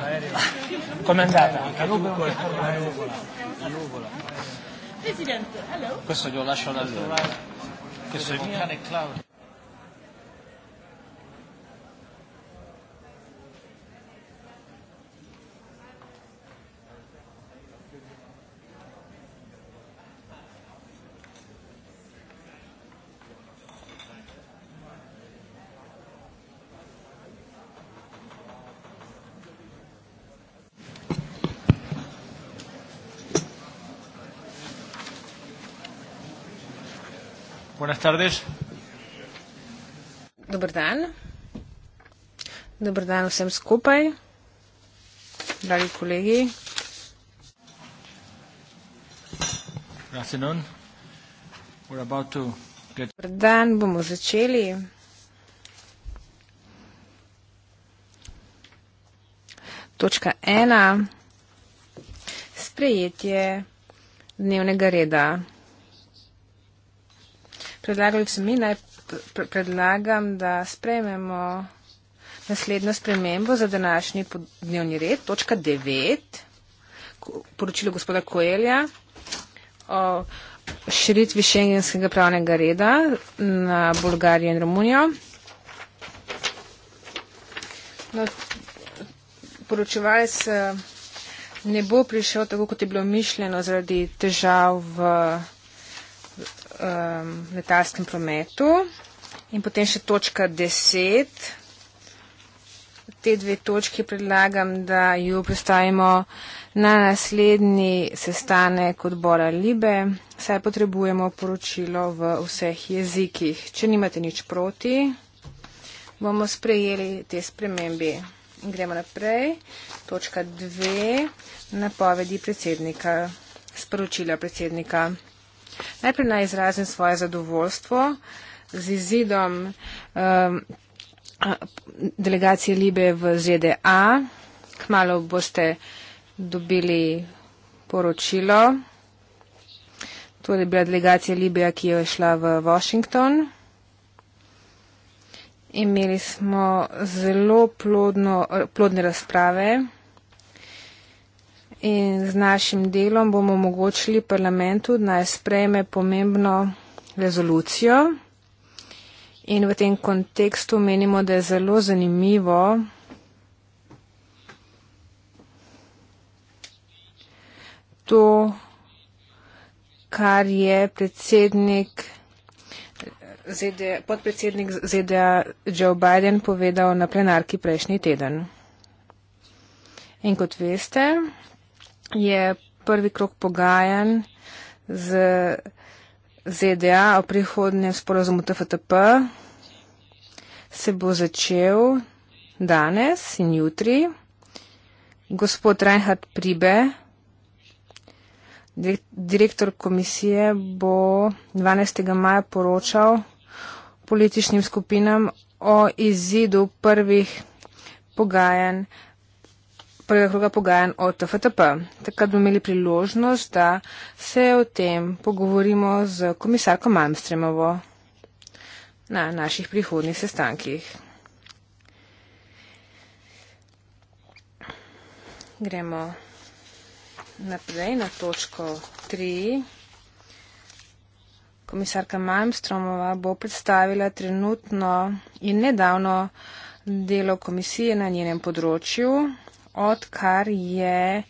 aereo. Come è andata? La nuvola. La nuvola. La nuvola. Presidente, hello. Questo glielo lascio da lui. Questo è il cane Claudio. Buenas tardes. Dober dan. Dober dan vsem skupaj, dragi kolegi. Dober dan, bomo začeli. Točka ena. Sprejetje dnevnega reda predlagali, da se mi naj predlagam, da sprejmemo naslednjo spremembo za današnji dnevni red, točka 9, poročilo gospoda Koelja o širitvi šengenskega pravnega reda na Bolgarijo in Romunijo. No, poročevalec eh, ne bo prišel tako, kot je bilo mišljeno zaradi težav v um, letalskem prometu. In potem še točka 10. Te dve točki predlagam, da ju predstavimo na naslednji sestanek odbora Libe, saj potrebujemo poročilo v vseh jezikih. Če nimate nič proti, bomo sprejeli te spremembi. Gremo naprej. Točka 2. Napovedi predsednika. Sporočila predsednika. Najprej naj izrazim svoje zadovoljstvo z izidom um, delegacije Libe v ZDA. Kmalo boste dobili poročilo. To je bila delegacija Libija, ki je šla v Washington. Imeli smo zelo plodno, plodne razprave in z našim delom bomo omogočili parlamentu, da naj sprejme pomembno rezolucijo. In v tem kontekstu menimo, da je zelo zanimivo, to, kar je predsednik, ZDA, podpredsednik ZDA Joe Biden povedal na plenarki prejšnji teden. In kot veste, je prvi krok pogajanj z ZDA o prihodnem sporozumu TFTP se bo začel danes in jutri. Gospod Reinhard Pribe, direktor komisije, bo 12. maja poročal političnim skupinam o izidu prvih pogajanj prvega kroga pogajanj o TFTP. Takrat bomo imeli priložnost, da se o tem pogovorimo z komisarko Malmstremovo na naših prihodnjih sestankih. Gremo naprej na točko 3. Komisarka Malmstromova bo predstavila trenutno in nedavno delo komisije na njenem področju odkar je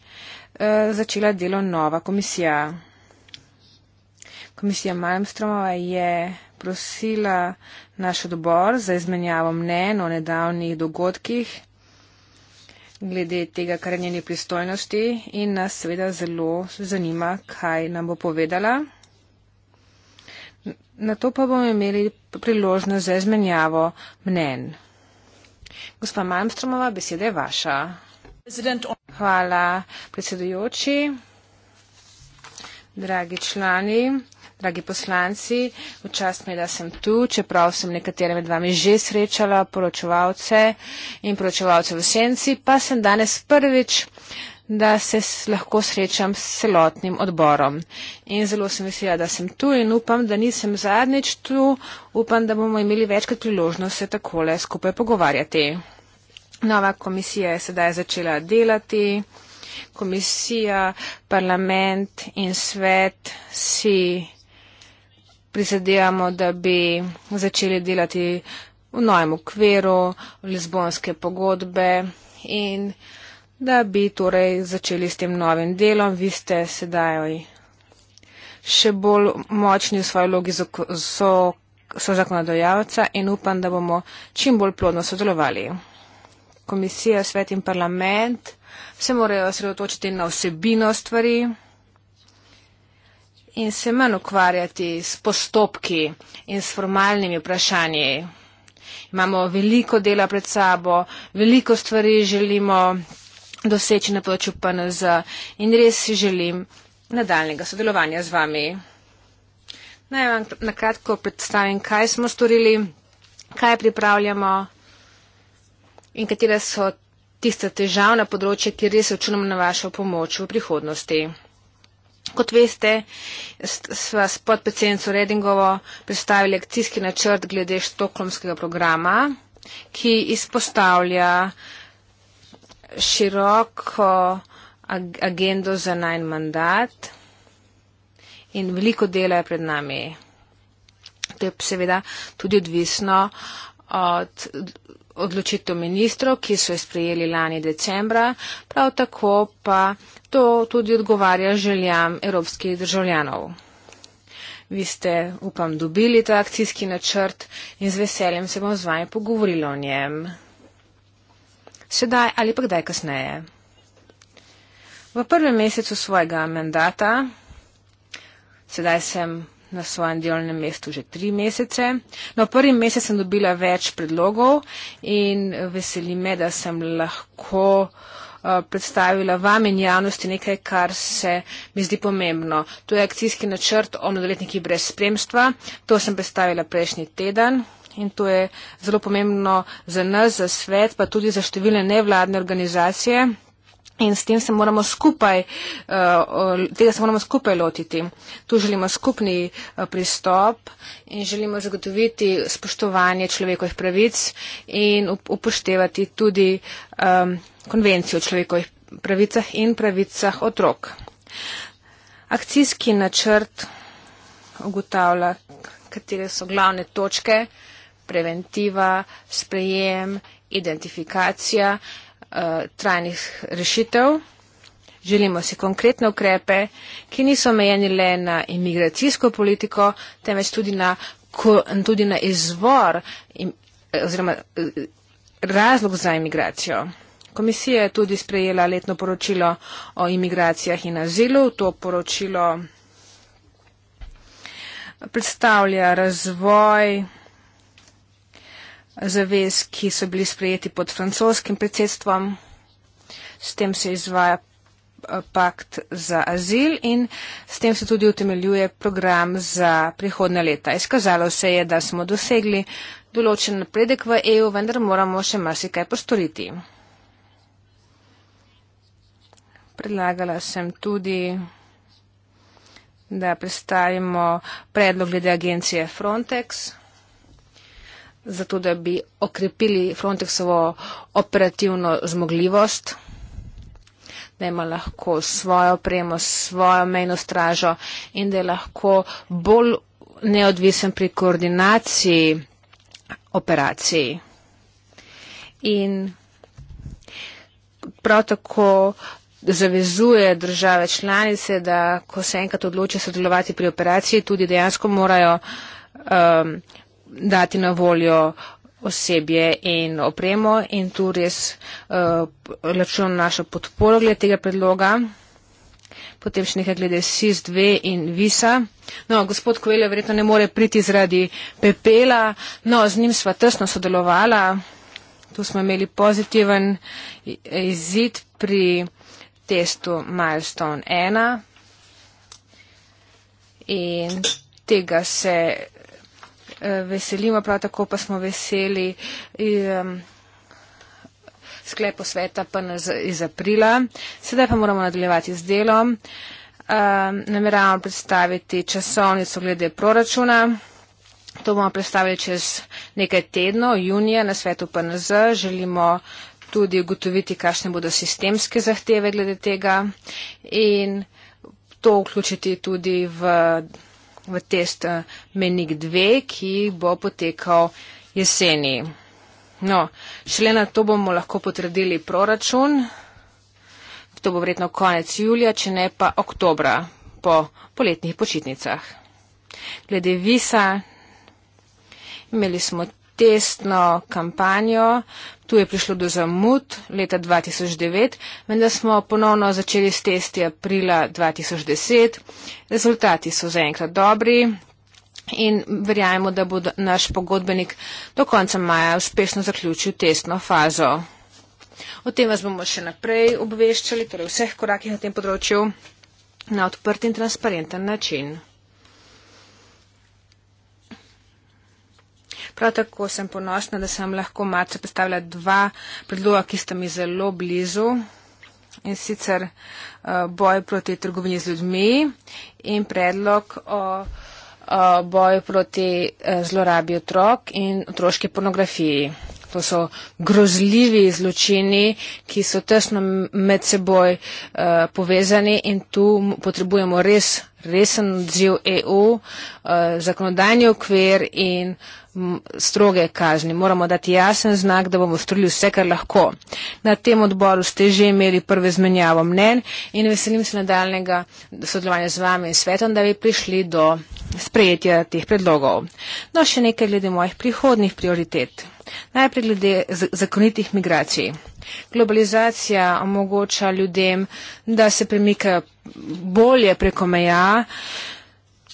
eh, začela delo nova komisija. Komisija Malmstromova je prosila naš odbor za izmenjavo mnen o nedavnih dogodkih glede tega, kar je njeni pristojnosti in nas seveda zelo zanima, kaj nam bo povedala. Na to pa bomo imeli priložnost za izmenjavo mnen. Gospa Malmstromova, beseda je vaša. Hvala, predsedujoči. Dragi člani, dragi poslanci, včasih mi, da sem tu, čeprav sem nekatere med vami že srečala, poročevalce in poročevalce v senci, pa sem danes prvič, da se lahko srečam s celotnim odborom. In zelo sem vesela, da sem tu in upam, da nisem zadnjič tu, upam, da bomo imeli večkrat priložnost se takole skupaj pogovarjati. Nova komisija je sedaj začela delati. Komisija, parlament in svet si prizadevamo, da bi začeli delati v novem okviru Lizbonske pogodbe in da bi torej začeli s tem novim delom. Vi ste sedaj še bolj močni v svoji vlogi so, so zakonodajalca in upam, da bomo čim bolj plodno sodelovali komisija, svet in parlament se morajo osredotočiti na vsebino stvari in se manj ukvarjati s postopki in s formalnimi vprašanji. Imamo veliko dela pred sabo, veliko stvari želimo doseči na področju PNZ in res si želim nadaljnega sodelovanja z vami. Naj vam nakratko predstavim, kaj smo storili, kaj pripravljamo in katera so tista težavna področja, kjer res računamo na vašo pomoč v prihodnosti. Kot veste, sva s podpredsednico Redingovo predstavili akcijski načrt glede štoklomskega programa, ki izpostavlja široko agendo za najn mandat in veliko dela je pred nami. To je seveda tudi odvisno od odločitev ministrov, ki so jo sprejeli lani decembra, prav tako pa to tudi odgovarja željam evropskih državljanov. Vi ste, upam, dobili ta akcijski načrt in z veseljem se bom z vami pogovorila o njem. Sedaj ali pa kdaj kasneje. V prvem mesecu svojega mandata, sedaj sem na svojem delovnem mestu že tri mesece. No, prvi mesec sem dobila več predlogov in veseli me, da sem lahko eh, predstavila vam in javnosti nekaj, kar se mi zdi pomembno. To je akcijski načrt o mladoletnikih brez spremstva. To sem predstavila prejšnji teden in to je zelo pomembno za nas, za svet, pa tudi za številne nevladne organizacije, in s tem se moramo skupaj, eh, tega se moramo skupaj lotiti. Tu želimo skupni eh, pristop in želimo zagotoviti spoštovanje človekovih pravic in upoštevati tudi ehm, konvencijo o človekovih pravicah in pravicah otrok. Akcijski načrt ugotavlja, katere so glavne točke, preventiva, sprejem, identifikacija, Eh, trajnih rešitev. Želimo si konkretne ukrepe, ki niso omejeni le na imigracijsko politiko, temveč tudi na, tudi na izvor oziroma eh, razlog za imigracijo. Komisija je tudi sprejela letno poročilo o imigracijah in azilu. To poročilo predstavlja razvoj zavez, ki so bili sprejeti pod francoskim predsedstvom. S tem se izvaja eh, pakt za azil in s tem se tudi utemeljuje program za prihodne leta. Izkazalo se je, da smo dosegli določen napredek v EU, vendar moramo še marsikaj postoriti. Predlagala sem tudi, da predstavimo predlog glede agencije Frontex zato da bi okrepili Frontexovo operativno zmogljivost, da ima lahko svojo opremo, svojo mejno stražo in da je lahko bolj neodvisen pri koordinaciji operacij. In prav tako zavezuje države članice, da ko se enkrat odloči sodelovati pri operaciji, tudi dejansko morajo um, dati na voljo osebje in opremo in tu res uh, eh, lačujem našo podporo glede tega predloga. Potem še nekaj glede SIS-2 in VISA. No, gospod Kovelja verjetno ne more priti zaradi pepela, no, z njim sva tesno sodelovala. Tu smo imeli pozitiven izid pri testu Milestone 1 in tega se Eh, veselimo, prav tako pa smo veseli um, sklepo sveta PNZ iz aprila. Sedaj pa moramo nadaljevati z delom. Um, nameravamo predstaviti časovnico glede proračuna. To bomo predstavili čez nekaj tednov, junija, na svetu PNZ. Želimo tudi ugotoviti, kakšne bodo sistemske zahteve glede tega in to vključiti tudi v v test eh, Menik 2, ki bo potekal jeseni. No, šele na to bomo lahko potrdili proračun. To bo vredno konec julija, če ne pa oktobra po poletnih počitnicah. Glede visa, imeli smo testno kampanjo. Tu je prišlo do zamud leta 2009, vendar smo ponovno začeli s testi aprila 2010. Rezultati so zaenkrat dobri in verjamemo, da bo naš pogodbenik do konca maja uspešno zaključil testno fazo. O tem vas bomo še naprej obveščali, torej vseh korakih na tem področju na odprt in transparenten način. Prav tako sem ponosna, da sem lahko malce predstavila dva predloga, ki sta mi zelo blizu. In sicer eh, boj proti trgovini z ljudmi in predlog o eh, boju proti eh, zlorabi otrok in otroški pornografiji. To so grozljivi zločini, ki so tesno med seboj povezani in tu potrebujemo res, resen odziv EU, zakonodajni okvir in stroge kazni. Moramo dati jasen znak, da bomo storili vse, kar lahko. Na tem odboru ste že imeli prve zmenjavo mnen in veselim se nadaljnega sodelovanja z vami in svetom, da bi prišli do sprejetja teh predlogov. No, še nekaj glede mojih prihodnih prioritet. Najprej glede zakonitih migracij. Globalizacija omogoča ljudem, da se premikajo bolje preko meja.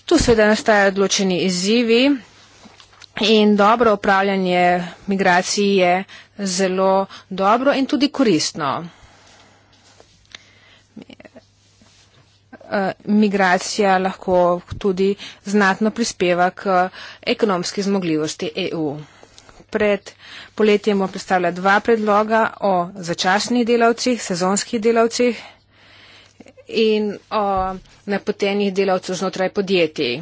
Tu seveda nastajajo odločeni izzivi, In dobro upravljanje migracij je zelo dobro in tudi koristno. Eh, migracija lahko tudi znatno prispeva k ekonomski zmogljivosti EU. Pred poletjem bomo predstavljali dva predloga o začasnih delavcih, sezonskih delavcih in o napotenih delavcev znotraj podjetij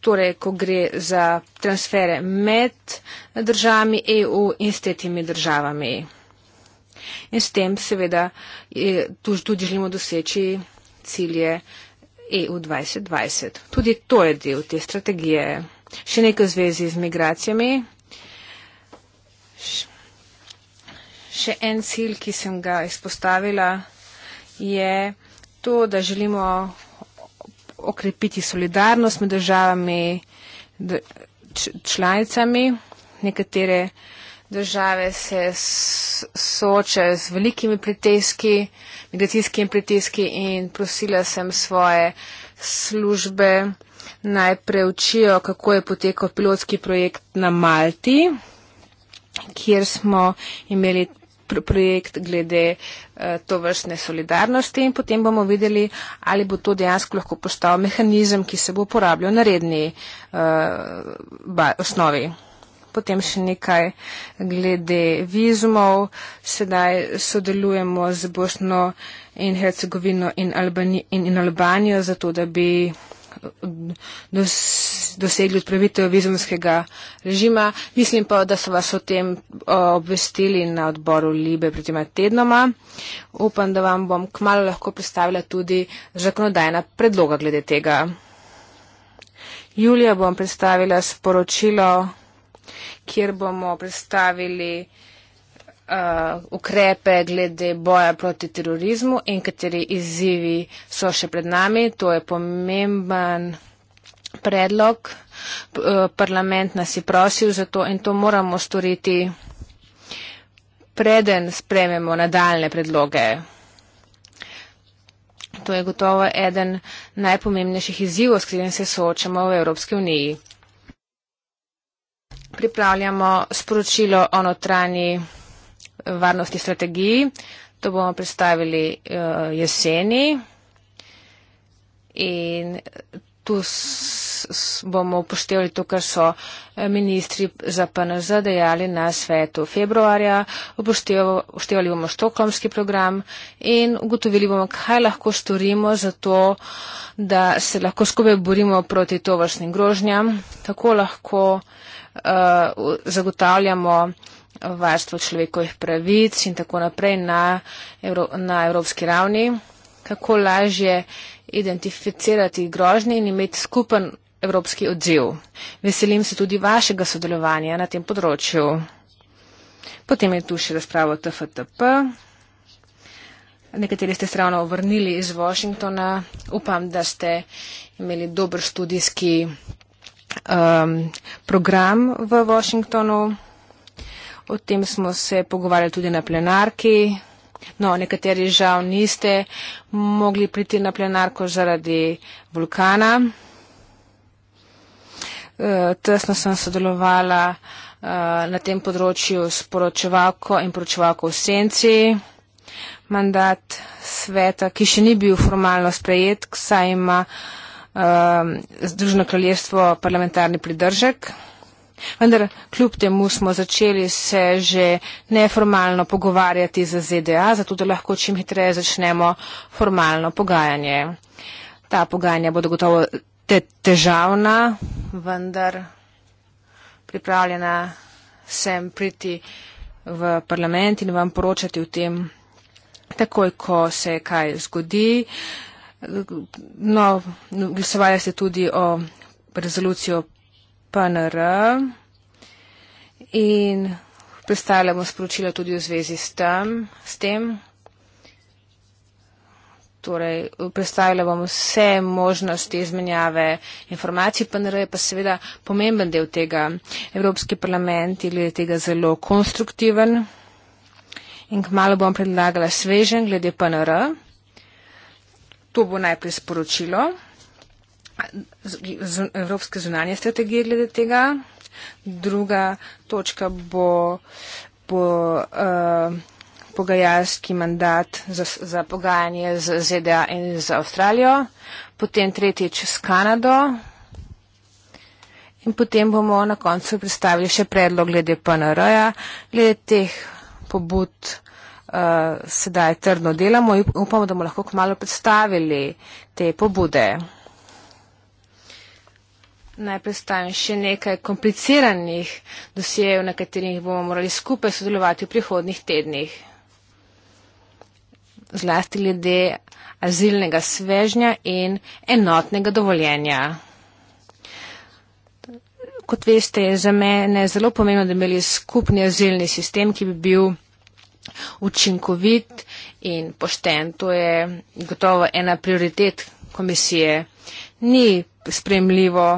torej ko gre za transfere med državami EU in s tretjimi državami. In s tem seveda tudi želimo doseči cilje EU 2020. Tudi to je del te strategije. Še nekaj v zvezi z migracijami. Še en cilj, ki sem ga izpostavila, je to, da želimo okrepiti solidarnost med državami, članicami. Nekatere države se soočajo z velikimi pritiski, migracijskimi pritiski in prosila sem svoje službe naj preučijo, kako je potekal pilotski projekt na Malti, kjer smo imeli projekt glede eh, to vrstne solidarnosti in potem bomo videli, ali bo to dejansko lahko postal mehanizem, ki se bo uporabljal na redni eh, osnovi. Potem še nekaj glede vizumov. Sedaj sodelujemo z Bosno in Hercegovino in, Albani in, in Albanijo, zato da bi dosegli odpravitev vizumskega režima. Mislim pa, da so vas o tem obvestili na odboru Libe pred tema tednoma. Upam, da vam bom kmalo lahko predstavila tudi zakonodajna predloga glede tega. Julija bom predstavila sporočilo, kjer bomo predstavili Uh, ukrepe glede boja proti terorizmu in kateri izzivi so še pred nami. To je pomemben predlog. Uh, parlament nas je prosil za to in to moramo storiti preden sprememo nadaljne predloge. To je gotovo eden najpomembnejših izzivov, s katerim se soočamo v Evropski uniji. Pripravljamo sporočilo o notranji varnosti strategiji. To bomo predstavili uh, jeseni in tu bomo upoštevali to, kar so eh, ministri za PNZ dejali na svetu februarja. Upoštevali bomo štokomski program in ugotovili bomo, kaj lahko storimo za to, da se lahko skupaj borimo proti to vrstnim grožnjam, kako lahko uh, zagotavljamo uh, varstvo človekovih pravic in tako naprej na, evro, na evropski ravni, kako lažje identificirati grožnje in imeti skupen evropski odziv. Veselim se tudi vašega sodelovanja na tem področju. Potem je tu še razprava o TFTP. Nekateri ste se ravno vrnili iz Washingtona. Upam, da ste imeli dober študijski um, program v Washingtonu. O tem smo se pogovarjali tudi na plenarki. No, nekateri žal niste mogli priti na plenarko zaradi vulkana. E, tesno sem sodelovala e, na tem področju s poročevalko in poročevalko v senci. Mandat sveta, ki še ni bil formalno sprejet, saj ima e, Združeno kraljestvo parlamentarni pridržek. Vendar kljub temu smo začeli se že neformalno pogovarjati z ZDA, zato da lahko čim hitreje začnemo formalno pogajanje. Ta pogajanja bodo gotovo te težavna, vendar pripravljena sem priti v parlament in vam poročati o tem, takoj, ko se kaj zgodi. No, glasovali ste tudi o rezoluciji o PNR in predstavljamo sporočila tudi v zvezi s, tam, s tem. Torej, predstavljala bom vse možnosti izmenjave informacij, pa je pa seveda pomemben del tega. Evropski parlament je glede tega zelo konstruktiven in kmalo bom predlagala svežen glede PNR. To bo najprej sporočilo evropske zunanje strategije glede tega. Druga točka bo, bo uh, pogajalski mandat za, za pogajanje z ZDA in z Avstralijo, potem tretjič s Kanado in potem bomo na koncu predstavili še predlog glede PNR-ja. Glede teh pobud uh, sedaj trdno delamo in upamo, da bomo lahko k malu predstavili te pobude. Naj predstavim še nekaj kompliciranih dosijev, na katerih bomo morali skupaj sodelovati v prihodnih tednih. Zlasti glede azilnega svežnja in enotnega dovoljenja. Kot veste, je za mene zelo pomembno, da bi imeli skupni azilni sistem, ki bi bil učinkovit in pošten. To je gotovo ena prioritet komisije. Ni spremljivo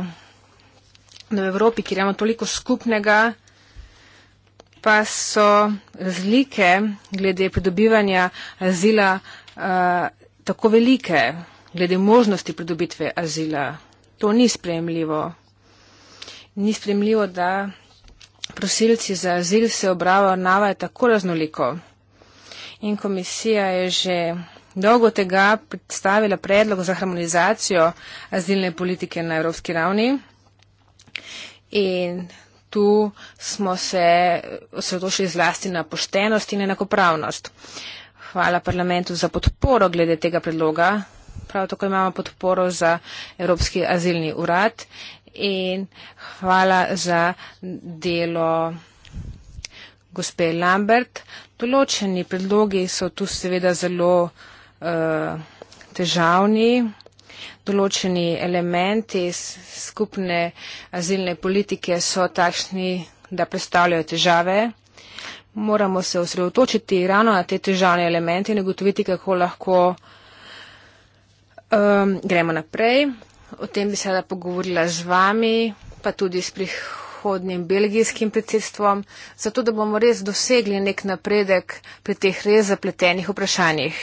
da v Evropi, kjer imamo toliko skupnega, pa so razlike glede pridobivanja azila uh, tako velike, glede možnosti pridobitve azila. To ni sprejemljivo. Ni sprejemljivo, da prosilci za azil se obravnavajo tako raznoliko. In komisija je že dolgo tega predstavila predlog za harmonizacijo azilne politike na evropski ravni. In tu smo se osredotočili zlasti na poštenost in enakopravnost. Hvala parlamentu za podporo glede tega predloga. Prav tako imamo podporo za Evropski azilni urad in hvala za delo gospe Lambert. Določeni predlogi so tu seveda zelo uh, težavni določeni elementi skupne azilne politike so takšni, da predstavljajo težave. Moramo se osredotočiti ravno na te težavne elemente in ugotoviti, kako lahko um, gremo naprej. O tem bi se da pogovorila z vami, pa tudi s prihodnim belgijskim predsedstvom, zato da bomo res dosegli nek napredek pri teh res zapletenih vprašanjih.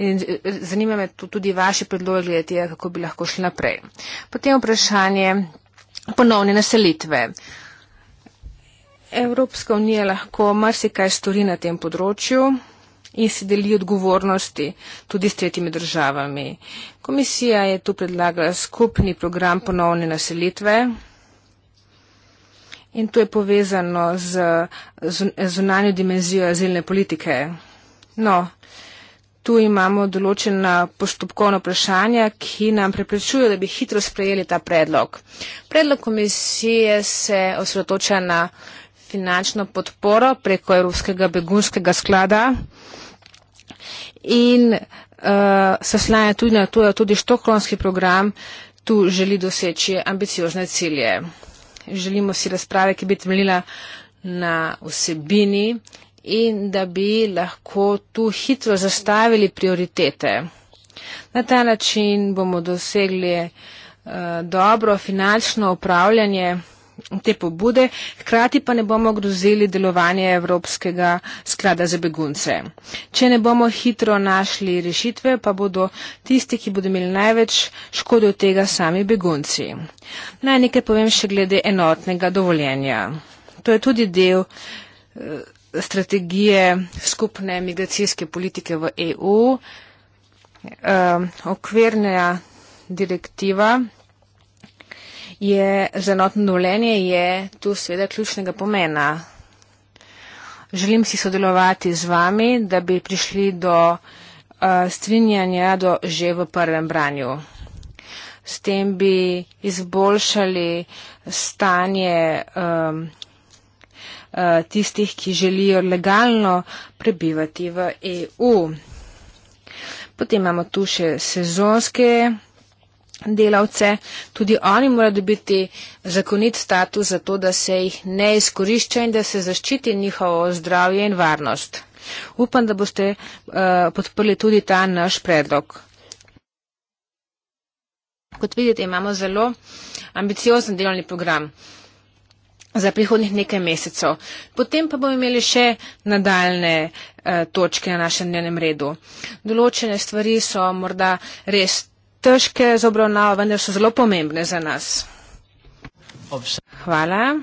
In eh, zanima me tudi vaše predloge glede tega, kako bi lahko šli naprej. Potem vprašanje ponovne naselitve. Evropska unija lahko marsikaj stori na tem področju in si deli odgovornosti tudi s tretjimi državami. Komisija je tu predlagala skupni program ponovne naselitve in to je povezano z zunanjo dimenzijo azilne politike. No, uh, tu imamo določena postopkovna vprašanja, ki nam preprečujejo, da bi hitro sprejeli ta predlog. Predlog komisije se osredotoča na finančno podporo preko Evropskega begunskega sklada in uh, eh, saslanja tudi na to, da tudi štokholmski program tu želi doseči ambiciozne cilje. Želimo si razprave, ki bi temeljila na vsebini in da bi lahko tu hitro zastavili prioritete. Na ta način bomo dosegli eh, dobro finančno upravljanje te pobude, hkrati pa ne bomo grozili delovanje Evropskega sklada za begunce. Če ne bomo hitro našli rešitve, pa bodo tisti, ki bodo imeli največ škode od tega, sami begunci. Naj nekaj povem še glede enotnega dovoljenja. To je tudi del eh, strategije skupne migracijske politike v EU. Um, okvirna direktiva je za enotno dovoljenje je tu seveda ključnega pomena. Želim si sodelovati z vami, da bi prišli do uh, strinjanja do že v prvem branju. S tem bi izboljšali stanje um, Eh, tistih, ki želijo legalno prebivati v EU. Potem imamo tu še sezonske delavce. Tudi oni morajo dobiti zakonit status za to, da se jih ne izkorišča in da se zaščiti njihovo zdravje in varnost. Upam, da boste uh, podprli tudi ta naš predlog. Kot vidite, imamo zelo ambiciozen delovni program. Uh, za prihodnih nekaj mesecev. Potem pa bomo imeli še nadaljne eh, točke na našem dnevnem redu. Določene stvari so morda res težke za obravnavo, vendar so zelo pomembne za nas. Hvala.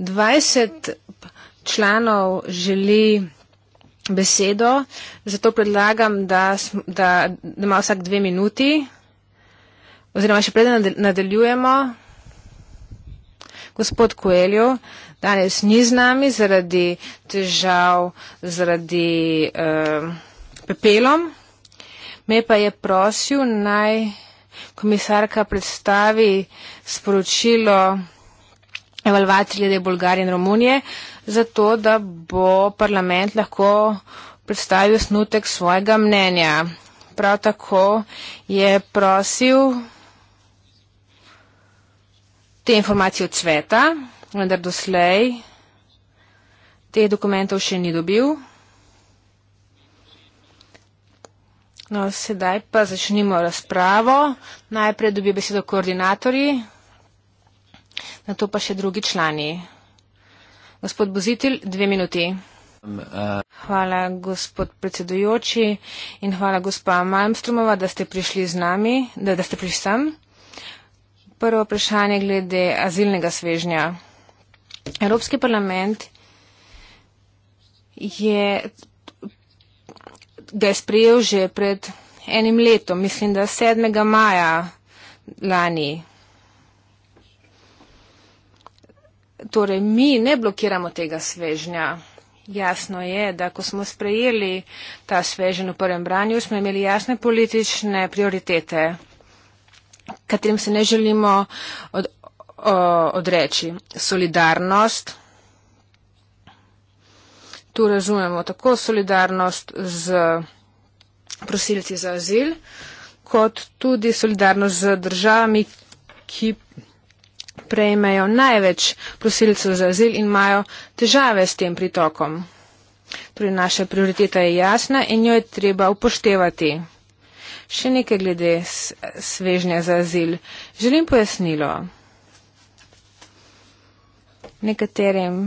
20 članov želi besedo, zato predlagam, da, da, da ima vsak dve minuti. Oziroma, še preden nadaljujemo. Gospod Koeljo danes ni z nami zaradi težav, zaradi eh, pepelom. Me pa je prosil naj komisarka predstavi sporočilo evalvacije glede Bolgarije in Romunije, zato da bo parlament lahko predstavil snutek svojega mnenja. Prav tako je prosil te informacije od sveta, vendar doslej teh dokumentov še ni dobil. No, sedaj pa začnimo razpravo. Najprej dobi besedo koordinatorji, na to pa še drugi člani. Gospod Bozitelj, dve minuti. Um, uh, hvala, gospod predsedujoči in hvala, gospa Malmstrumova, da ste prišli z nami, da, da ste prišli sem prvo vprašanje glede azilnega svežnja. Evropski parlament je, ga je sprejel že pred enim letom, mislim, da 7. maja lani. Torej, mi ne blokiramo tega svežnja. Jasno je, da ko smo sprejeli ta svežen v prvem branju, smo imeli jasne politične prioritete katerim se ne želimo od, o, odreči. Solidarnost. Tu razumemo tako solidarnost z prosilci za azil, kot tudi solidarnost z državami, ki prejmejo največ prosilcev za azil in imajo težave s tem pritokom. Torej, naša prioriteta je jasna in jo je treba upoštevati. Še nekaj glede svežnja za azil. Želim pojasnilo. Nekaterim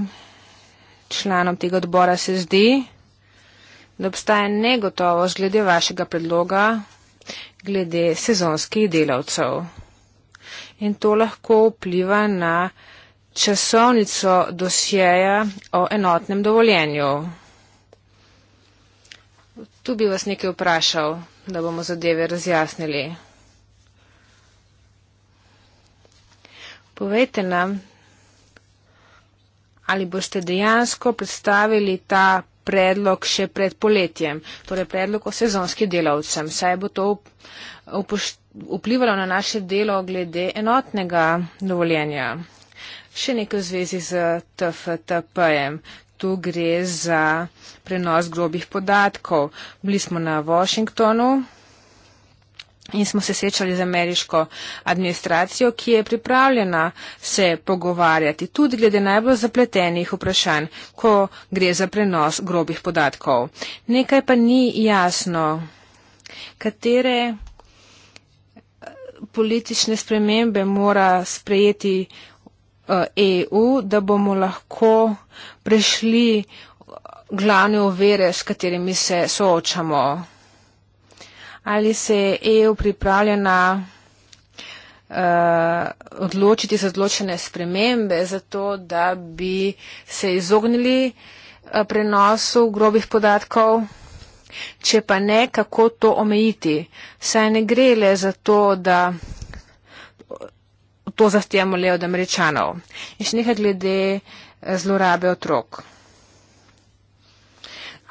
članom tega odbora se zdi, da obstaja negotovost glede vašega predloga, glede sezonskih delavcev. In to lahko vpliva na časovnico dosjeja o enotnem dovoljenju. Tu bi vas nekaj vprašal da bomo zadeve razjasnili. Povejte nam, ali boste dejansko predstavili ta predlog še pred poletjem, torej predlog o sezonski delavcem. Saj bo to vplivalo na naše delo glede enotnega dovoljenja. Še nekaj v zvezi z TFTP-jem tu gre za prenos grobih podatkov. Bili smo na Washingtonu in smo se srečali z ameriško administracijo, ki je pripravljena se pogovarjati tudi glede najbolj zapletenih vprašanj, ko gre za prenos grobih podatkov. Nekaj pa ni jasno, katere eh, politične spremembe mora sprejeti EU, eh, e da bomo lahko prešli glavne ovire, s katerimi se soočamo? Ali se je EU pripravljena uh, odločiti za odločene spremembe, zato da bi se izognili uh, prenosu grobih podatkov? Če pa ne, kako to omejiti? Saj ne gre le za to, da to zahtijamo le od američanov. In še nekaj glede uh, zlorabe otrok.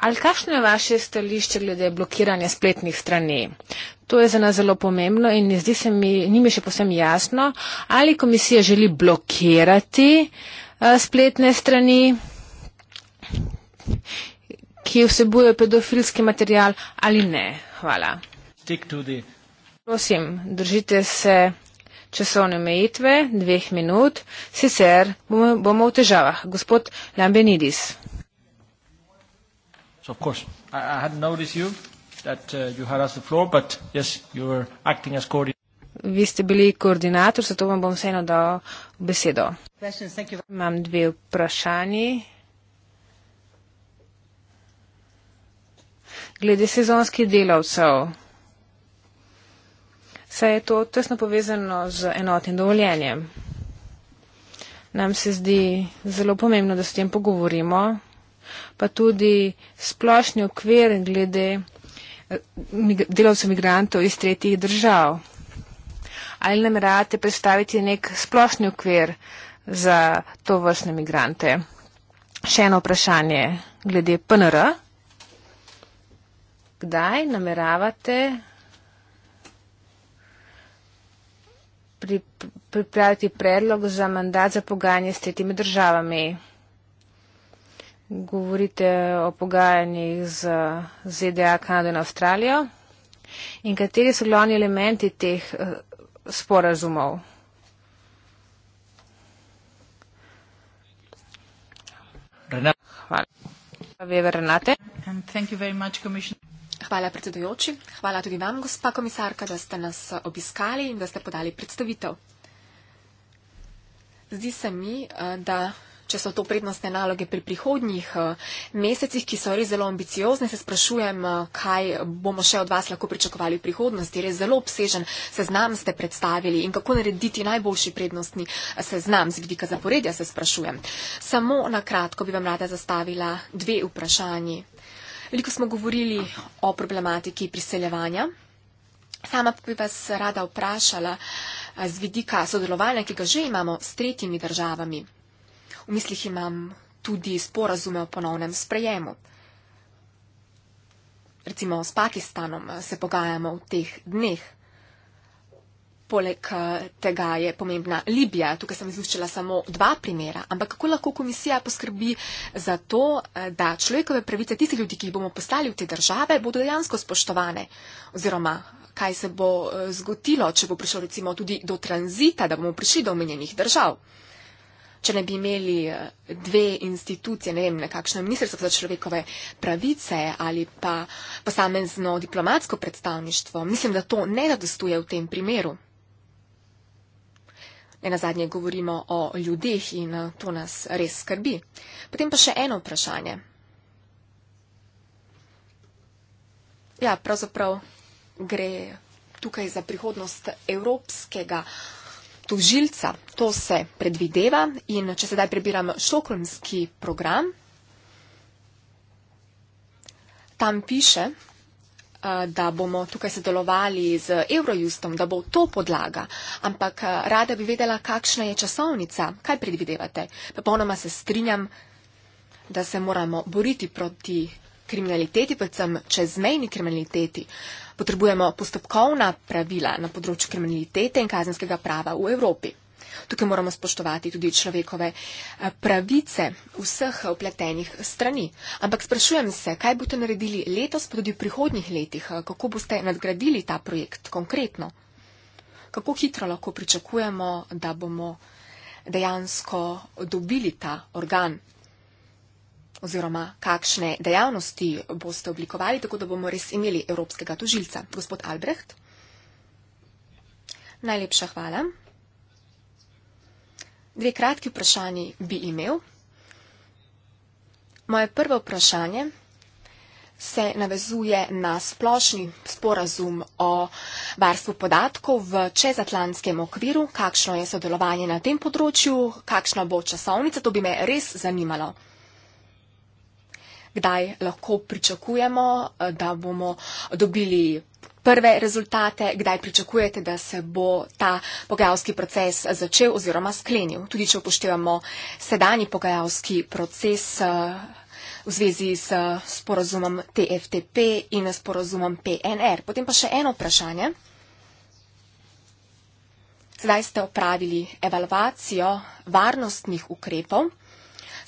Ali kakšno je vaše stališče glede blokiranja spletnih strani? To je za nas zelo pomembno in zdi se mi, ni mi še posebej jasno, ali komisija želi blokirati eh, spletne strani, ki vsebujejo pedofilski material ali ne. Hvala. Prosim, držite se časovne omejitve, dveh minut, sicer bomo, bomo v težavah. Gospod Lambenidis. Uh, Vi ste bili koordinator, zato vam bom vseeno dal besedo. Imam dve vprašanji. Glede sezonskih delavcev saj je to tesno povezano z enotnim dovoljenjem. Nam se zdi zelo pomembno, da se s tem pogovorimo, pa tudi splošni okvir glede eh, delavcev migrantov iz tretjih držav. Ali nameravate predstaviti nek splošni okvir za to vrstne migrante? Še eno vprašanje glede PNR. Kdaj nameravate pri, pripraviti predlog za mandat za pogajanje s tretjimi državami. Govorite o pogajanjih z ZDA, Kanado in Avstralijo. In kateri so glavni elementi teh uh, sporazumov? Renate. Hvala. Renate. And thank you very much, Commissioner. Hvala predsedujoči, hvala tudi vam, gospa komisarka, da ste nas obiskali in da ste podali predstavitev. Zdi se mi, eh, da če so to prednostne naloge pri prihodnjih eh, mesecih, ki so res zelo ambiciozne, se sprašujem, eh, kaj bomo še od vas lahko pričakovali v prihodnosti. Res zelo obsežen seznam ste predstavili in kako narediti najboljši prednostni seznam z vidika zaporedja, se sprašujem. Samo na kratko bi vam rada zastavila dve vprašanji. Veliko smo govorili o problematiki priseljevanja. Sama bi vas rada vprašala z vidika sodelovanja, ki ga že imamo s tretjimi državami. V mislih imam tudi sporazume o ponovnem sprejemu. Recimo s Pakistanom se pogajamo v teh dneh. Poleg eh, tega je pomembna Libija. Tukaj sem izluščila samo dva primera. Ampak kako lahko komisija poskrbi za to, eh, da človekove pravice, tisti ljudi, ki jih bomo poslali v te države, bodo dejansko spoštovane? Oziroma, kaj se bo eh, zgodilo, če bo prišlo recimo tudi do tranzita, da bomo prišli do omenjenih držav? Če ne bi imeli dve institucije, ne vem, nekakšno ministrstvo za človekove pravice ali pa posamezno diplomatsko predstavništvo, mislim, da to ne zadostuje v tem primeru. Ne nazadnje govorimo o ljudeh in eh, to nas res skrbi. Potem pa še eno vprašanje. Ja, pravzaprav gre tukaj za prihodnost evropskega tožilca. To se predvideva in če sedaj prebiram šokolmski program, tam piše, da bomo tukaj sodelovali z Eurojustom, da bo to podlaga, ampak rada bi vedela, kakšna je časovnica, kaj predvidevate. Popolnoma se strinjam, da se moramo boriti proti kriminaliteti, predvsem čezmejni kriminaliteti. Potrebujemo postopkovna pravila na področju kriminalitete in kazenskega prava v Evropi. Tukaj moramo spoštovati tudi človekove eh, pravice vseh upletenih strani. Ampak sprašujem se, kaj boste naredili letos, pa tudi v prihodnjih letih, eh, kako boste nadgradili ta projekt konkretno. Kako hitro lahko pričakujemo, da bomo dejansko dobili ta organ oziroma kakšne dejavnosti boste oblikovali, tako da bomo res imeli evropskega tožilca. Gospod Albrecht, najlepša hvala. Dve kratki vprašanji bi imel. Moje prvo vprašanje se navezuje na splošni sporazum o varstvu podatkov v čezatlantskem okviru. Kakšno je sodelovanje na tem področju, kakšna bo časovnica, to bi me res zanimalo. Kdaj lahko pričakujemo, da bomo dobili prve rezultate, kdaj pričakujete, da se bo ta pogajalski proces začel oziroma sklenil. Tudi če upoštevamo sedanji pogajalski proces eh, v zvezi s sporozumom TFTP in sporozumom PNR. Potem pa še eno vprašanje. Zdaj ste opravili evalvacijo varnostnih ukrepov.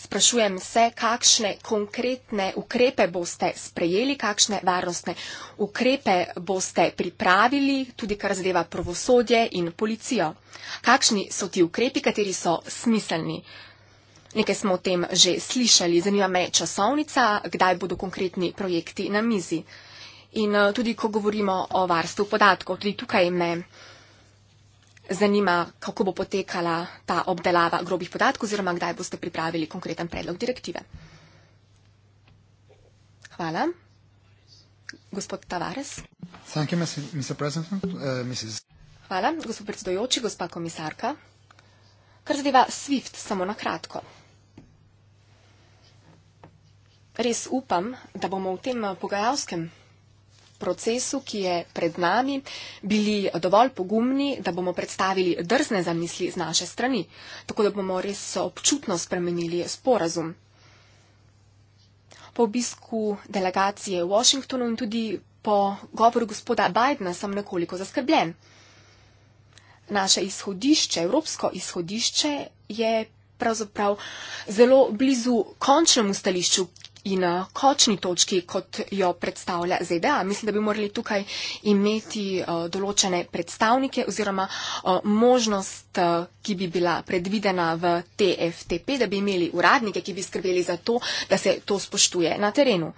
Sprašujem se, kakšne konkretne ukrepe boste sprejeli, kakšne varnostne ukrepe boste pripravili, tudi kar zadeva pravosodje in policijo. Kakšni so ti ukrepi, kateri so smiselni? Nekaj smo o tem že slišali. Zanima me časovnica, kdaj bodo konkretni projekti na mizi. In eh, tudi, ko govorimo o varstvu podatkov, tudi tukaj me zanima, kako bo potekala ta obdelava grobih podatkov oziroma kdaj boste pripravili konkreten predlog direktive. Hvala. Gospod Tavares. Thank you, Mr. Uh, Mrs. Hvala, gospod predsedojoči, gospa komisarka. Kar zadeva SWIFT, samo na kratko. Res upam, da bomo v tem pogajalskem procesu, ki je pred nami, bili dovolj pogumni, da bomo predstavili drzne zamisli z naše strani, tako da bomo res občutno spremenili sporazum. Po obisku delegacije v Washingtonu in tudi po govoru gospoda Bidna sem nekoliko zaskrbljen. Naše izhodišče, evropsko izhodišče je pravzaprav zelo blizu končnemu stališču, in eh, končni točki, kot jo predstavlja ZDA. Mislim, da bi morali tukaj imeti eh, določene predstavnike oziroma eh, možnost, ki bi bila predvidena v TFTP, da bi imeli uradnike, ki bi skrbeli za to, da se to spoštuje na terenu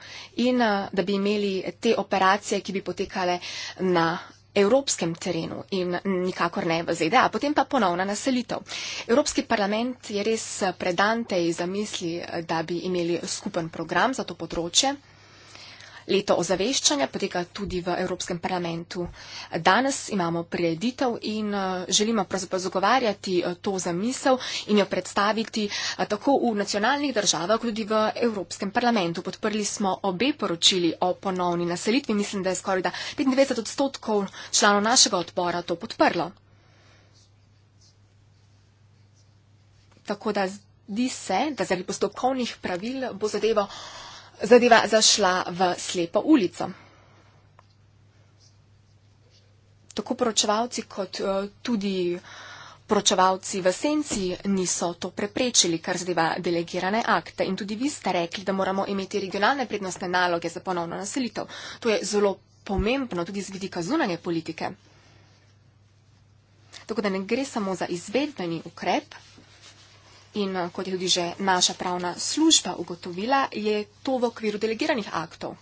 in da bi imeli te operacije, ki bi potekale na terenu evropskem terenu in nikakor ne v ZDA, potem pa ponovna naselitev. Evropski parlament je res predante iz zamisli, da bi imeli skupen program za to področje. Leto ozaveščanja poteka tudi v Evropskem parlamentu. Danes imamo prireditev in eh, želimo pravzaprav zagovarjati eh, to zamisel in jo predstaviti eh, tako v nacionalnih državah, kot tudi v Evropskem parlamentu. Podprli smo obe poročili o ponovni naselitvi. Mislim, da je skoraj da 95 odstotkov članov našega odbora to podprlo. Tako da zdi se, da zaradi postopkovnih pravil bo zadevo zadeva zašla v slepo ulico. Tako poročevalci kot eh, tudi poročevalci v senci niso to preprečili, kar zadeva delegirane akte. In tudi vi ste rekli, da moramo imeti regionalne prednostne naloge za ponovno naselitev. To je zelo pomembno tudi z vidika zunanje politike. Tako da ne gre samo za izvedbeni ukrep, In eh, kot je tudi že naša pravna služba ugotovila, je to v okviru delegiranih aktov.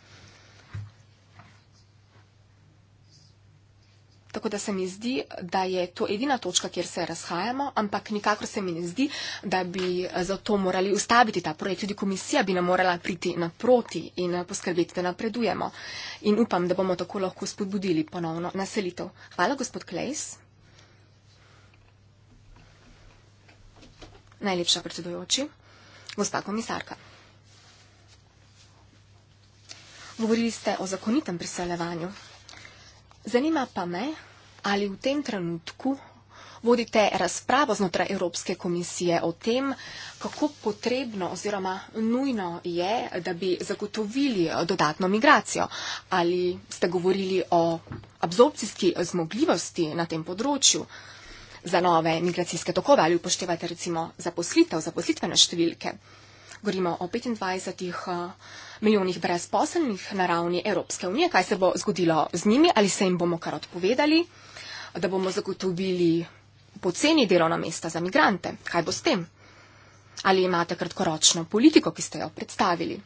Tako da se mi zdi, da je to edina točka, kjer se razhajamo, ampak nikakor se mi ne zdi, da bi eh, zato morali ustaviti ta projekt. Tudi komisija bi nam morala priti naproti in eh, poskrbeti, da napredujemo. In upam, da bomo tako lahko spodbudili ponovno naselitev. Hvala, gospod Klejs. Najlepša predsedujoči, gospa komisarka. Govorili ste o zakonitem priseljevanju. Zanima pa me, ali v tem trenutku vodite razpravo znotraj Evropske komisije o tem, kako potrebno oziroma nujno je, da bi zagotovili dodatno migracijo. Ali ste govorili o absorpcijski zmogljivosti na tem področju? za nove migracijske tokove ali upoštevate recimo zaposlitev, zaposlitvene številke. Govorimo o 25 eh, milijonih brezposelnih na ravni Evropske unije. Kaj se bo zgodilo z njimi ali se jim bomo kar odpovedali, da bomo zagotovili poceni delovna mesta za migrante? Kaj bo s tem? Ali imate kratkoročno politiko, ki ste jo predstavili?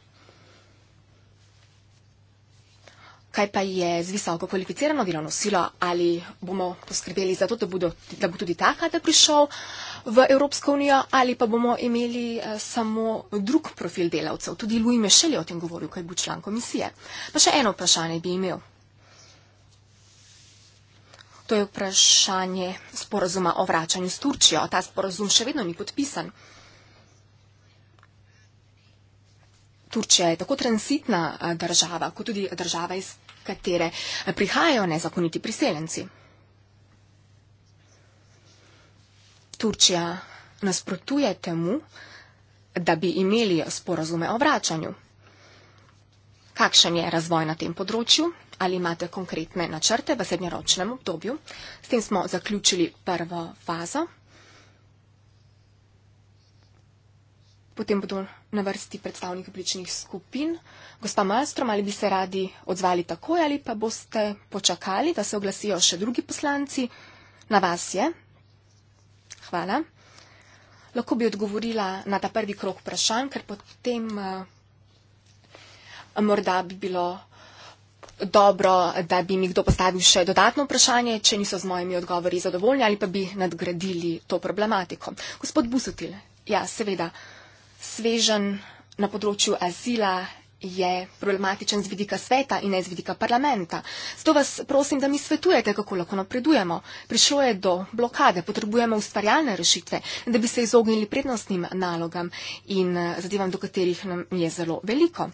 Kaj pa je z visoko kvalificirano delovno silo, ali bomo poskrbeli za to, da, bodo, da bo tudi ta kader prišel v Evropsko unijo, ali pa bomo imeli eh, samo drug profil delavcev. Tudi Luj Mešel je o tem govoril, kaj bo član komisije. Pa še eno vprašanje bi imel. To je vprašanje sporozuma o vračanju s Turčijo. Ta sporozum še vedno ni podpisan. Turčija je tako transitna država, kot tudi država, iz katere prihajajo nezakoniti priseljenci. Turčija nasprotuje temu, da bi imeli sporazume o vračanju. Kakšen je razvoj na tem področju? Ali imate konkretne načrte v srednjeročnem obdobju? S tem smo zaključili prvo fazo. potem bodo na vrsti predstavniki obličnih skupin. Gospa Malstrom, ali bi se radi odzvali takoj ali pa boste počakali, da se oglasijo še drugi poslanci? Na vas je. Hvala. Lahko bi odgovorila na ta prvi krok vprašanj, ker potem uh, morda bi bilo dobro, da bi mi kdo postavil še dodatno vprašanje, če niso z mojimi odgovori zadovoljni ali pa bi nadgradili to problematiko. Gospod Busutil, ja, seveda. Uh, svežen na področju azila je problematičen z vidika sveta in ne z vidika parlamenta. Zato vas prosim, da mi svetujete, kako lahko napredujemo. Prišlo je do blokade, potrebujemo ustvarjalne rešitve, da bi se izognili prednostnim nalogam in zadevam, do katerih nam je zelo veliko.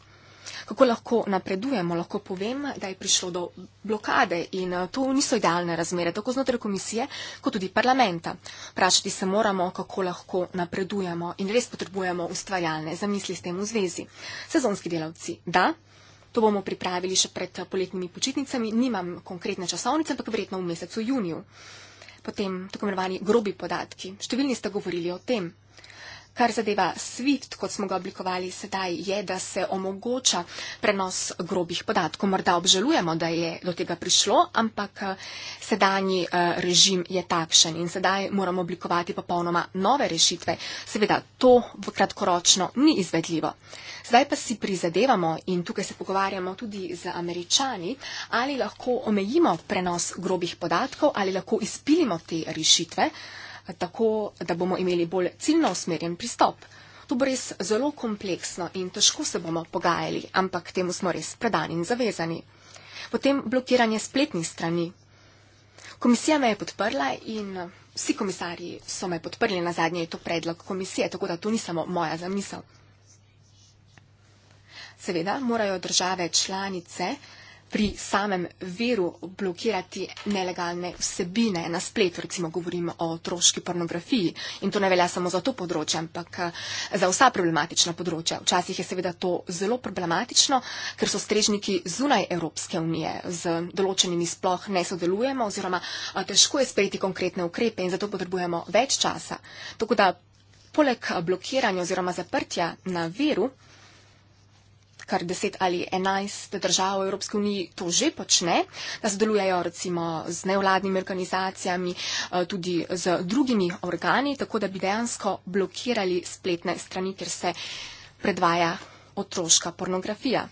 Kako lahko napredujemo, lahko povem, da je prišlo do blokade in eh, to niso idealne razmere, tako znotraj komisije, kot tudi parlamenta. Vprašati se moramo, kako lahko napredujemo in res potrebujemo ustvarjalne zamisli s tem v zvezi. Sezonski delavci, da. To bomo pripravili še pred eh, poletnimi počitnicami. Nimam konkretne časovnice, ampak verjetno v mesecu juniju. Potem tako imenovani grobi podatki. Številni ste govorili o tem. Kar zadeva SWIFT, kot smo ga oblikovali sedaj, je, da se omogoča prenos grobih podatkov. Morda obžalujemo, da je do tega prišlo, ampak eh, sedanji eh, režim je takšen in sedaj moramo oblikovati popolnoma nove rešitve. Seveda to v kratkoročno ni izvedljivo. Zdaj pa si prizadevamo in tukaj se pogovarjamo tudi z američani, ali lahko omejimo prenos grobih podatkov, ali lahko izpilimo te rešitve tako, da bomo imeli bolj ciljno usmerjen pristop. To bo res zelo kompleksno in težko se bomo pogajali, ampak temu smo res predani in zavezani. Potem blokiranje spletnih strani. Komisija me je podprla in eh, vsi komisarji so me podprli na zadnje je to predlog komisije, tako da to ni samo moja zamisel. Seveda morajo države članice uh, pri samem veru blokirati nelegalne vsebine na spletu, recimo govorimo o otroški pornografiji in to ne velja samo za to področje, ampak eh, za vsa problematična področja. Včasih je seveda to zelo problematično, ker so strežniki zunaj Evropske unije, z določenimi sploh ne sodelujemo oziroma eh, težko je sprejeti konkretne ukrepe in zato potrebujemo več časa. Tako da poleg blokiranja oziroma zaprtja na veru, kar 10 ali 11 držav v Evropske unije to že počne, da sodelujejo recimo z nevladnimi organizacijami, eh, tudi z drugimi organi, tako da bi dejansko blokirali spletne strani, kjer se predvaja otroška pornografija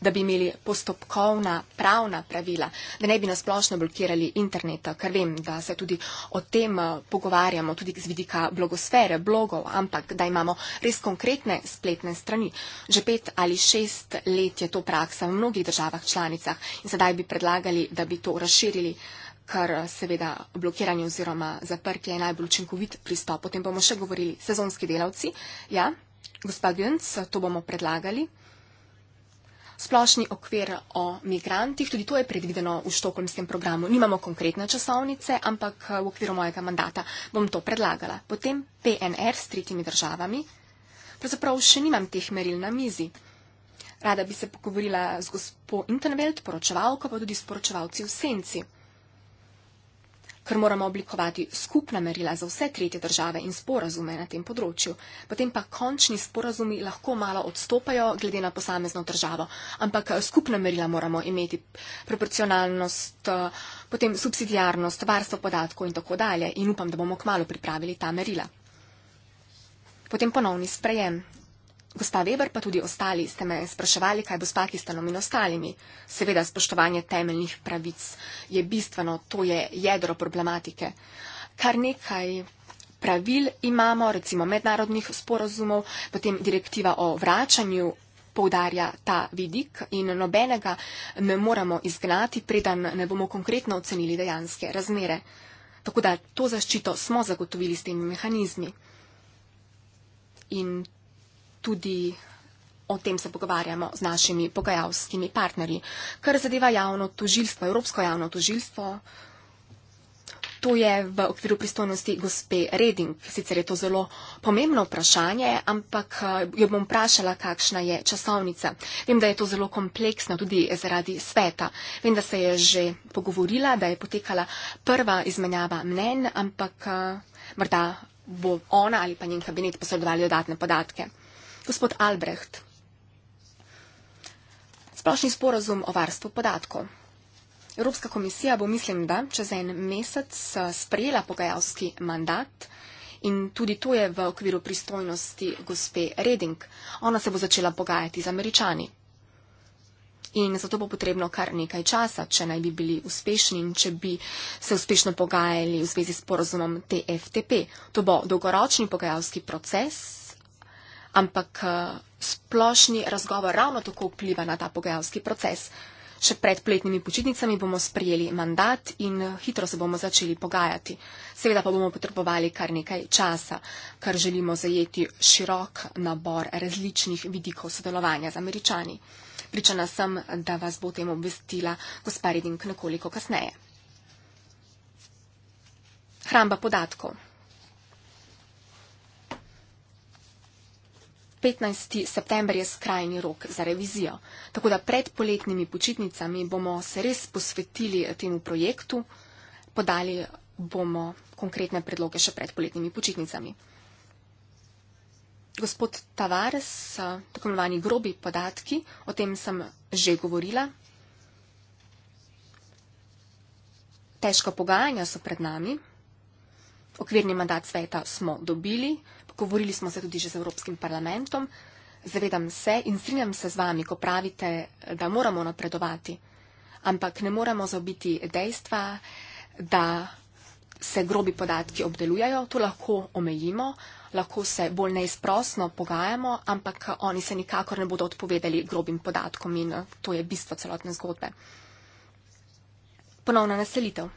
da bi imeli postopkovna pravna pravila, da ne bi nasplošno blokirali interneta, ker vem, da se tudi o tem eh, pogovarjamo, tudi z vidika blogosfere, blogov, ampak da imamo res konkretne spletne strani. Že pet ali šest let je to praksa v mnogih državah članicah in sedaj bi predlagali, da bi to razširili kar eh, seveda blokiranje oziroma zaprtje je najbolj učinkovit pristop. Potem bomo še govorili sezonski delavci. Ja, gospa Günc, to bomo predlagali splošni okvir o migrantih, tudi to je predvideno v štokholmskem programu. Nimamo konkretne časovnice, ampak eh, v okviru mojega mandata bom to predlagala. Potem PNR s tretjimi državami. Pravzaprav še nimam teh meril na mizi. Rada bi se pogovorila z gospo Intenvelt, poročevalko, pa tudi s poročevalci v senci ker moramo oblikovati skupna merila za vse tretje države in sporazume na tem področju. Potem pa končni sporazumi lahko malo odstopajo glede na posamezno državo, ampak eh, skupna merila moramo imeti, proporcionalnost, eh, potem subsidijarnost, varstvo podatkov in tako dalje in upam, da bomo kmalo pripravili ta merila. Potem ponovni sprejem. Gospa Weber, pa tudi ostali ste me spraševali, kaj bo s Pakistanom in ostalimi. Seveda, spoštovanje temeljnih pravic je bistveno, to je jedro problematike. Kar nekaj pravil imamo, recimo mednarodnih sporozumov, potem direktiva o vračanju poudarja ta vidik in nobenega ne moramo izgnati, predan ne bomo konkretno ocenili dejanske razmere. Tako da to zaščito smo zagotovili s temi mehanizmi. In tudi o tem se pogovarjamo z našimi pogajalskimi partnerji. Kar zadeva javno tožilstvo, Evropsko javno tožilstvo, to je v okviru pristojnosti gospe Reding. Sicer je to zelo pomembno vprašanje, ampak eh, jo bom vprašala, kakšna je časovnica. Vem, da je to zelo kompleksno tudi zaradi sveta. Vem, da se je že pogovorila, da je potekala prva izmenjava mnen, ampak eh, morda bo ona ali pa njen kabinet posredovali dodatne podatke. Gospod Albrecht, splošni sporozum o varstvu podatkov. Evropska komisija bo, mislim, da čez en mesec eh, sprejela pogajalski mandat in tudi to je v okviru pristojnosti gospe Reding. Ona se bo začela pogajati z američani. In zato bo potrebno kar nekaj časa, če naj bi bili uspešni in če bi se uspešno pogajali v zvezi s porozumom TFTP. To bo dolgoročni pogajalski proces ampak eh, splošni razgovor ravno tako vpliva na ta pogajalski proces. Še pred pletnimi počitnicami bomo sprijeli mandat in eh, hitro se bomo začeli pogajati. Seveda pa bomo potrebovali kar nekaj časa, ker želimo zajeti širok nabor različnih vidikov sodelovanja z američani. Pričana sem, da vas bo tem obvestila gospa Reding nekoliko kasneje. Hramba podatkov. 15. september je skrajni rok za revizijo. Tako da pred poletnimi počitnicami bomo se res posvetili temu projektu, podali bomo konkretne predloge še pred poletnimi počitnicami. Gospod Tavares, tako imenovani grobi podatki, o tem sem že govorila. Težka pogajanja so pred nami. Okvirni mandat sveta smo dobili govorili smo se tudi že z Evropskim parlamentom. Zavedam se in strinjam se z vami, ko pravite, da moramo napredovati, ampak ne moramo zaobiti dejstva, da se grobi podatki obdelujajo, to lahko omejimo, lahko se bolj neizprostno pogajamo, ampak oni se nikakor ne bodo odpovedali grobim podatkom in to je bistvo celotne zgodbe. Ponovna naselitev.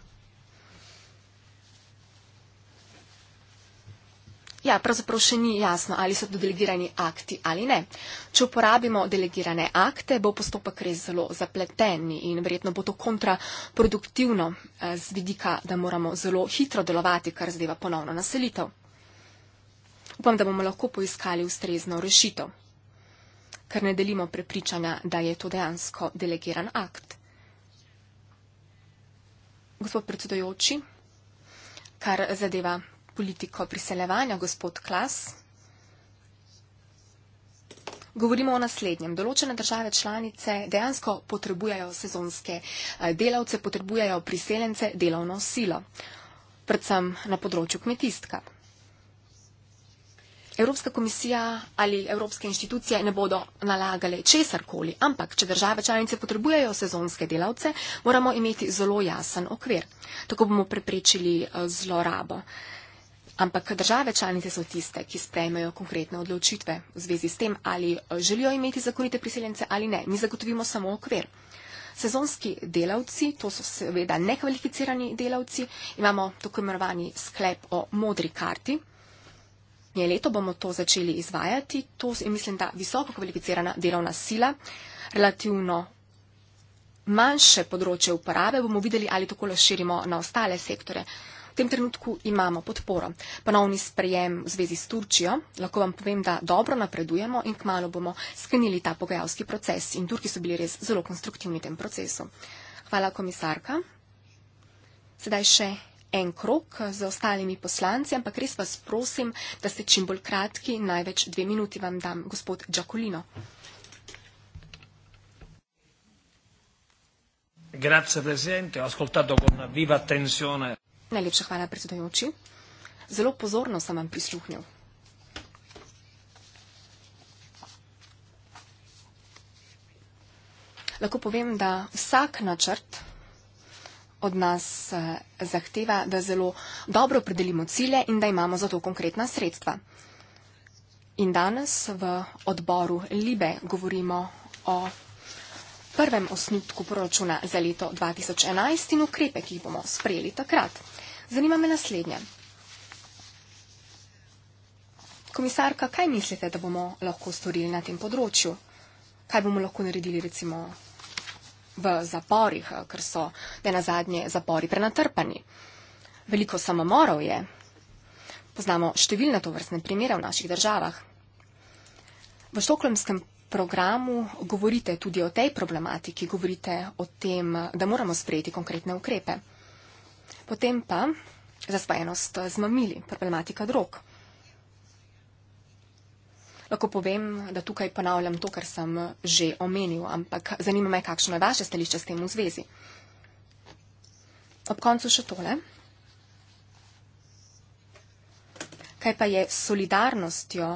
ja, pravzaprav še ni jasno, ali so to delegirani akti ali ne. Če uporabimo delegirane akte, bo postopek res zelo zapleten in verjetno bo to kontraproduktivno eh, z vidika, da moramo zelo hitro delovati, kar zadeva ponovno naselitev. Upam, da bomo lahko poiskali ustrezno rešitev, ker ne delimo prepričanja, da je to dejansko delegiran akt. Gospod predsedojoči, kar zadeva politiko priseljevanja, gospod Klas. Govorimo o naslednjem. Določene države članice dejansko potrebujejo sezonske eh, delavce, potrebujejo priseljence delovno silo, predvsem na področju kmetijstva. Evropska komisija ali evropske inštitucije ne bodo nalagale česarkoli, ampak če države članice potrebujejo sezonske delavce, moramo imeti zelo jasen okvir. Tako bomo preprečili eh, zlorabo ampak države članice so tiste, ki sprejmejo konkretne odločitve v zvezi s tem, ali eh, želijo imeti zakonite priseljence ali ne. Mi zagotovimo samo okvir. Sezonski delavci, to so seveda nekvalificirani delavci, imamo tako imenovani sklep o modri karti. Nje leto bomo to začeli izvajati. To je, mislim, da visoko kvalificirana delovna sila, relativno manjše področje uporabe, bomo videli, ali tako lahko širimo na ostale sektore. V tem trenutku imamo podporo. Ponovni sprejem v zvezi s Turčijo. Lahko vam povem, da dobro napredujemo in kmalo bomo sklenili ta pogajalski proces. In Turki so bili res zelo konstruktivni v tem procesu. Hvala, komisarka. Sedaj še en krok z ostalimi poslanci, ampak res vas prosim, da ste čim bolj kratki. Največ dve minuti vam dam, gospod Džakolino. Grazie Presidente, ho ascoltato con viva attenzione. Najlepša hvala, predsedujoči. Zelo pozorno sem vam prisluhnil. Lahko povem, da vsak načrt od nas eh, zahteva, da zelo dobro predelimo cilje in da imamo za to konkretna sredstva. In danes v odboru Libe govorimo o prvem osnutku proračuna za leto 2011 in ukrepe, ki jih bomo sprejeli takrat. Zanima me naslednje. Komisarka, kaj mislite, da bomo lahko storili na tem področju? Kaj bomo lahko naredili recimo v zaporih, ker so ne na zadnje zapori prenatrpani? Veliko samomorov je. Poznamo številne tovrstne primere v naših državah. V štoklemskem programu govorite tudi o tej problematiki, govorite o tem, da moramo sprejeti konkretne ukrepe. Potem pa zasvojenost z mamili, problematika drog. Lahko povem, da tukaj ponavljam to, kar sem že omenil, ampak zanima me, kakšno je vaše stališče s tem v zvezi. Ob koncu še tole. Kaj pa je solidarnostjo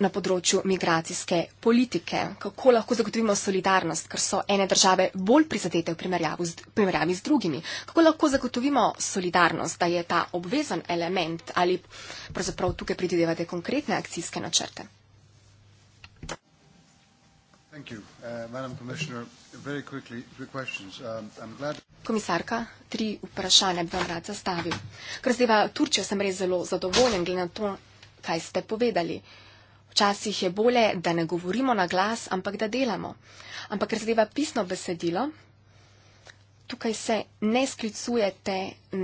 na področju migracijske politike, kako lahko zagotovimo solidarnost, ker so ene države bolj prizadete v primerjavi z, primerjavi z drugimi, kako lahko zagotovimo solidarnost, da je ta obvezen element ali pravzaprav tukaj predvidevate konkretne akcijske načrte. Uh, um, Komisarka, tri vprašanja bi vam rad zastavil. Ker zdaj v Turčijo sem res zelo zadovoljen, glede na to, kaj ste povedali. Včasih je bolje, da ne govorimo na glas, ampak da delamo. Ampak ker zadeva pisno besedilo, tukaj se ne sklicujete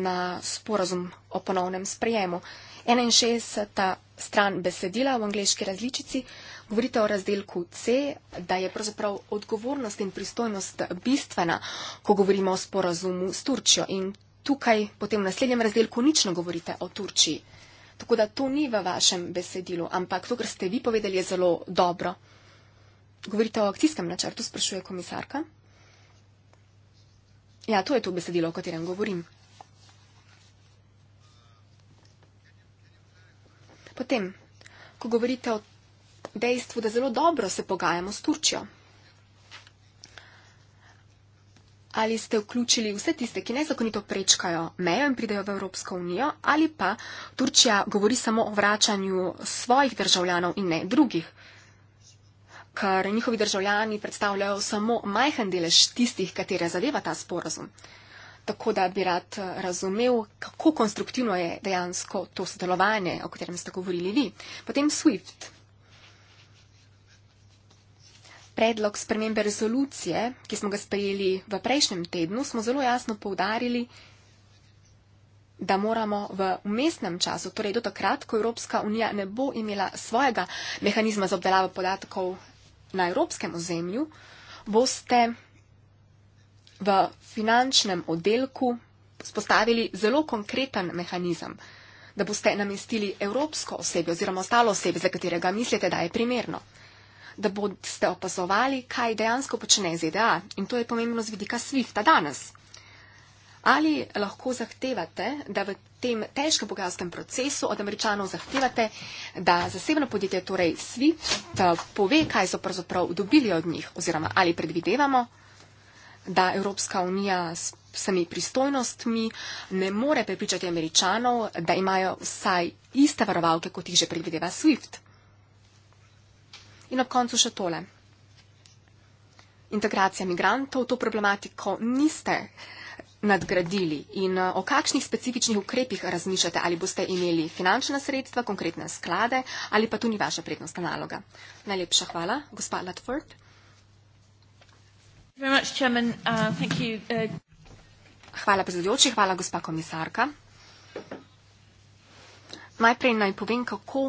na sporazum o ponovnem sprejemu. 61. stran besedila v angliški različici govorite o razdelku C, da je pravzaprav odgovornost in pristojnost bistvena, ko govorimo o sporazumu s Turčjo. In tukaj potem v naslednjem razdelku nično govorite o Turčji. Tako da to ni v vašem besedilu, ampak to, kar ste vi povedali, je zelo dobro. Govorite o akcijskem načrtu, sprašuje komisarka. Ja, to je to besedilo, o katerem govorim. Potem, ko govorite o dejstvu, da zelo dobro se pogajamo s Turčjo, ali ste vključili vse tiste, ki nezakonito prečkajo mejo in pridejo v Evropsko unijo, ali pa Turčija govori samo o vračanju svojih državljanov in ne drugih, ker njihovi državljani predstavljajo samo majhen delež tistih, katere zadeva ta sporazum. Tako da bi rad eh, razumel, kako konstruktivno je dejansko to sodelovanje, o katerem ste govorili vi. Potem SWIFT predlog spremembe rezolucije, ki smo ga sprejeli v prejšnjem tednu, smo zelo jasno povdarili, da moramo v umestnem času, torej do takrat, ko Evropska unija ne bo imela svojega mehanizma za obdelavo podatkov na evropskem ozemlju, boste v finančnem oddelku spostavili zelo konkreten mehanizem, da boste namestili evropsko osebe oziroma ostalo osebe, za katerega mislite, da je primerno da boste opazovali, kaj dejansko počne ZDA in to je pomembno z vidika SWIFT-a danes. Ali lahko zahtevate, da v tem težkem bogatskem procesu od američanov zahtevate, da zasebno podjetje, torej SWIFT, pove, kaj so pravzaprav dobili od njih oziroma ali predvidevamo, da Evropska unija s vsemi pristojnostmi ne more prepričati američanov, da imajo vsaj iste varovalke, kot jih že predvideva SWIFT. In ob koncu še tole. Integracija migrantov, to problematiko niste nadgradili in eh, o kakšnih specifičnih ukrepih razmišljate, ali boste imeli finančna sredstva, konkretne sklade ali pa tu ni vaša prednostna naloga. Najlepša hvala, gospa Latford. Uh, uh, hvala, predsedujoči, hvala, gospa komisarka. Najprej naj povem, kako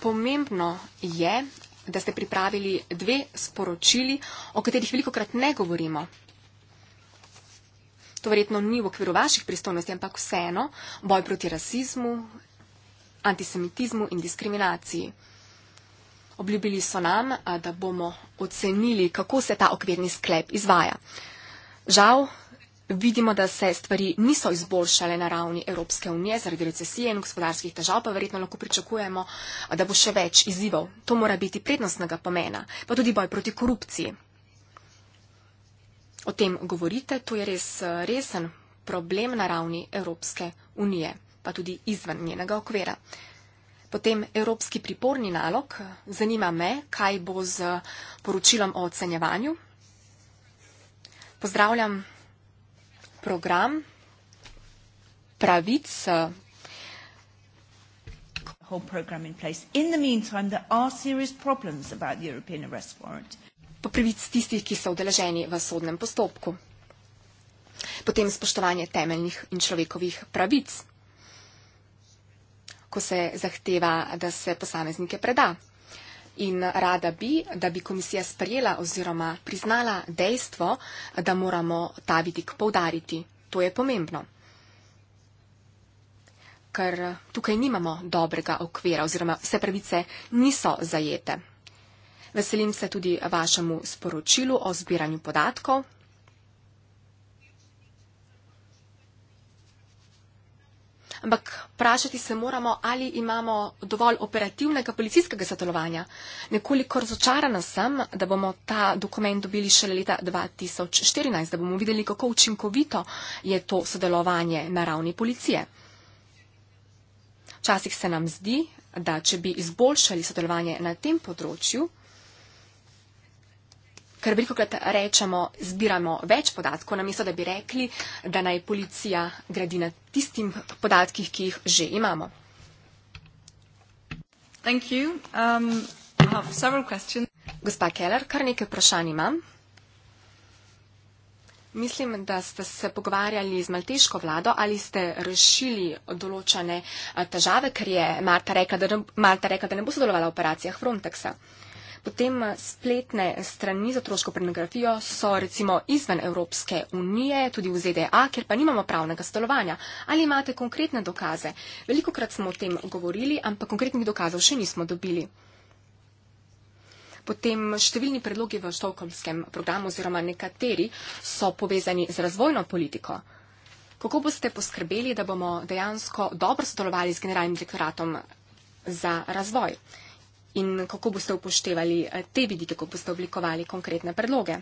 pomembno je, da ste pripravili dve sporočili, o katerih veliko krat ne govorimo. To verjetno ni v okviru vaših pristojnosti, ampak vseeno boj proti rasizmu, antisemitizmu in diskriminaciji. Obljubili so nam, da bomo ocenili, kako se ta okvirni sklep izvaja. Žal, Vidimo, da se stvari niso izboljšale na ravni Evropske unije zaradi recesije in gospodarskih težav, pa verjetno lahko pričakujemo, da bo še več izzivov. To mora biti prednostnega pomena, pa tudi boj proti korupciji. O tem govorite, to je res resen problem na ravni Evropske unije, pa tudi izven njenega okvira. Potem Evropski priporni nalog. Zanima me, kaj bo z poročilom o ocenjevanju. Pozdravljam program pravic. Eh, po pravic tistih, ki so vdeleženi v sodnem postopku. Potem spoštovanje temeljnih in človekovih pravic, ko se zahteva, da se posameznike preda in rada bi, da bi komisija sprejela oziroma priznala dejstvo, da moramo ta vidik povdariti. To je pomembno. Ker tukaj nimamo dobrega okvira oziroma vse pravice niso zajete. Veselim se tudi vašemu sporočilu o zbiranju podatkov. ampak vprašati se moramo, ali imamo dovolj operativnega policijskega sodelovanja. Nekoliko razočarana sem, da bomo ta dokument dobili šele leta 2014, da bomo videli, kako učinkovito je to sodelovanje na ravni policije. Včasih se nam zdi, da če bi izboljšali sodelovanje na tem področju, Ker veliko krat rečemo, zbiramo več podatkov, namesto da bi rekli, da naj policija gradi na tistim podatkih, ki jih že imamo. Um, Gospa Keller, kar nekaj vprašanj imam. Mislim, da ste se pogovarjali z malteško vlado ali ste rešili določene težave, ker je Marta rekla, da ne, Marta rekla, da ne bo sodelovala v operacijah Frontexa. Potem eh, spletne strani za otroško pornografijo so recimo izven Evropske unije, tudi v ZDA, ker pa nimamo pravnega stolovanja. Ali imate konkretne dokaze? Veliko krat smo o tem govorili, ampak konkretnih dokazov še nismo dobili. Potem številni predlogi v štovkomskem programu oziroma nekateri so povezani z razvojno politiko. Kako boste poskrbeli, da bomo dejansko dobro sodelovali z generalnim direktoratom za razvoj? in kako boste upoštevali eh, te vidike, ko boste oblikovali konkretne predloge.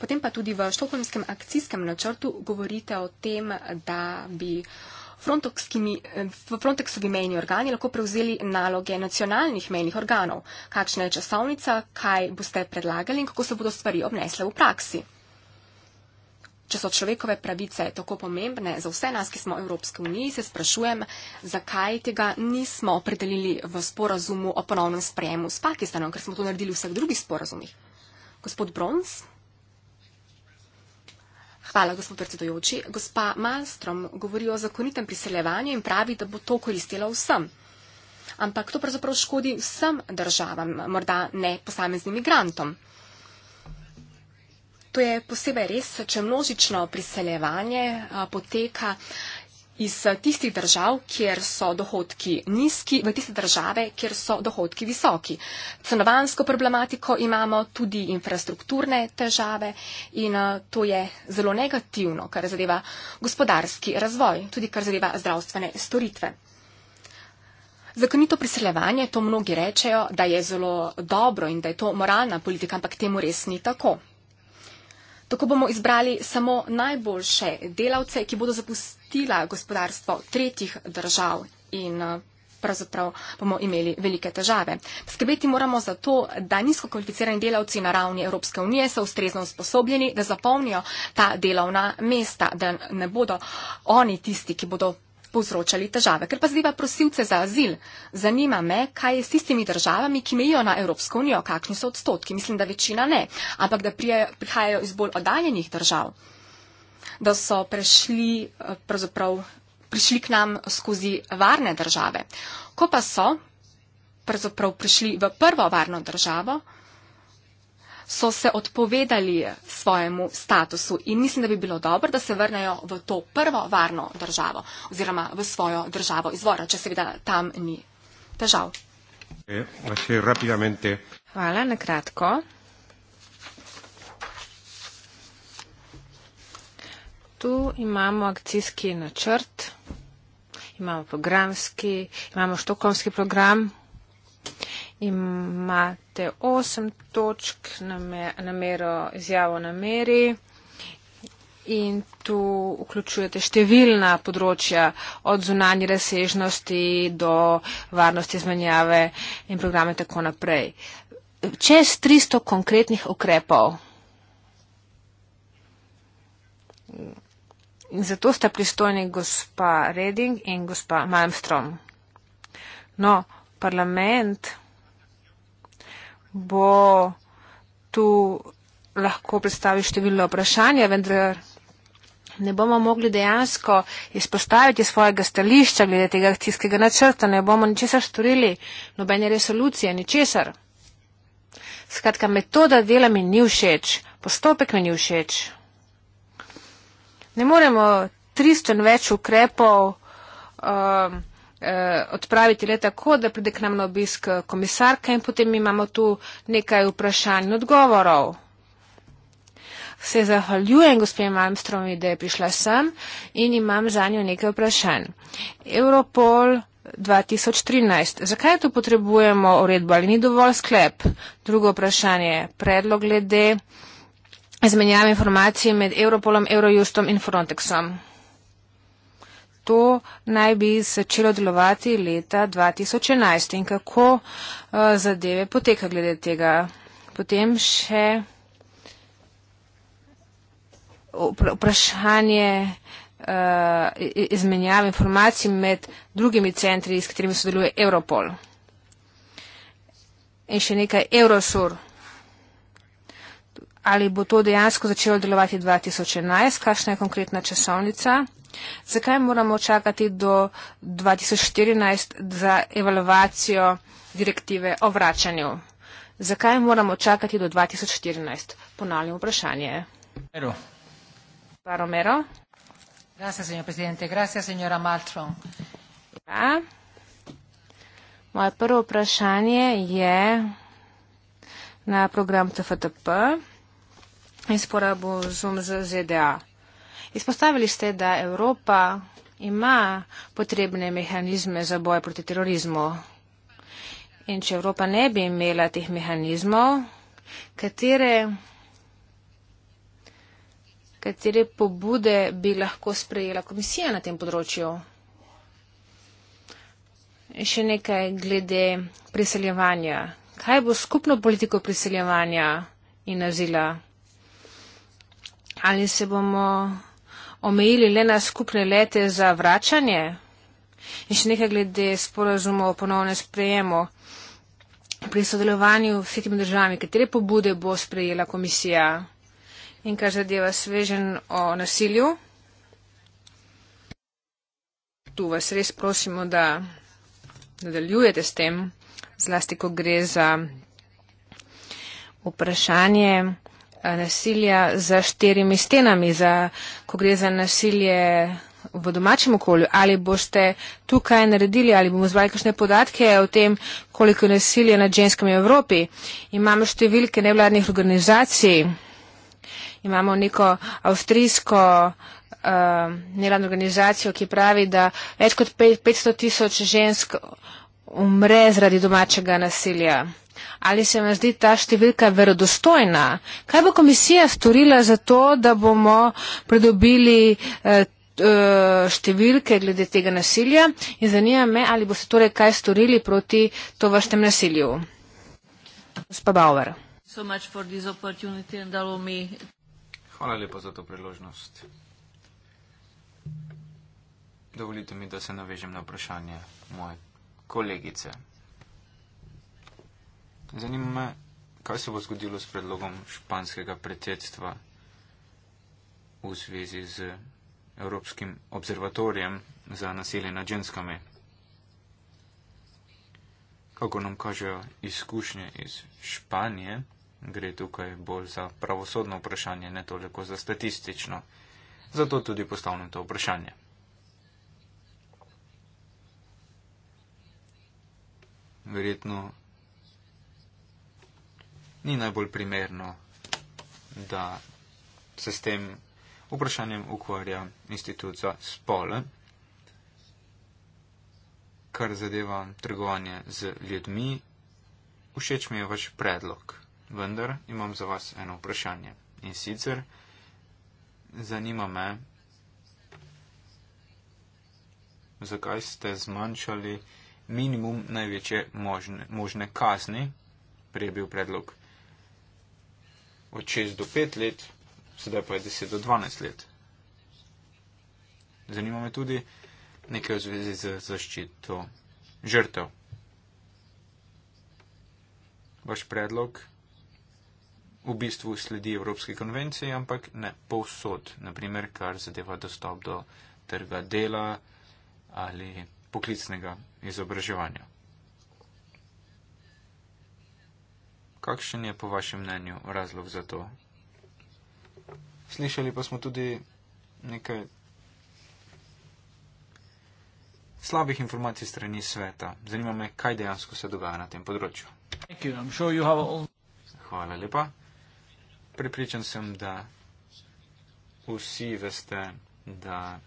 Potem pa tudi v štokholmskem akcijskem načrtu govorite o tem, da bi eh, v Frontexovi mejni organi lahko prevzeli naloge nacionalnih mejnih organov. Kakšna je časovnica, kaj boste predlagali in kako se bodo stvari obnesle v praksi? Če so človekove pravice tako pomembne za vse nas, ki smo v Evropski uniji, se sprašujem, zakaj tega nismo opredelili v sporazumu o ponovnem sprejemu s Pakistanom, ker smo to naredili v vseh drugih sporazumih. Gospod Brons. Hvala, gospod predsedojoči. Gospa Malmström govori o zakonitem priseljevanju in pravi, da bo to koristilo vsem. Ampak to pravzaprav škodi vsem državam, morda ne posameznim imigrantom. To je posebej res, če množično priseljevanje poteka iz tistih držav, kjer so dohodki nizki, v tiste države, kjer so dohodki visoki. Cenovansko problematiko imamo tudi infrastrukturne težave in to je zelo negativno, kar zadeva gospodarski razvoj, tudi kar zadeva zdravstvene storitve. Zakonito priseljevanje, to mnogi rečejo, da je zelo dobro in da je to moralna politika, ampak temu res ni tako. Tako bomo izbrali samo najboljše delavce, ki bodo zapustila gospodarstvo tretjih držav in eh, pravzaprav bomo imeli velike težave. Skrbeti moramo za to, da nizko kvalificirani delavci na ravni Evropske unije so ustrezno usposobljeni, da zapolnijo ta delovna mesta, da ne bodo oni tisti, ki bodo povzročali težave. Ker pa zdiva prosilce za azil, zanima me, kaj je s tistimi državami, ki mejijo na Evropsko unijo, kakšni so odstotki. Mislim, da večina ne, ampak da prihajajo iz bolj oddaljenih držav, da so prešli, eh, prišli k nam skozi varne države. Ko pa so prišli v prvo varno državo, so se odpovedali svojemu statusu in mislim, da bi bilo dobro, da se vrnejo v to prvo varno državo oziroma v svojo državo izvora, če seveda tam ni težav. Eh, Hvala, na kratko. Tu imamo akcijski načrt, imamo programski, imamo štokovski program, imate 8 točk namero izjavo nameri in tu vključujete številna področja od zunanje razsežnosti do varnosti zmanjave in programe tako naprej. Čez 300 konkretnih ukrepov. In zato sta pristojni gospa Reding in gospa Malmstrom. No, parlament bo tu lahko predstavil številno vprašanje, vendar ne bomo mogli dejansko izpostaviti svojega stališča glede tega akcijskega načrta, ne bomo ničesar storili, nobene resolucije, ničesar. Skratka, metoda dela mi ni všeč, postopek mi ni všeč. Ne moremo 300 in več ukrepov. Um, Eh, odpraviti le tako, da pride k nam na obisk komisarka in potem imamo tu nekaj vprašanj in odgovorov. Se zahvaljujem gospodin Malmstromi, da je prišla sem in imam za njo nekaj vprašanj. Europol 2013. Zakaj tu potrebujemo uredbo ali ni dovolj sklep? Drugo vprašanje. Predlog glede izmenjave informacij med Europolom, Eurojustom in Frontexom to naj bi začelo delovati leta 2011 in kako eh, zadeve poteka glede tega. Potem še vprašanje eh, izmenjave informacij med drugimi centri, s katerimi sodeluje Europol. In še nekaj Eurosur ali bo to dejansko začelo delovati 2011, kakšna je konkretna časovnica, zakaj moramo čakati do 2014 za evalvacijo direktive o vračanju. Zakaj moramo čakati do 2014? Ponavljam vprašanje. Romero. Pa Romero. Grazie, signor Presidente. Grazie, signora Maltron. Ja. Moje prvo vprašanje je na program CFTP in sporabozum z ZDA. Izpostavili ste, da Evropa ima potrebne mehanizme za boj proti terorizmu. In če Evropa ne bi imela teh mehanizmov, katere, katere pobude bi lahko sprejela komisija na tem področju? In še nekaj glede priseljevanja. Kaj bo skupno politiko priseljevanja in azila? Ali se bomo omejili le na skupne lete za vračanje? In še nekaj glede sporazumov o ponovnem sprejemu. Pri sodelovanju s tretjimi državami, katere pobude bo sprejela komisija in kar zadeva svežen o nasilju? Tu vas res prosimo, da nadaljujete s tem, zlasti ko gre za vprašanje nasilja za štirimi stenami, za, ko gre za nasilje v domačem okolju, ali boste tukaj naredili, ali bomo zvali kakšne podatke o tem, koliko je nasilje nad ženskami v Evropi. Imamo številke nevladnih organizacij, imamo neko avstrijsko uh, nevladno organizacijo, ki pravi, da več kot 500 tisoč žensk umre zaradi domačega nasilja. Ali se vam zdi ta številka verodostojna? Kaj bo komisija storila za to, da bomo pridobili eh, eh, številke glede tega nasilja in zanima me, ali boste torej kaj storili proti to vaštem nasilju? Gospa Bauer. Hvala lepa za to priložnost. Dovolite mi, da se navežem na vprašanje moje kolegice. Zanima me, kaj se bo zgodilo s predlogom španskega predsedstva v zvezi z Evropskim observatorijem za nasilje nad ženskami. Kako nam kažejo izkušnje iz Španije, gre tukaj bolj za pravosodno vprašanje, ne toliko za statistično. Zato tudi postavljam to vprašanje. Verjetno ni najbolj primerno, da se s tem vprašanjem ukvarja Institut za spole, kar zadeva trgovanje z ljudmi. Všeč mi je vaš predlog, vendar imam za vas eno vprašanje. In sicer zanima me, zakaj ste zmanjšali minimum največje možne, možne kazni, prej je bil predlog od 6 do 5 let, sedaj pa je 10 do 12 let. Zanima me tudi nekaj v zvezi z zaščito žrtev. Vaš predlog v bistvu sledi Evropski konvenciji, ampak ne povsod, naprimer, kar zadeva dostop do trga dela ali poklicnega izobraževanja. Kakšen je po vašem mnenju razlog za to? Slišali pa smo tudi nekaj slabih informacij strani sveta. Zanima me, kaj dejansko se dogaja na tem področju. Hvala lepa. Pripričan sem, da vsi veste, da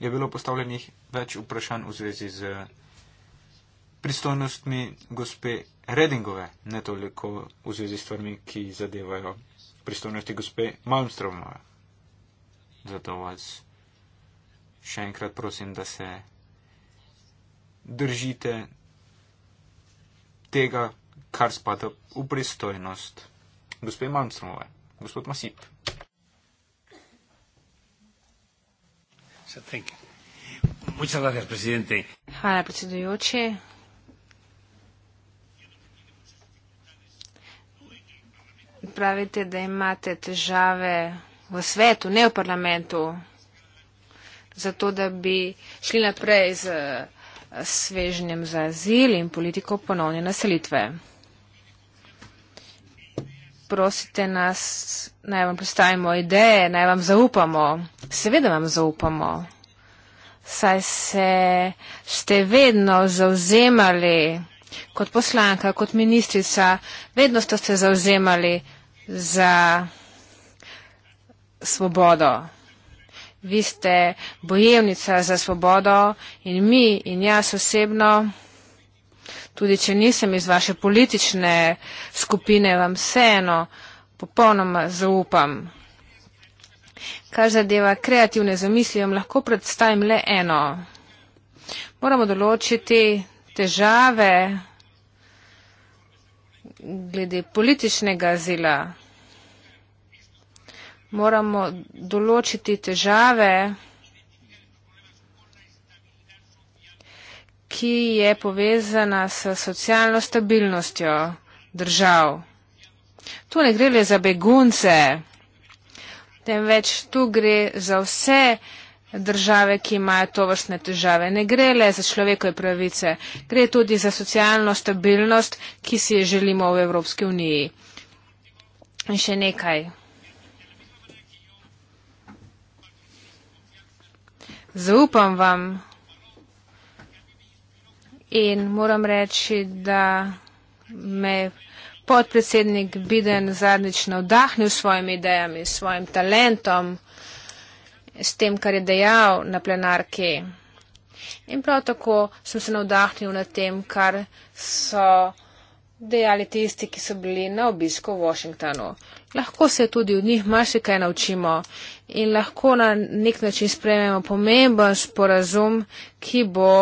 je bilo postavljenih več vprašanj v zvezi z pristojnostmi gospe Redingove, ne toliko v zvezi s stvarmi, ki zadevajo pristojnosti gospe Malmstromove. Zato vas še enkrat prosim, da se držite tega, kar spada v pristojnost gospe Malmstromove. Gospod Masip. Hvala, predsedujoči. pravite, da imate težave v svetu, ne v parlamentu, zato da bi šli naprej z eh, svežnjem za azil in politiko ponovne naselitve. Prosite nas, naj vam predstavimo ideje, naj vam zaupamo. Seveda vam zaupamo. Saj se ste vedno zauzemali kot poslanka, kot ministrica, vedno ste se zauzemali za svobodo. Vi ste bojevnica za svobodo in mi in jaz osebno, tudi če nisem iz vaše politične skupine, vam vseeno popolnoma zaupam. Kar zadeva kreativne zamisli, vam lahko predstavim le eno. Moramo določiti težave glede političnega azila. Moramo določiti težave, ki je povezana s socialno stabilnostjo držav. Tu ne gre le za begunce, temveč tu gre za vse države, države, ki imajo to vrstne težave. Ne gre le za človekove pravice, gre tudi za socialno stabilnost, ki si jo želimo v Evropski uniji. In še nekaj. Zaupam vam in moram reči, da me podpredsednik Biden zadnjič navdahnil s svojimi idejami, s svojim talentom s tem, kar je dejal na plenarki. In prav tako sem se navdahnil nad tem, kar so dejali tisti, ki so bili na obisku v Washingtonu. Lahko se tudi od njih marsikaj naučimo in lahko na nek način sprejmemo pomemben sporazum, ki bo,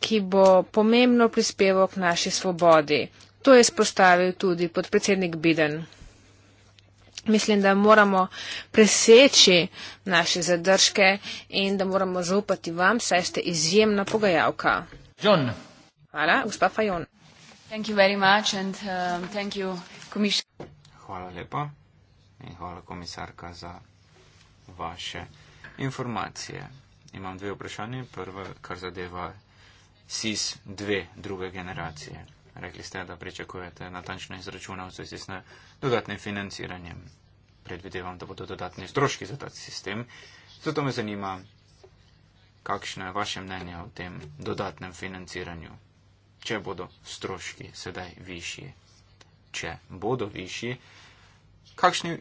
ki bo pomembno prispeval k naši svobodi. To je spostavil tudi podpredsednik Biden. Mislim, da moramo preseči naše zadržke in da moramo zaupati vam, saj ste izjemna pogajalka. John. Hvala, gospa Fajon. Thank you very much and um, thank you, komisar. Hvala lepa in hvala komisarka za vaše informacije. Imam dve vprašanje. Prva, kar zadeva SIS 2 druge generacije rekli ste, da pričakujete natančne izračune v zvezi s dodatnim financiranjem. Predvidevam, da bodo dodatni stroški za ta sistem. Zato me zanima, kakšno je vaše mnenje o tem dodatnem financiranju, če bodo stroški sedaj višji. Če bodo višji, kakšni,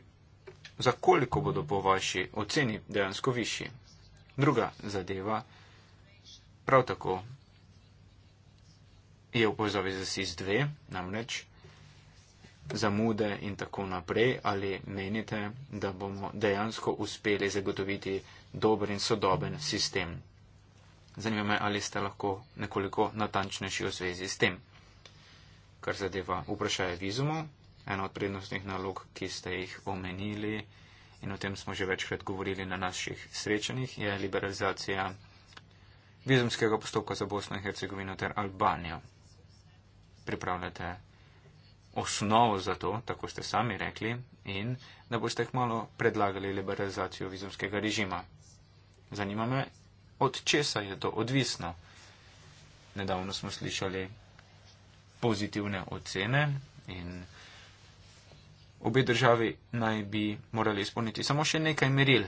za koliko bodo po vaši oceni dejansko višji? Druga zadeva, prav tako je v povezavi z SIS-2, namreč zamude in tako naprej, ali menite, da bomo dejansko uspeli zagotoviti dober in sodoben sistem. Zanima me, ali ste lahko nekoliko natančnejši v zvezi s tem. Kar zadeva vprašanje vizumov, ena od prednostnih nalog, ki ste jih omenili in o tem smo že večkrat govorili na naših srečanjih, je liberalizacija vizumskega postopka za Bosno in Hercegovino ter Albanijo pripravljate osnovo za to, tako ste sami rekli, in da boste kmalo predlagali liberalizacijo vizumskega režima. Zanima me, od česa je to odvisno. Nedavno smo slišali pozitivne ocene in obe državi naj bi morali izpolniti samo še nekaj meril.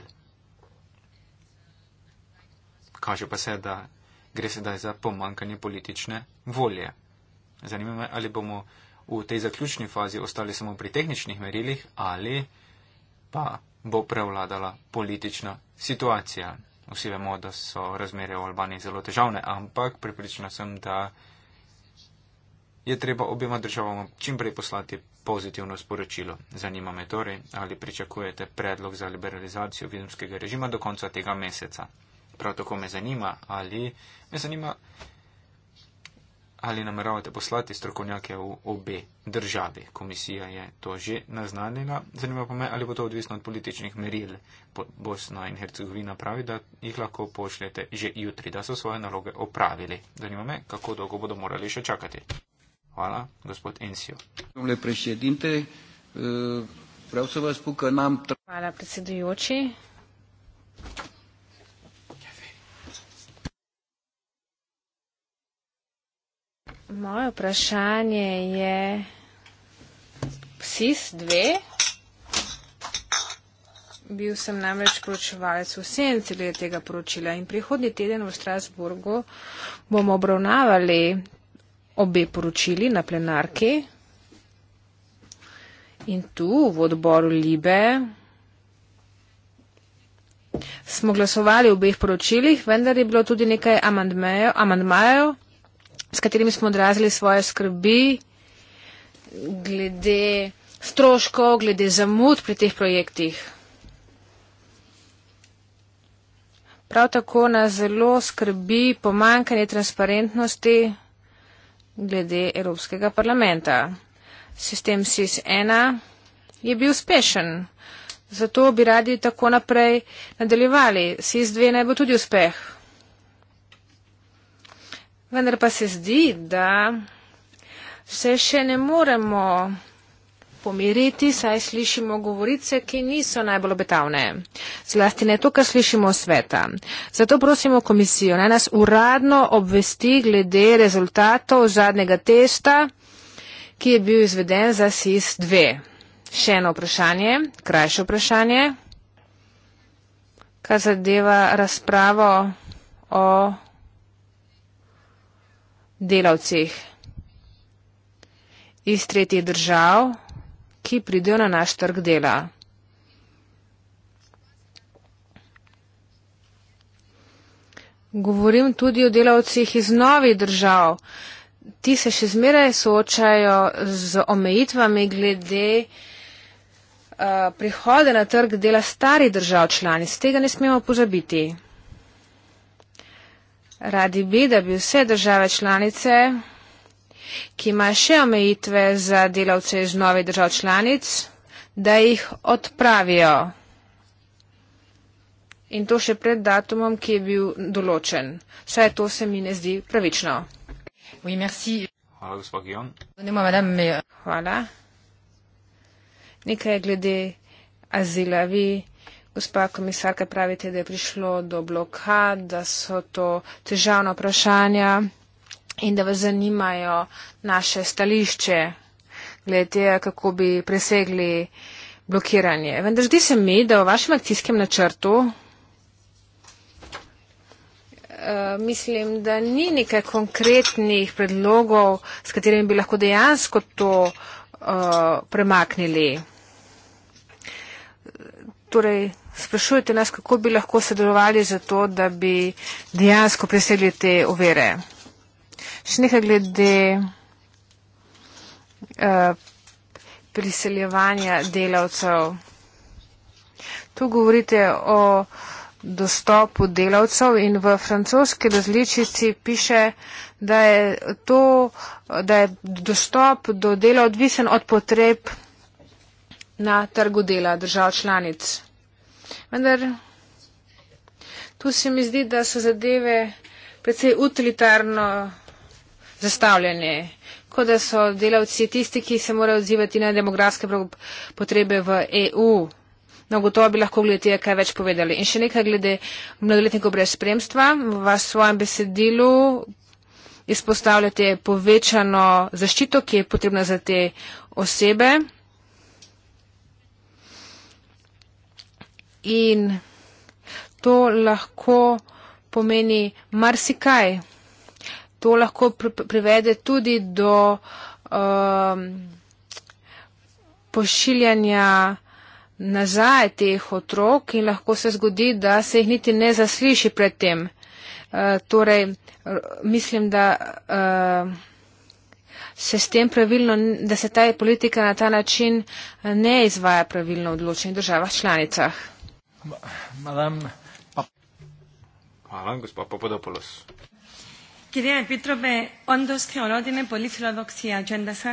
Kaže pa se, da gre sedaj za pomankanje politične volje. Zanima me, ali bomo v tej zaključni fazi ostali samo pri tehničnih merilih ali pa bo prevladala politična situacija. Vsi vemo, da so razmere v Albaniji zelo težavne, ampak pripričana sem, da je treba objema državama čimprej poslati pozitivno sporočilo. Zanima me torej, ali pričakujete predlog za liberalizacijo vizumskega režima do konca tega meseca. Prav tako me zanima, ali me zanima, ali nameravate poslati strokovnjake v obe državi. Komisija je to že naznanila. Zanima pa me, ali bo to odvisno od političnih meril. Bosna in Hercegovina pravi, da jih lahko pošljete že jutri, da so svoje naloge opravili. Zanima me, kako dolgo bodo morali še čakati. Hvala, gospod Ensio. Eh, Hvala, predsedujoči. Moje vprašanje je SIS-2. Bil sem namreč poročevalec v senci glede tega poročila in prihodnji teden v Strasburgu bomo obravnavali obe poročili na plenarki in tu v odboru Libe. Smo glasovali v obeh poročilih, vendar je bilo tudi nekaj amandmajev. amandmajev s katerimi smo odrazili svoje skrbi glede stroškov, glede zamud pri teh projektih. Prav tako nas zelo skrbi pomankanje transparentnosti glede Evropskega parlamenta. Sistem SIS-1 je bil uspešen, zato bi radi tako naprej nadaljevali. SIS-2 naj bo tudi uspeh. Vendar pa se zdi, da se še ne moremo pomiriti, saj slišimo govorice, ki niso najbolj obetavne. Zlasti ne to, kar slišimo sveta. Zato prosimo komisijo, naj nas uradno obvesti glede rezultatov zadnjega testa, ki je bil izveden za SIS-2. Še eno vprašanje, krajše vprašanje, kar zadeva razpravo o delavcih iz tretjih držav, ki pridejo na naš trg dela. Govorim tudi o delavcih iz novih držav. Ti se še zmeraj soočajo z omejitvami glede uh, eh, prihode na trg dela starih držav članic. Tega ne smemo pozabiti radi bi, da bi vse države članice, ki imajo še omejitve za delavce iz novih držav članic, da jih odpravijo. In to še pred datumom, ki je bil določen. Vse to se mi ne zdi pravično. Hvala, gospod Gion. Euh, Hvala. Nekaj glede azila. Vi Gospa komisarka, pravite, da je prišlo do blokad, da so to težavna vprašanja in da vas zanimajo naše stališče glede, kako bi presegli blokiranje. Vendar zdi se mi, da v vašem akcijskem načrtu eh, mislim, da ni nekaj konkretnih predlogov, s katerimi bi lahko dejansko to uh, premaknili torej, sprašujete nas, kako bi lahko sodelovali za to, da bi dejansko preselili te ovire. Še nekaj glede uh, priseljevanja delavcev. Tu govorite o dostopu delavcev in v francoski različici piše, da je, to, da je dostop do dela odvisen od potreb na trgu dela držav članic. Vendar tu se mi zdi, da so zadeve predvsej utilitarno zastavljene, kot da so delavci tisti, ki se morajo odzivati na demografske potrebe v EU. No, gotovo bi lahko glede tega kaj več povedali. In še nekaj glede mladoletnikov brez spremstva. V svojem besedilu izpostavljate povečano zaščito, ki je potrebna za te osebe. in to lahko pomeni marsikaj. To lahko privede tudi do um, pošiljanja nazaj teh otrok in lahko se zgodi, da se jih niti ne zasliši predtem. Uh, torej, mislim, da. Uh, Se s tem pravilno, da se ta politika na ta način uh, ne izvaja pravilno v odločenih državah članicah. Madame Pap Hvala, gospod Papadopoulos. Κυρία Επίτροπε, όντω θεωρώ ότι είναι πολύ φιλοδοξία η ατζέντα σα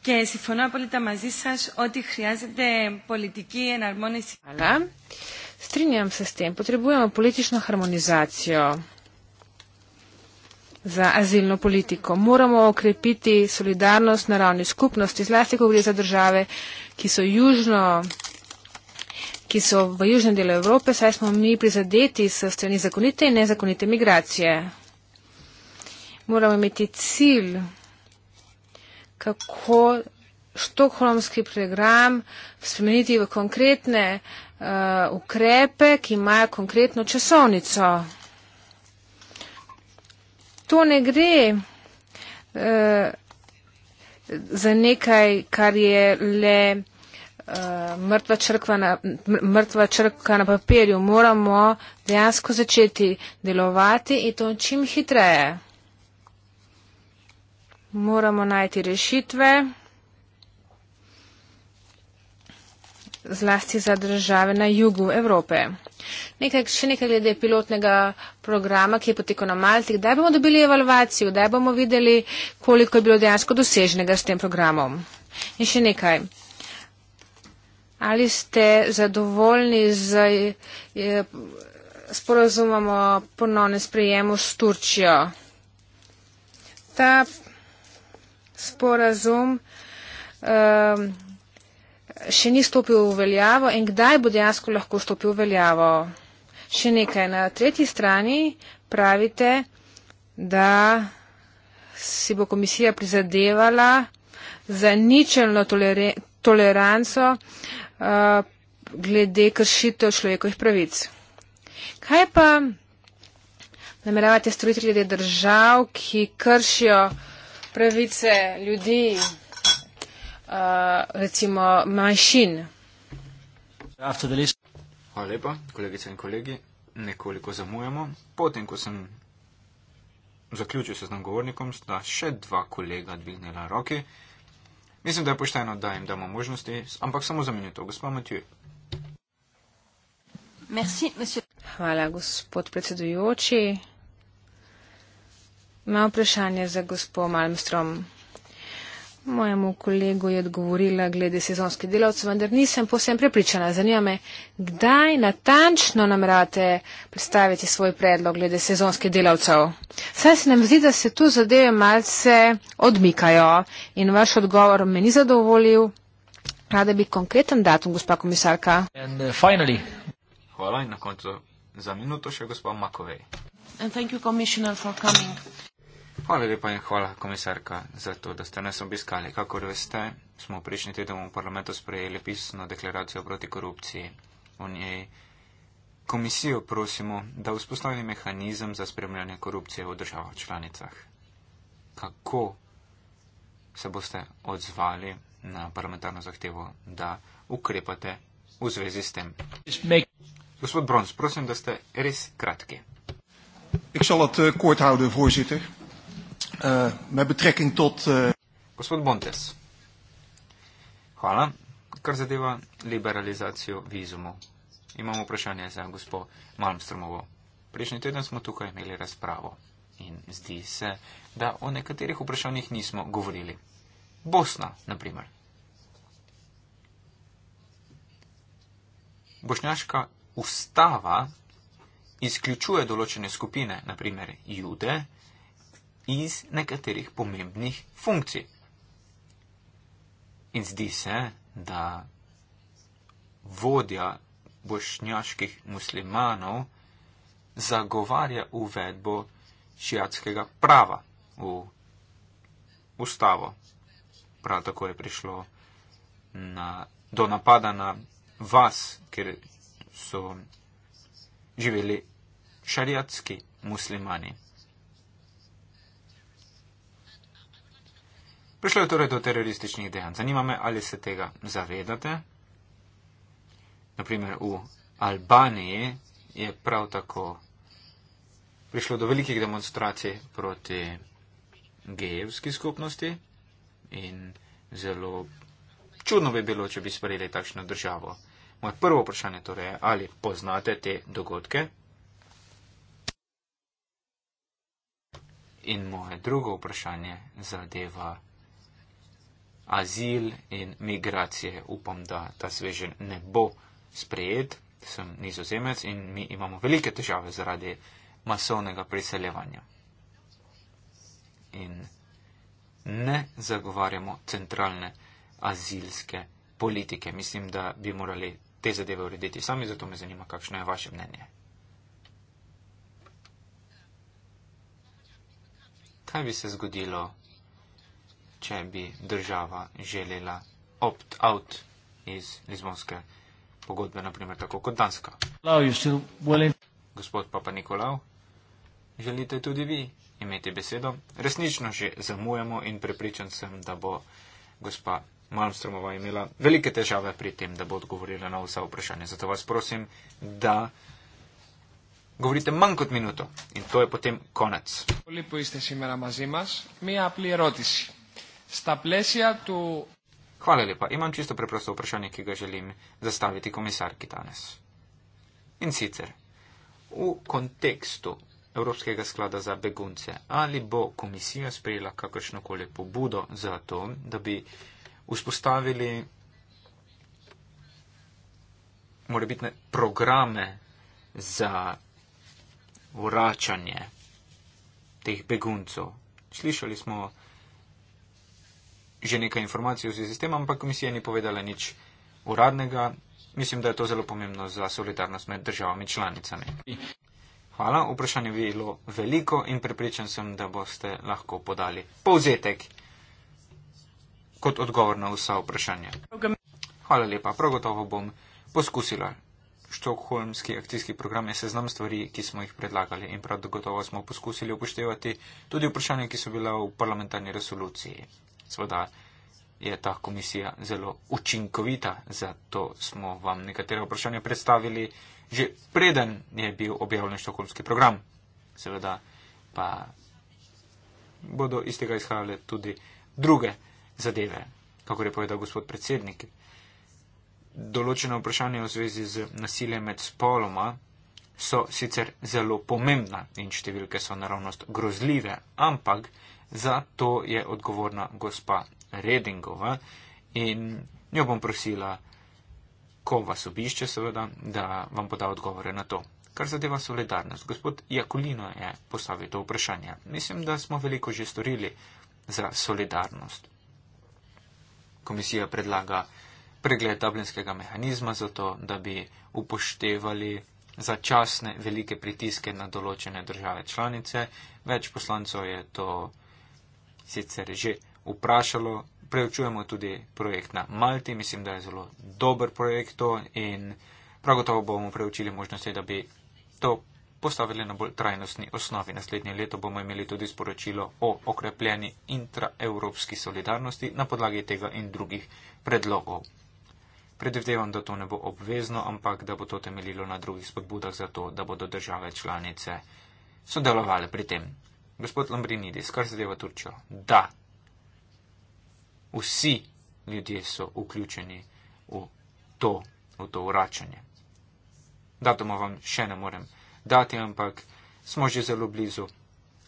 και συμφωνώ απόλυτα μαζί σα ότι χρειάζεται πολιτική εναρμόνιση. Αλλά, στρίνιαμ σε στην, potrebujemo politično harmonizacijo za azilno politiko. Moramo okrepiti solidarnost na ravni skupnosti, zlasti ko gre za države, ki so južno ki so v južnem delu Evrope, saj smo mi prizadeti s strani zakonite in nezakonite migracije. Moramo imeti cilj, kako štokholmski program spremeniti v konkretne uh, ukrepe, ki imajo konkretno časovnico. To ne gre uh, za nekaj, kar je le. Eh, mrtva črkva na, mrtva črkva na papirju. Moramo dejansko začeti delovati in to čim hitreje. Moramo najti rešitve. zlasti za države na jugu Evrope. Nekaj, še nekaj glede pilotnega programa, ki je potekal na Malti. Kdaj bomo dobili evalvacijo? Kdaj bomo videli, koliko je bilo dejansko doseženega s tem programom? In še nekaj. Ali ste zadovoljni z eh, sporozumom o ponovnem sprejemu s Turčijo? Ta sporazum um, še ni stopil v veljavo in kdaj bo dejansko lahko stopil v veljavo? Še nekaj. Na tretji strani pravite, da si bo komisija prizadevala za ničelno tolerancijo glede kršitev človekovih pravic. Kaj pa nameravate storiti glede držav, ki kršijo pravice ljudi, uh, recimo manjšin? Hvala lepa, kolegice in kolegi. Nekoliko zamujamo. Potem, ko sem zaključil se z nagovornikom, sta še dva kolega dvignila roke. Uh, Mislim, da je pošteno, da jim damo možnosti, ampak samo za minuto, gospod Matjuj. Merci, Hvala, gospod predsedujoči. Imam vprašanje za gospod Malmstrom. Mojemu kolegu je odgovorila glede sezonskih delavcev, vendar nisem posebno prepričana. Zanima me, kdaj natančno namerate predstaviti svoj predlog glede sezonskih delavcev. Saj se nam zdi, da se tu zadeve malce odmikajo in vaš odgovor me ni zadovoljil. Rada bi konkreten datum, gospa komisarka. And, uh, finally, hvala in na koncu za minuto še gospa Makovej. Hvala lepa in hvala komisarka za to, da ste nas obiskali. Kakor veste, smo prejšnji teden v parlamentu sprejeli pisno deklaracijo proti korupciji. V njej komisijo prosimo, da vzpostavi mehanizem za spremljanje korupcije v državah članicah. Kako se boste odzvali na parlamentarno zahtevo, da ukrepate v zvezi s tem? Gospod Brons, prosim, da ste res kratki. Ik zal het eh, kort houden, voorzitter uh, met betrekking tot. Uh... Gospod Bontes, hvala. Kar zadeva liberalizacijo vizumov, imamo vprašanje za gospod Malmstromovo. Prejšnji teden smo tukaj imeli razpravo in zdi se, da o nekaterih vprašanjih nismo govorili. Bosna, na primer. Bošnjaška ustava izključuje določene skupine, naprimer jude, iz nekaterih pomembnih funkcij. In zdi se, da vodja bošnjaških muslimanov zagovarja uvedbo šijatskega prava v ustavo. Prav tako je prišlo na, do napada na vas, ker so živeli šariatski muslimani. Prišlo je torej do terorističnih dejanj. Zanima me, ali se tega zavedate. Naprimer, v Albaniji je prav tako prišlo do velikih demonstracij proti gejevski skupnosti in zelo čudno bi bilo, če bi sprejeli takšno državo. Moje prvo vprašanje torej je, ali poznate te dogodke? In moje drugo vprašanje zadeva azil in migracije. Upam, da ta svežen ne bo sprejet. Sem nizozemec in mi imamo velike težave zaradi masovnega priseljevanja. In ne zagovarjamo centralne azilske politike. Mislim, da bi morali te zadeve urediti sami, zato me zanima, kakšno je vaše mnenje. Kaj bi se zgodilo, če bi država želela opt-out iz Lizbonske pogodbe, naprimer tako kot Danska. Gospod Papa Nikolav, želite tudi vi imeti besedo? Resnično že zamujamo in prepričan sem, da bo gospa Malmstromova imela velike težave pri tem, da bo odgovorila na vsa vprašanja. Zato vas prosim, da. Govorite manj kot minuto in to je potem konec στα πλαίσια του. Χάλε λοιπόν, είμαι τσίστο πρεπρόστο προσάνη και γαζελίμ, δεστάβη τη κομισάρ κοιτάνε. In sicer, v kontekstu Evropskega sklada za begunce, ali bo komisija sprejela kakršno koli pobudo za to, da bi vzpostavili morebitne programe za vračanje teh beguncev? Slišali smo že nekaj informacij v zvezi s tem, ampak komisija ni povedala nič uradnega. Mislim, da je to zelo pomembno za solidarnost med državami članicami. Hvala, vprašanje je bilo veliko in prepričan sem, da boste lahko podali povzetek kot odgovor na vsa vprašanja. Hvala lepa, prav gotovo bom poskusila. Štokholmski akcijski program je seznam stvari, ki smo jih predlagali in prav gotovo smo poskusili upoštevati tudi vprašanja, ki so bila v parlamentarni resoluciji. Sveda je ta komisija zelo učinkovita, zato smo vam nekatere vprašanja predstavili že preden je bil objavljen štokolmski program. Seveda pa bodo iz tega izhajale tudi druge zadeve, kako je povedal gospod predsednik. Določene vprašanja v zvezi z nasiljem med spoloma so sicer zelo pomembna in številke so naravnost grozljive, ampak Za to je odgovorna gospa Redingova in jo bom prosila, ko vas obišče, seveda, da vam poda odgovore na to. Kar zadeva solidarnost, gospod Jakulino je postavil to vprašanje. Mislim, da smo veliko že storili za solidarnost. Komisija predlaga pregled dublinskega mehanizma za to, da bi upoštevali začasne velike pritiske na določene države članice. Več poslancov je to sicer že vprašalo, preučujemo tudi projekt na Malti, mislim, da je zelo dober projekt to in prav gotovo bomo preučili možnosti, da bi to postavili na bolj trajnostni osnovi. Naslednje leto bomo imeli tudi sporočilo o okrepljeni intraevropski solidarnosti na podlagi tega in drugih predlogov. Predvidevam, da to ne bo obvezno, ampak da bo to temeljilo na drugih spodbudah za to, da bodo države članice sodelovali pri tem. Gospod Lombrinidis, kar zadeva Turčijo. Da. Vsi ljudje so vključeni v to, v to vračanje. Datoma vam še ne morem dati, ampak smo že zelo blizu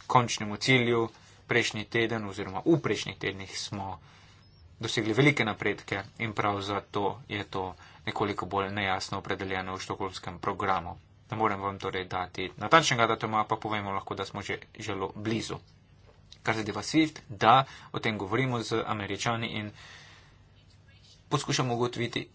končnemu cilju. Prejšnji teden oziroma v prejšnjih tednih smo dosegli velike napredke in prav zato je to nekoliko bolj nejasno opredeljeno v štokolskem programu. Ne morem vam torej dati natančnega datuma, pa povemo lahko, da smo že zelo blizu. Kar zadeva SWIFT, da o tem govorimo z američani in poskušamo ugotoviti,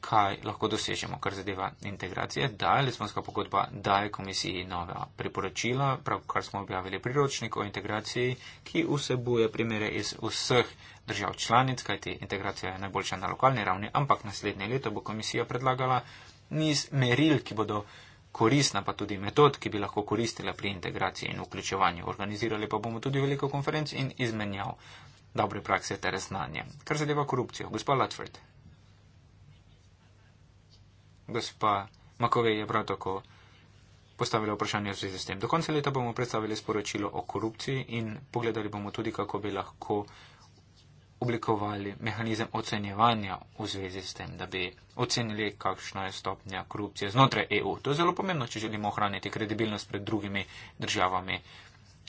kaj lahko dosežemo. Kar zadeva integracije, da Lisbonska pogodba daje komisiji nova priporočila, pravkar smo objavili priročnik o integraciji, ki vsebuje primere iz vseh držav članic, kajti integracija je najboljša na lokalni ravni, ampak naslednje leto bo komisija predlagala niz meril, ki bodo koristna, pa tudi metod, ki bi lahko koristila pri integraciji in vključevanju. Organizirali pa bomo tudi veliko konferenc in izmenjav dobre prakse ter znanje. Kar zadeva korupcijo. Gospa Latford. Gospa Makovej je prav tako postavila vprašanje v zvezi s tem. Do konca leta bomo predstavili sporočilo o korupciji in pogledali bomo tudi, kako bi lahko oblikovali mehanizem ocenjevanja v zvezi s tem, da bi ocenili, kakšna je stopnja korupcije znotraj EU. To je zelo pomembno, če želimo ohraniti kredibilnost pred drugimi državami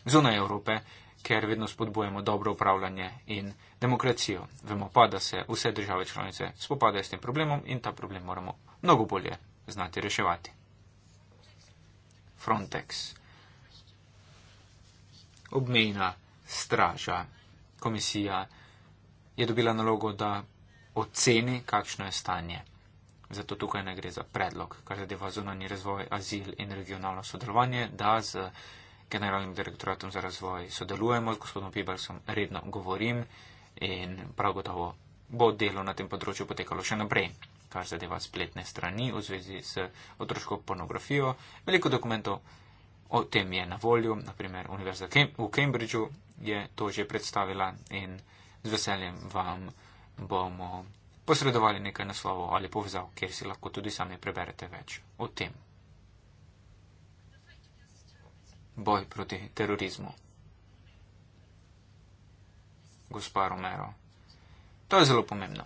zunaj Evrope, ker vedno spodbujamo dobro upravljanje in demokracijo. Vemo pa, da se vse države članice spopadajo s tem problemom in ta problem moramo mnogo bolje znati reševati. Frontex. Obmejna straža. Komisija je dobila nalogo, da oceni, kakšno je stanje. Zato tukaj ne gre za predlog, kar zadeva zunanji razvoj, azil in regionalno sodelovanje, da z generalnim direktoratom za razvoj sodelujemo, z gospodom Pibersom redno govorim in prav gotovo bo delo na tem področju potekalo še naprej, kar zadeva spletne strani v zvezi s otroško pornografijo. Veliko dokumentov o tem je na voljo, naprimer Univerza v Cambridgeu je to že predstavila in z veseljem vam bomo posredovali nekaj naslovov ali povzav, kjer si lahko tudi sami preberete več o tem. Boj proti terorizmu. Gospa Romero, to je zelo pomembno.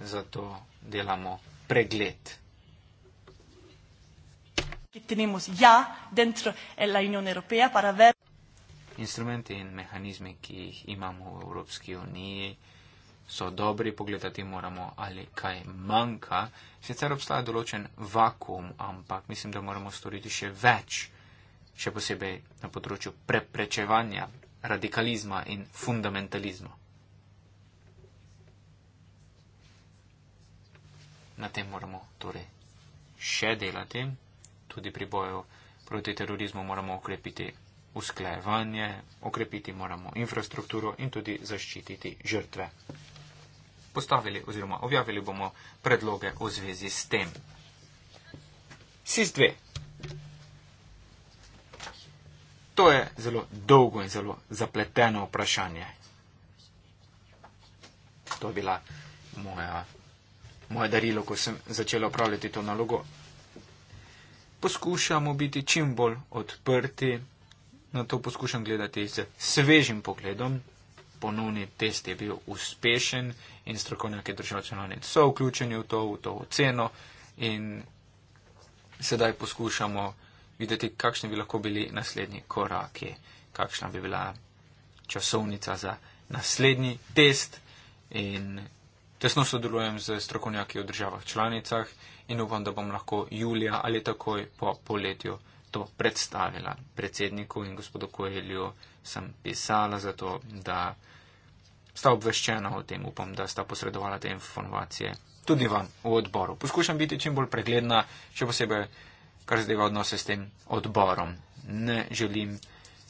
Zato delamo pregled. Ki tenemos ja dentro la Unión Europea para ver instrumenti in mehanizmi, ki jih imamo v Evropski uniji, so dobri, pogledati moramo, ali kaj manjka. Sicer obstaja določen vakum, ampak mislim, da moramo storiti še več, še posebej na področju preprečevanja radikalizma in fundamentalizma. Na tem moramo torej še delati, tudi pri boju proti terorizmu moramo okrepiti usklajevanje, okrepiti moramo infrastrukturo in tudi zaščititi žrtve. Postavili oziroma objavili bomo predloge v zvezi s tem. SIS-2. To je zelo dolgo in zelo zapleteno vprašanje. To je bila moja, moje darilo, ko sem začela upravljati to nalogo. Poskušamo biti čim bolj odprti, na to poskušam gledati z svežim pogledom. Ponovni test je bil uspešen in strokovnjaki državljani so vključeni v to, v to oceno in sedaj poskušamo videti, kakšni bi lahko bili naslednji koraki, kakšna bi bila časovnica za naslednji test in tesno sodelujem z strokovnjaki v državah članicah in upam, da bom lahko julija ali takoj po poletju to predstavila predsedniku in gospodu Koelju sem pisala zato, da sta obveščena o tem, upam, da sta posredovala te informacije tudi vam v odboru. Poskušam biti čim bolj pregledna, še posebej, kar zadeva odnose s tem odborom. Ne želim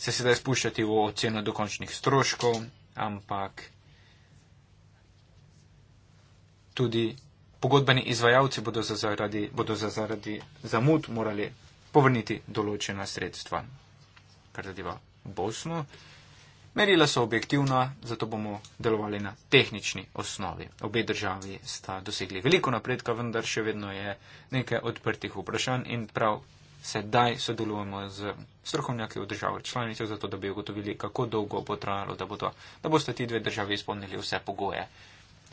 se sedaj spuščati v oceno dokončnih stroškov, ampak tudi pogodbeni izvajalci bodo za zaradi, bodo za zaradi zamud morali povrniti določena sredstva. Kar zadeva Bosno, merila so objektivna, zato bomo delovali na tehnični osnovi. Obe državi sta dosegli veliko napredka, vendar še vedno je nekaj odprtih vprašanj in prav sedaj sodelujemo z strokovnjaki v državah članicah, zato da bi ugotovili, kako dolgo bo trajalo, da, bo to, da boste ti dve državi izpolnili vse pogoje,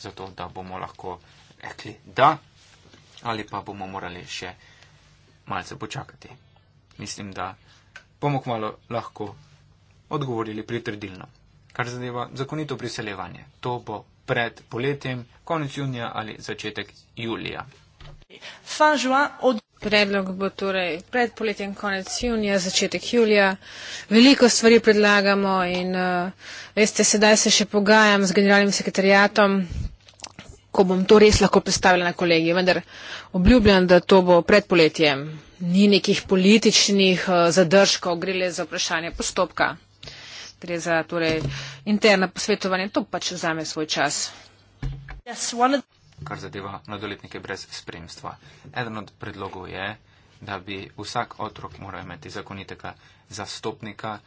zato da bomo lahko rekli da ali pa bomo morali še malce počakati. Mislim, da bomo kmalo lahko odgovorili pritrdilno, kar zadeva zakonito priseljevanje. To bo pred poletjem, konec junija ali začetek julija. Predlog bo torej pred poletjem, konec junija, začetek julija. Veliko stvari predlagamo in uh, veste, sedaj se še pogajam z generalnim sekretarjatom, ko bom to res lahko predstavila na kolegi. Vendar obljubljam, da to bo pred poletjem. Ni nekih političnih eh, zadržkov, gre le za vprašanje postopka. Gre za torej, interno posvetovanje, to pač vzame svoj čas. Yes, Kar zadeva mladoletnike brez spremstva. Eden od predlogov je, da bi vsak otrok moral imeti zakonitega zastopnika,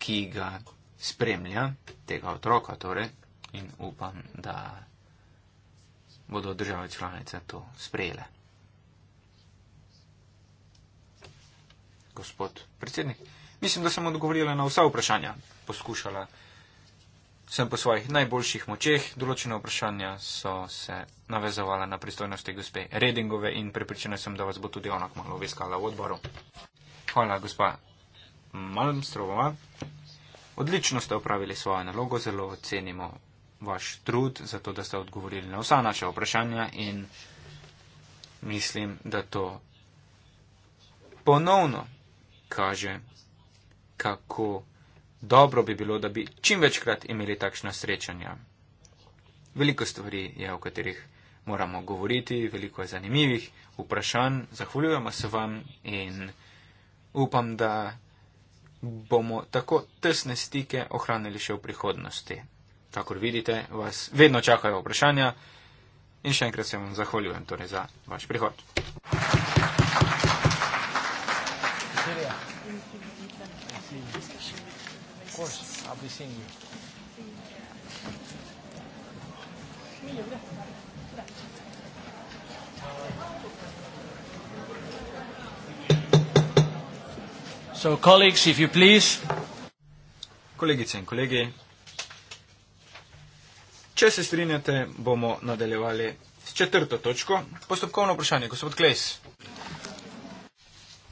ki ga spremlja, tega otroka torej, in upam, da bodo države članice to sprejele. Gospod predsednik, mislim, da sem odgovorila na vsa vprašanja. Poskušala sem po svojih najboljših močeh. Določene vprašanja so se navezovala na pristojnosti gospe Redingove in prepričana sem, da vas bo tudi ona kmalo obiskala v odboru. Hvala, gospa Malmstrova. Odlično ste opravili svojo nalogo, zelo cenimo vaš trud, zato da ste odgovorili na vsa naša vprašanja in mislim, da to ponovno kaže, kako dobro bi bilo, da bi čim večkrat imeli takšna srečanja. Veliko stvari je, o katerih moramo govoriti, veliko je zanimivih vprašanj. Zahvaljujemo se vam in upam, da bomo tako tesne stike ohranili še v prihodnosti kakor vidite, vas vedno čakajo vprašanja in še enkrat se vam zahvaljujem torej za vaš prihod. So, colleagues, if you please. Kolegice in kolegi, Če se strinjate, bomo nadaljevali s četrto točko. Postopkovno vprašanje, gospod Klejs.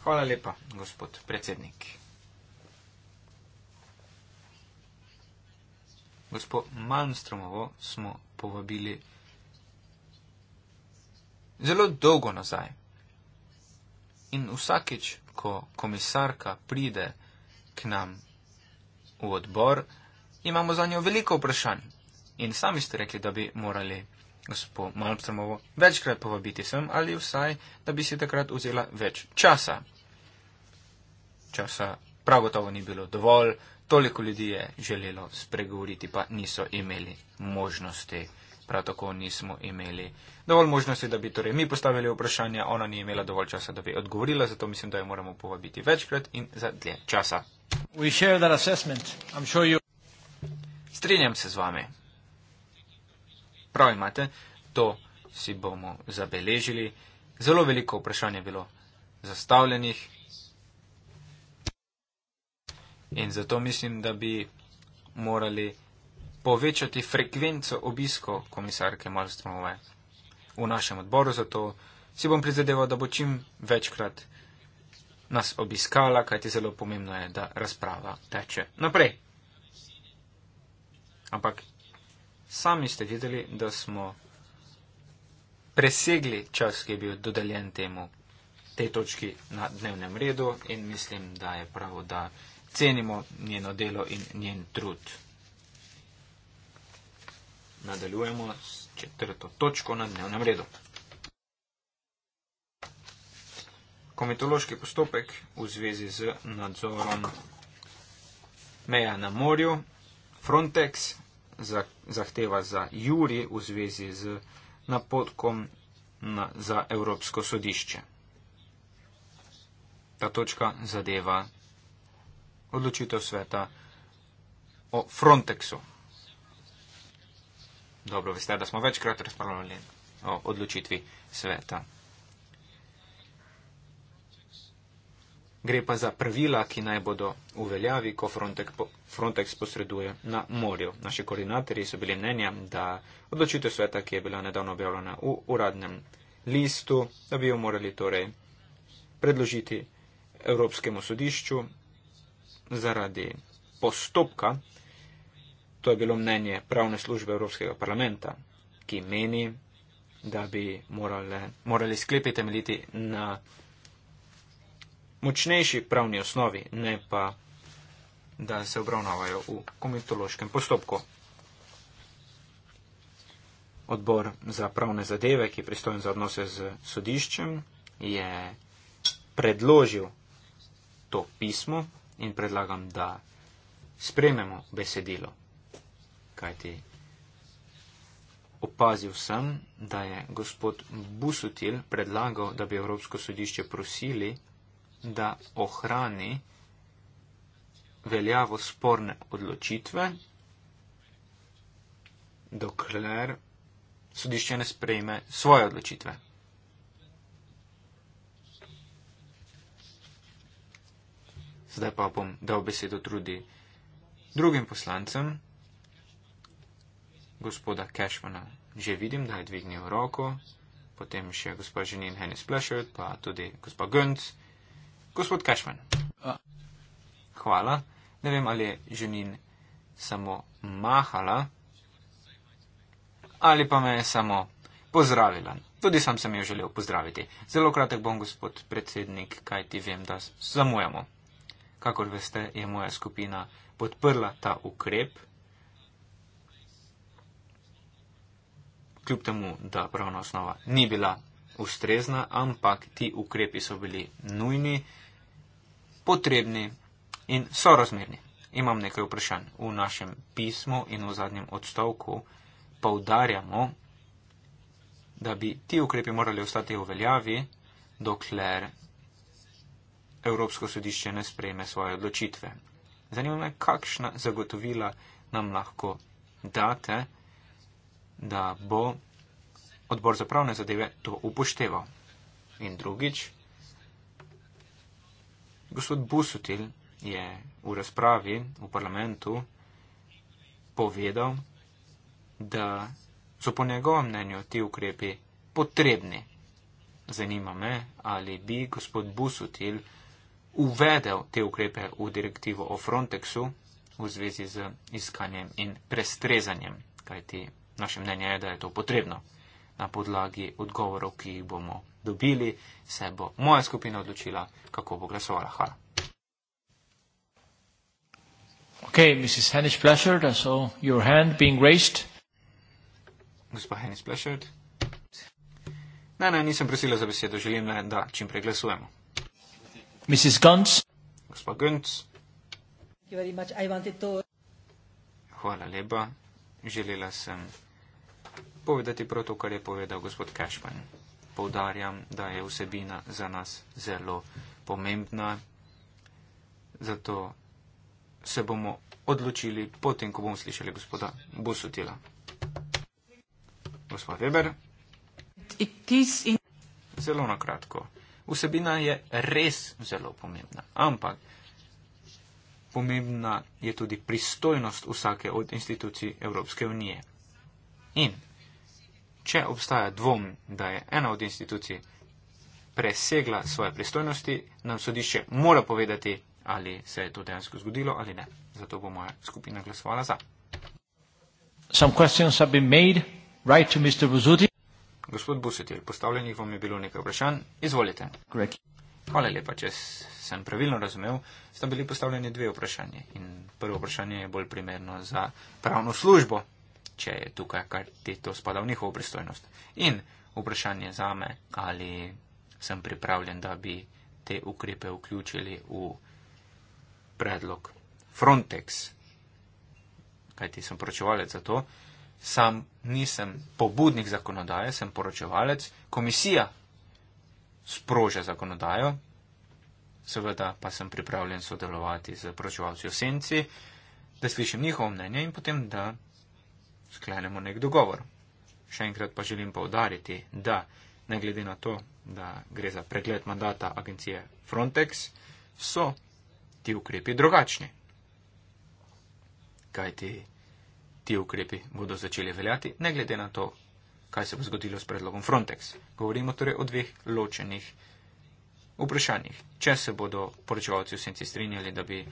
Hvala lepa, gospod predsednik. Gospod Malmstromovo smo povabili zelo dolgo nazaj. In vsakič, ko komisarka pride k nam v odbor, imamo za njo veliko vprašanj. In sami ste rekli, da bi morali gospo Malmstromovo večkrat povabiti sem ali vsaj, da bi si takrat vzela več časa. Časa prav gotovo ni bilo dovolj, toliko ljudi je želelo spregovoriti, pa niso imeli možnosti. Prav tako nismo imeli dovolj možnosti, da bi torej mi postavili vprašanja, ona ni imela dovolj časa, da bi odgovorila, zato mislim, da jo moramo povabiti večkrat in za dlje časa. Sure Strinjam se z vami prav imate, to si bomo zabeležili. Zelo veliko vprašanj je bilo zastavljenih in zato mislim, da bi morali povečati frekvenco obiskov komisarke Malstromove. V našem odboru zato si bom prizadeval, da bo čim večkrat nas obiskala, kajti zelo pomembno je, da razprava teče naprej. Ampak sami ste videli, da smo presegli čas, ki je bil dodeljen temu, tej točki na dnevnem redu in mislim, da je prav, da cenimo njeno delo in njen trud. Nadaljujemo s četrto točko na dnevnem redu. Komitološki postopek v zvezi z nadzorom meja na morju, Frontex, zahteva za Juri v zvezi z napotkom na, za Evropsko sodišče. Ta točka zadeva odločitev sveta o Frontexu. Dobro, veste, da smo večkrat razpravljali o odločitvi sveta gre pa za pravila, ki naj bodo uveljavi, ko Frontex, po, Frontex posreduje na morju. Naši koordinatorji so bili mnenja, da odločitev sveta, ki je bila nedavno objavljena v uradnem listu, da bi jo morali torej predložiti Evropskemu sodišču zaradi postopka. To je bilo mnenje pravne službe Evropskega parlamenta, ki meni, da bi morale, morali sklepi temeljiti na močnejši pravni osnovi, ne pa da se obravnavajo v komitološkem postopku. Odbor za pravne zadeve, ki je pristojen za odnose z sodiščem, je predložil to pismo in predlagam, da sprememo besedilo. Kajti opazil sem, da je gospod Busutil predlagal, da bi Evropsko sodišče prosili da ohrani veljavo sporne odločitve, dokler sodišče ne sprejme svoje odločitve. Zdaj pa bom dal besedo tudi drugim poslancem. Gospoda Cashmana že vidim, da je dvignil roko, potem še gospod Ženin Henis Plešev, pa tudi gospod Gönc. Gospod Kašman. Hvala. Ne vem, ali je ženin samo mahala ali pa me je samo pozdravila. Tudi sam sem jo želel pozdraviti. Zelo kratek bom, gospod predsednik, kaj ti vem, da zamujamo. Kakor veste, je moja skupina podprla ta ukrep. Kljub temu, da pravna osnova ni bila ustrezna, ampak ti ukrepi so bili nujni potrebni in sorazmerni. Imam nekaj vprašanj. V našem pismu in v zadnjem odstavku poudarjamo, da bi ti ukrepi morali ostati v veljavi, dokler Evropsko sodišče ne sprejme svoje odločitve. Zanima me, kakšna zagotovila nam lahko date, da bo odbor za pravne zadeve to upošteval. In drugič, Gospod Busutil je v razpravi v parlamentu povedal, da so po njegovem mnenju ti ukrepi potrebni. Zanima me, ali bi gospod Busutil uvedel te ukrepe v direktivo o Frontexu v zvezi z iskanjem in prestrezanjem, kajti naše mnenje je, da je to potrebno na podlagi odgovorov, ki jih bomo dobili, se bo moja skupina odločila, kako bo glasovala. Hvala. Okay, Mrs. Hennis Pleasured, I saw your hand being raised. Gospa Hennis Pleasured. Ne, ne, nisem prosila za besedo, želim le, da čim prej glasujemo. Mrs. Guns. Gospa Guns. To... Hvala lepa. Želela sem povedati prav to, kar je povedal gospod Cashman poudarjam, da je vsebina za nas zelo pomembna. Zato se bomo odločili potem, ko bomo slišali gospoda Busutila. Gospod Weber. Zelo na kratko. Vsebina je res zelo pomembna, ampak pomembna je tudi pristojnost vsake od institucij Evropske unije. In če obstaja dvom, da je ena od institucij presegla svoje pristojnosti, nam sodišče mora povedati, ali se je to dejansko zgodilo ali ne. Zato bo moja skupina glasovala za. Right Gospod Busetil, postavljenih vam je bilo nekaj vprašanj. Izvolite. Greg. Hvala lepa, če sem pravilno razumel, sta bili postavljeni dve vprašanje. In prvo vprašanje je bolj primerno za pravno službo če je tukaj, kar ti to spada v njihovo pristojnost. In vprašanje za me, ali sem pripravljen, da bi te ukrepe vključili v predlog Frontex, kajti sem poročevalec za to. Sam nisem pobudnik zakonodaje, sem poročevalec. Komisija sproža zakonodajo, seveda pa sem pripravljen sodelovati z poročevalci v senci, da slišim njihovo mnenje in potem da sklenemo nek dogovor. Še enkrat pa želim povdariti, da ne glede na to, da gre za pregled mandata agencije Frontex, so ti ukrepi drugačni. Kaj ti, ti ukrepi bodo začeli veljati, ne glede na to, kaj se bo zgodilo s predlogom Frontex. Govorimo torej o dveh ločenih vprašanjih. Če se bodo poročevalci v senci strinjali, da bi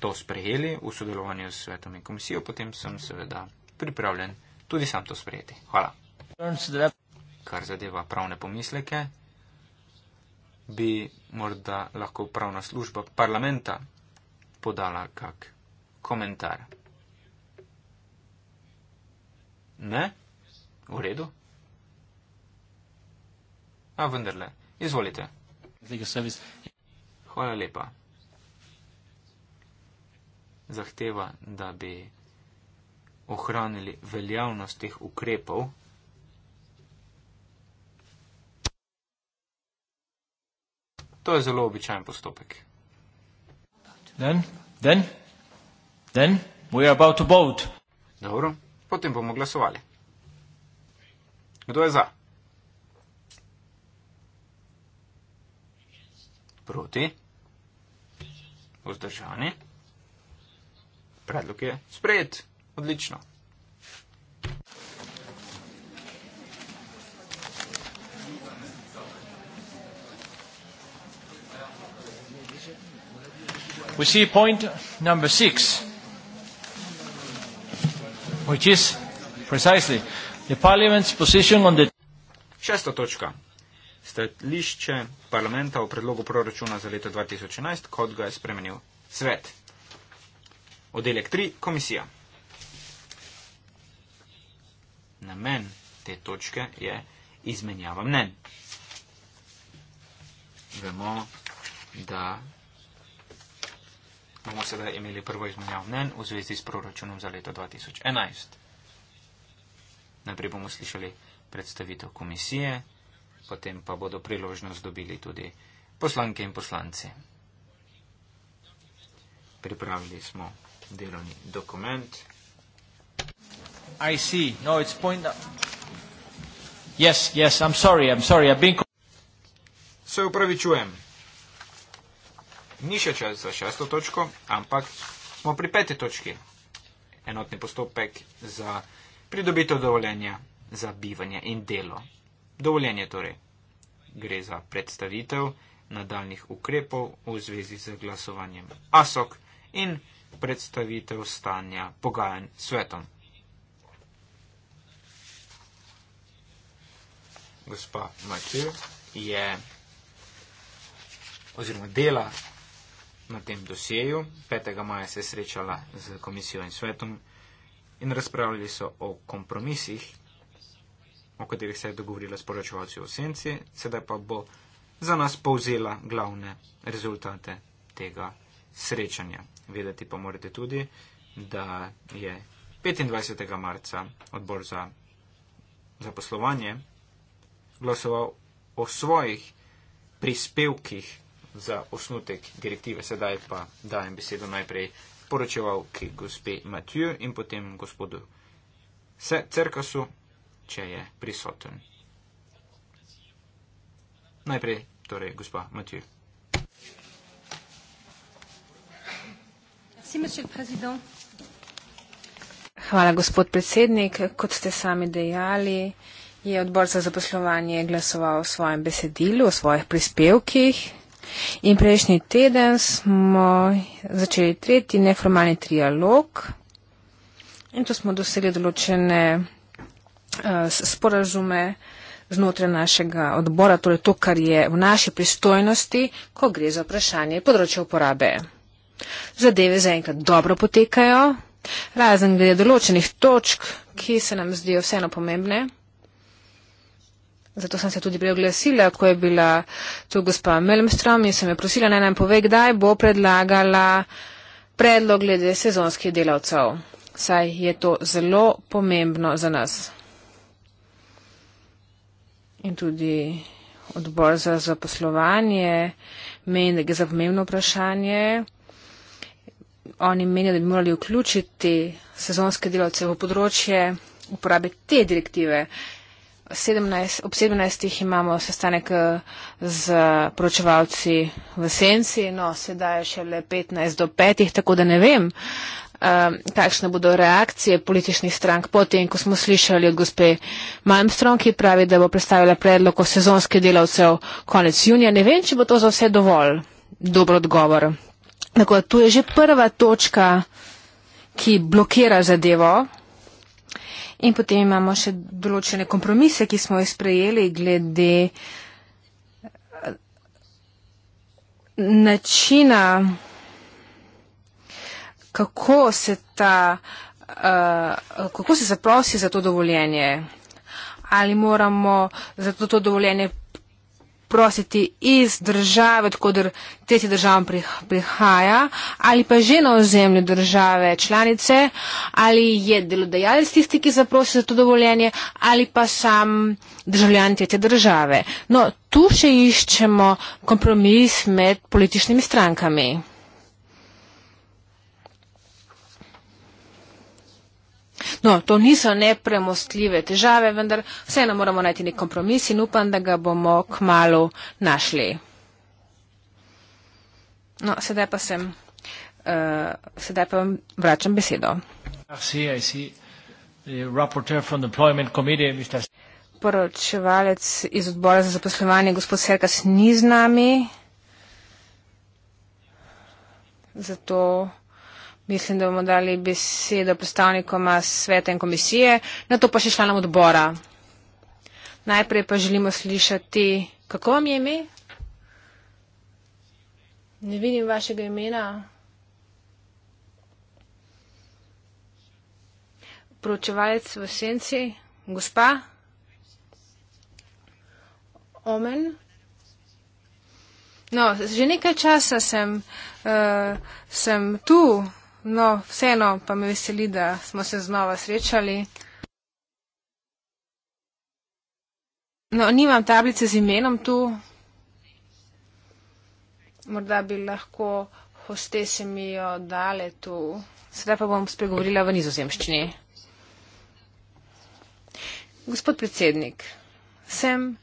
to sprejeli v sodelovanju s svetom in komisijo, potem sem seveda pripravljen tudi sam to sprejeti. Hvala. Kar zadeva pravne pomisleke, bi morda lahko pravna služba parlamenta podala kak komentar. Ne? V redu? A vendarle, izvolite. Hvala lepa. Zahteva, da bi ohranili veljavnost teh ukrepov, to je zelo običajen postopek. Then, then, then we are about to vote. Dobro, potem bomo glasovali. Kdo je za? Proti? Vzdržani? Predlog je sprejet. Odlično. We see point number six, which is precisely the parliament's position on the. Šesta točka. Stališče parlamenta o predlogu proračuna za leto 2011, kot ga je spremenil svet. Oddelek 3. Komisija namen te točke je izmenjava mnen. Vemo, da bomo sedaj imeli prvo izmenjavo mnen v zvezi s proračunom za leto 2011. Najprej bomo slišali predstavitev komisije, potem pa bodo priložnost dobili tudi poslanke in poslanci. Pripravili smo delovni dokument. I see. No, it's point. Yes, yes, I'm sorry, I'm sorry, I've been. Se upravičujem. Ni še čas za šesto točko, ampak smo pri peti točki. Enotni postopek za pridobitev dovoljenja za bivanje in delo. Dovoljenje torej. Gre za predstavitev nadaljnih ukrepov v zvezi z glasovanjem ASOK in predstavitev stanja pogajanj svetom. gospa Mačil je oziroma dela na tem dosjeju. 5. maja se je srečala z komisijo in svetom in razpravljali so o kompromisih, o katerih se je dogovorila s poročevalci v senci, sedaj pa bo za nas povzela glavne rezultate tega srečanja. Vedeti pa morate tudi, da je 25. marca odbor za zaposlovanje glasoval o svojih prispevkih za osnutek direktive. Sedaj pa dajem besedo najprej poročevalki gospe Matiju in potem gospodu Cerkasu, če je prisoten. Najprej torej gospa Matiju. Hvala, gospod predsednik. Kot ste sami dejali, Je odbor za zaposlovanje glasoval o svojem besedilu, o svojih prispevkih in prejšnji teden smo začeli tretji neformalni trialog in to smo dosegli določene uh, sporazume znotraj našega odbora, torej to, kar je v naši pristojnosti, ko gre za vprašanje področja uporabe. Zadeve zaenkrat dobro potekajo, razen glede določenih točk, ki se nam zdijo vseeno pomembne. Zato sem se tudi preoglasila, ko je bila tu gospa Melmström in sem jo prosila, naj nam pove, kdaj bo predlagala predlog glede sezonskih delavcev. Saj je to zelo pomembno za nas. In tudi odbor za zaposlovanje meni, da gre za pomembno vprašanje. Oni menijo, da bi morali vključiti sezonske delavce v področje uporabe te direktive. 17, ob 17. imamo sestanek eh, z poročevalci v Senci, no sedaj je šele 15 do 5, tako da ne vem, um, kakšne bodo reakcije političnih strank potem, ko smo slišali od gospe Malmström, ki pravi, da bo predstavila predlog o sezonskih delavcev konec junija. Ne vem, če bo to za vse dovolj dober odgovor. Tako da tu je že prva točka, ki blokira zadevo. In potem imamo še določene kompromise, ki smo jih sprejeli glede eh, načina, kako se, ta, eh, kako se zaprosi za to dovoljenje. Ali moramo za to, to dovoljenje prositi iz države, odkudr tretji državam prihaja, ali pa že na ozemlju države članice, ali je delodajalec tisti, ki zaprosi za to dovoljenje, ali pa sam državljan tretje države. No, tu še iščemo kompromis med političnimi strankami. No, to niso nepremostljive težave, vendar vseeno moramo najti nek kompromis in upam, da ga bomo k malu našli. No, sedaj pa sem, uh, sedaj pa vam vračam besedo. Poročevalec iz odbora za zaposlovanje, gospod Serkas, ni z nami. Zato Mislim, da bomo dali besedo predstavnikoma sveta in komisije, na to pa še članom odbora. Najprej pa želimo slišati, kako vam je ime? Ne vidim vašega imena. Pročevalec v senci, gospa. Omen. No, že nekaj časa sem, uh, sem tu. No, vseeno pa me veseli, da smo se znova srečali. No, nimam tablice z imenom tu. Morda bi lahko hostese mi jo dale tu. Sedaj pa bom spregovorila v nizozemščini. Gospod predsednik, sem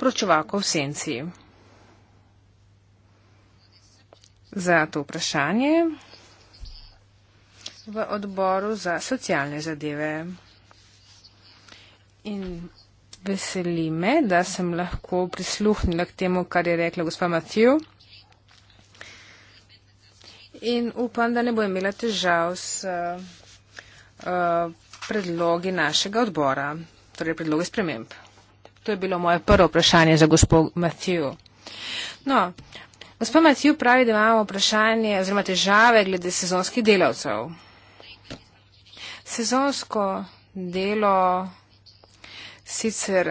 pročovako v senci. Za to vprašanje v odboru za socialne zadeve. In veseli me, da sem lahko prisluhnila k temu, kar je rekla gospa Matiju. In upam, da ne bo imela težav s uh, predlogi našega odbora, torej predlogi sprememb. To je bilo moje prvo vprašanje za gospo Matiju. No, gospod Matiju pravi, da imamo vprašanje oziroma težave glede sezonskih delavcev. Sezonsko delo sicer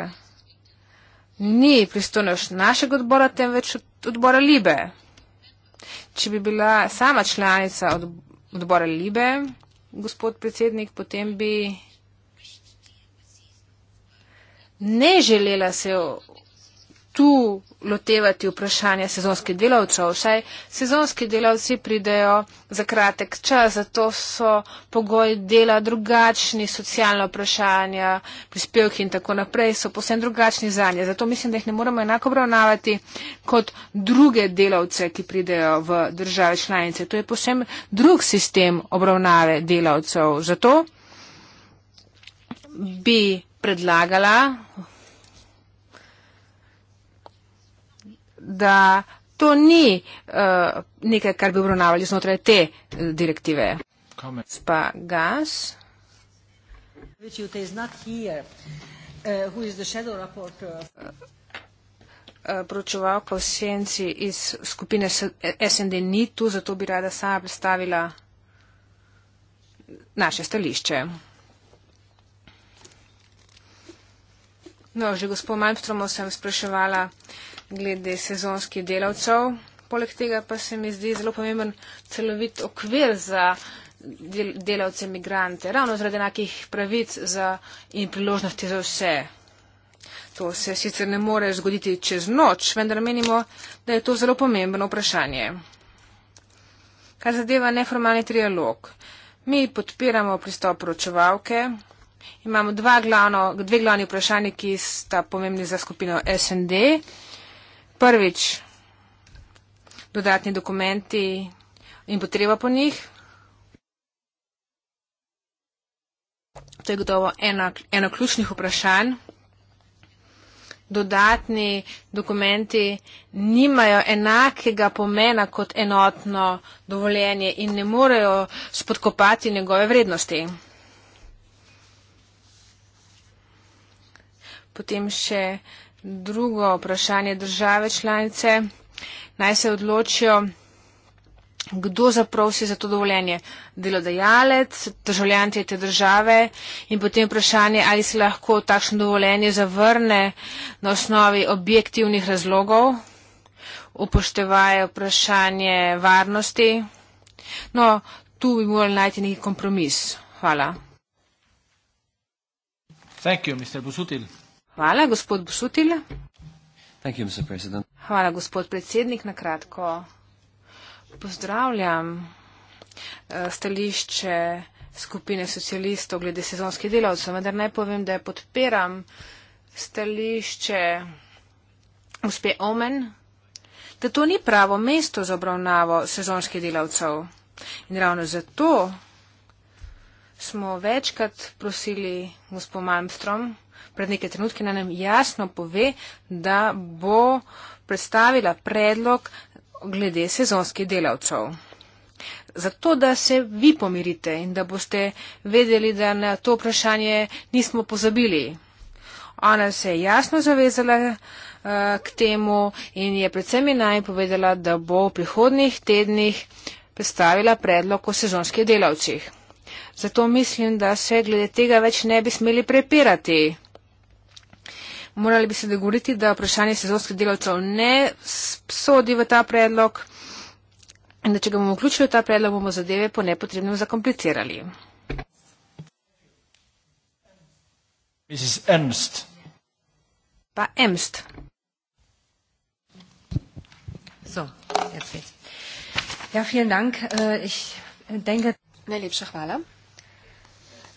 ni pristojnost našega odbora, temveč odbora Libe. Če bi bila sama članica odbora Libe, gospod predsednik, potem bi ne želela se tu lotevati vprašanja sezonskih delavcev. Vsaj sezonski delavci pridejo za kratek čas, zato so pogoji dela drugačni, socialna vprašanja, prispevki in tako naprej so posebno drugačni za nje. Zato mislim, da jih ne moramo enako obravnavati kot druge delavce, ki pridejo v države članice. To je posebno drug sistem obravnave delavcev. Zato bi predlagala da to ni uh, nekaj, kar bi obravnavali znotraj te eh, direktive. Spa gas. Eh, Pročevalka v senci iz skupine SND ni tu, zato bi rada sama predstavila naše stališče. No, že gospod Malmstromo sem spraševala, uh, glede sezonskih delavcev. Poleg tega pa se mi zdi zelo pomemben celovit okvir za delavce migrante, ravno zaradi enakih pravic za in priložnosti za vse. To se sicer ne more zgoditi čez noč, vendar menimo, da je to zelo pomembno vprašanje. Kar zadeva neformalni trialog. Mi podpiramo pristop poročevalke. Imamo dva glavno, dve glavni vprašanji, ki sta pomembni za skupino SND prvič dodatni dokumenti in potreba po njih. To je gotovo ena, eno ključnih vprašanj. Dodatni dokumenti nimajo enakega pomena kot enotno dovoljenje in ne morejo spodkopati njegove vrednosti. Potem še Drugo vprašanje države članice. Naj se odločijo, kdo zaprosi za to dovoljenje. Delodajalec, državljan te države in potem vprašanje, ali se lahko takšno dovoljenje zavrne na osnovi objektivnih razlogov, upoštevaje vprašanje varnosti. No, tu bi morali najti neki kompromis. Hvala. Thank you, Mr. Busutil. Hvala, gospod Bušutil. Hvala, gospod predsednik, na kratko. Pozdravljam eh, stališče skupine socialistov glede sezonskih delavcev, vendar naj povem, da podpiram stališče uspe omen, da to ni pravo mesto za obravnavo sezonskih delavcev. In ravno zato smo večkrat prosili gospod Malmstrom, pred nekaj trenutki nam jasno pove, da bo predstavila predlog glede sezonskih delavcev. Zato, da se vi pomirite in da boste vedeli, da na to vprašanje nismo pozabili. Ona se je jasno zavezala uh, k temu in je predvsem in naj povedala, da bo v prihodnih tednih predstavila predlog o sezonskih delavcih. Zato mislim, da se glede tega več ne bi smeli prepirati morali bi se dogovoriti, da vprašanje sezonskih delavcev ne sodi v ta predlog in da če ga bomo vključili v ta predlog, bomo zadeve po nepotrebnem zakomplicirali. Ernst. Pa Emst. So, ja, vielen Dank. Uh, ich denke... Najlepša hvala.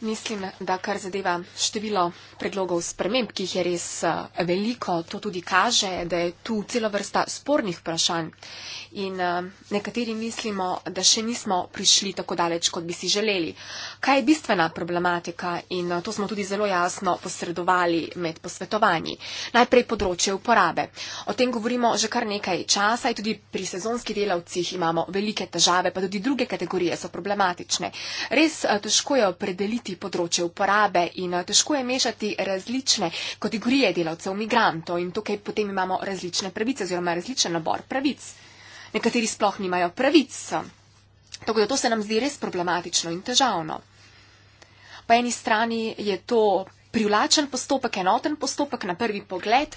Mislim, da kar zadeva število predlogov sprememb, ki jih je res eh, veliko, to tudi kaže, da je tu cela vrsta spornih vprašanj. In eh, nekateri mislimo, da še nismo prišli tako daleč, kot bi si želeli. Kaj je bistvena problematika? In eh, to smo tudi zelo jasno posredovali med posvetovanji. Najprej področje uporabe. O tem govorimo že kar nekaj časa in tudi pri sezonskih delavcih imamo velike težave, pa tudi druge kategorije so problematične. Res težko je opredeliti tudi področje uporabe in eh, težko je mešati različne kategorije delavcev, migrantov in tukaj potem imamo različne pravice oziroma različen nabor pravic. Nekateri sploh nimajo pravic. Tako da to se nam zdi res problematično in težavno. Po eni strani je to privlačen postopek, enoten postopek na prvi pogled,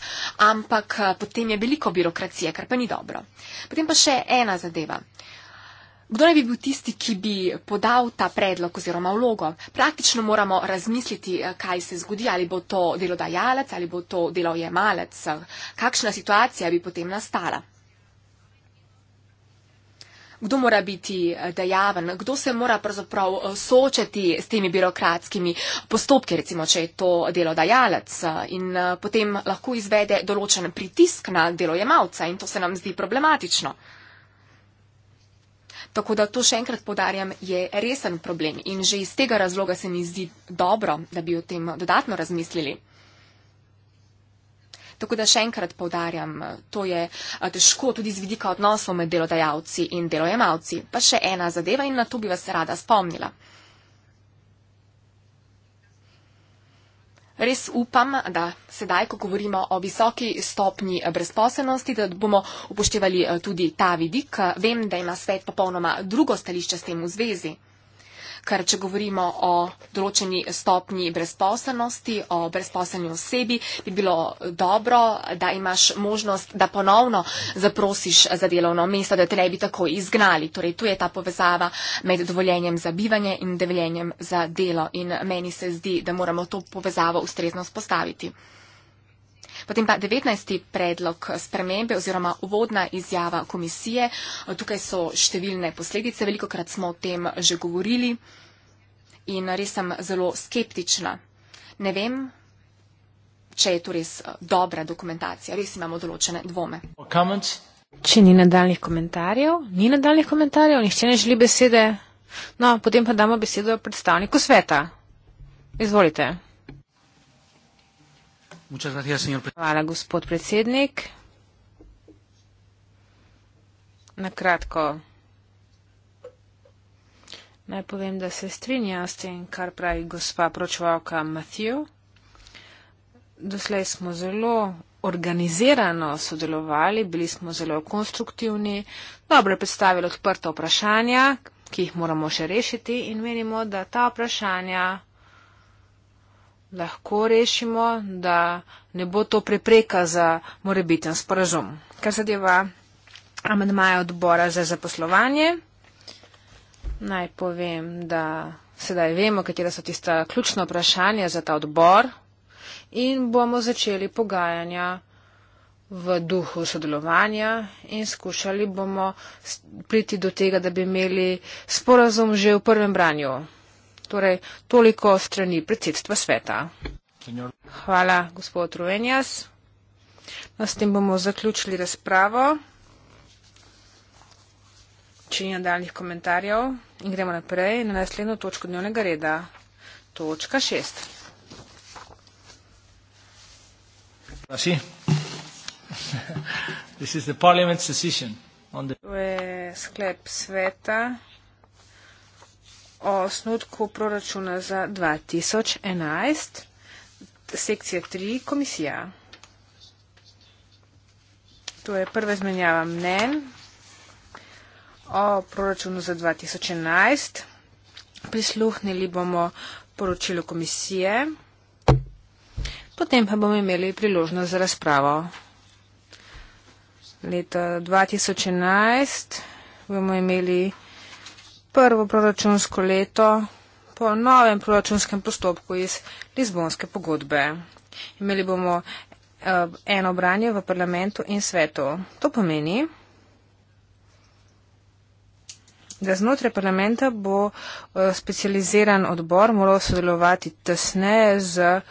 ampak eh, potem je veliko birokracije, kar pa ni dobro. Potem pa še ena zadeva. Uh, Kdo naj bi bil tisti, ki bi podal ta predlog oziroma vlogo? Praktično moramo razmisliti, eh, kaj se zgodi, ali bo to delodajalec ali bo to delojemalec, kakšna situacija bi potem nastala. Kdo mora biti eh, dejaven, kdo se mora pravzaprav eh, soočati s temi birokratskimi postopki, recimo, če je to delodajalec in potem lahko izvede določen pritisk na delojemalca in to se nam zdi problematično. Tako da to še enkrat podarjam, je resen problem in že iz tega razloga se mi zdi dobro, da bi o tem dodatno razmislili. Tako da še enkrat povdarjam, to je težko tudi z vidika odnosov med delodajalci in delojemalci. Pa še ena zadeva in na to bi vas rada spomnila. Res upam, da sedaj, ko govorimo o visoki stopni brezposelnosti, da bomo upoštevali eh, tudi ta vidik. Vem, da ima svet popolnoma drugo stališče s tem v zvezi ker če govorimo o določeni stopnji brezposelnosti, o brezposelni osebi, bi bilo dobro, da imaš možnost, da ponovno zaprosiš za delovno mesto, da te ne bi tako izgnali. Torej, tu je ta povezava med dovoljenjem za bivanje in dovoljenjem za delo in meni se zdi, da moramo to povezavo ustrezno spostaviti. Potem pa 19. predlog spremembe oziroma uvodna izjava komisije. Tukaj so številne posledice, veliko krat smo o tem že govorili in res sem zelo skeptična. Ne vem, če je to res eh, dobra dokumentacija, res imamo določene dvome. Comments? Če ni nadaljnih komentarjev, ni nadaljnih komentarjev, nihče ne želi besede. No, potem pa damo besedo predstavniku sveta. Izvolite. Hvala, gospod predsednik. Na kratko. Naj povem, da se strinja s tem, kar pravi gospa pročevalka Matthew. Doslej smo zelo organizirano sodelovali, bili smo zelo konstruktivni, dobro predstavili odprta vprašanja, ki jih moramo še rešiti in menimo, da ta vprašanja lahko rešimo, da ne bo to prepreka za morebiten sporazum. Kar zadeva amendmaja odbora za zaposlovanje, naj povem, da sedaj vemo, katera so tista ključna vprašanja za ta odbor in bomo začeli pogajanja v duhu sodelovanja in skušali bomo priti do tega, da bi imeli sporazum že v prvem branju. Torej, toliko strani predsedstva sveta. Hvala, gospod Ruenjas. No, s tem bomo zaključili razpravo. Če ni nadaljnih komentarjev in gremo naprej na naslednjo točko dnevnega reda. Točka šest. Vasi. Ah, This is the parliament's decision on the... Sklep sveta o osnutku proračuna za 2011, sekcija 3, komisija. To je prva izmenjava mnen o proračunu za 2011. Prisluhnili bomo poročilo komisije, potem pa bomo imeli priložnost za razpravo. Leto 2011 bomo imeli prvo proračunsko leto po novem proračunskem postopku iz Lizbonske pogodbe. Imeli bomo eh, eno branje v parlamentu in svetu. To pomeni, da znotraj parlamenta bo eh, specializiran odbor moral sodelovati tesneje z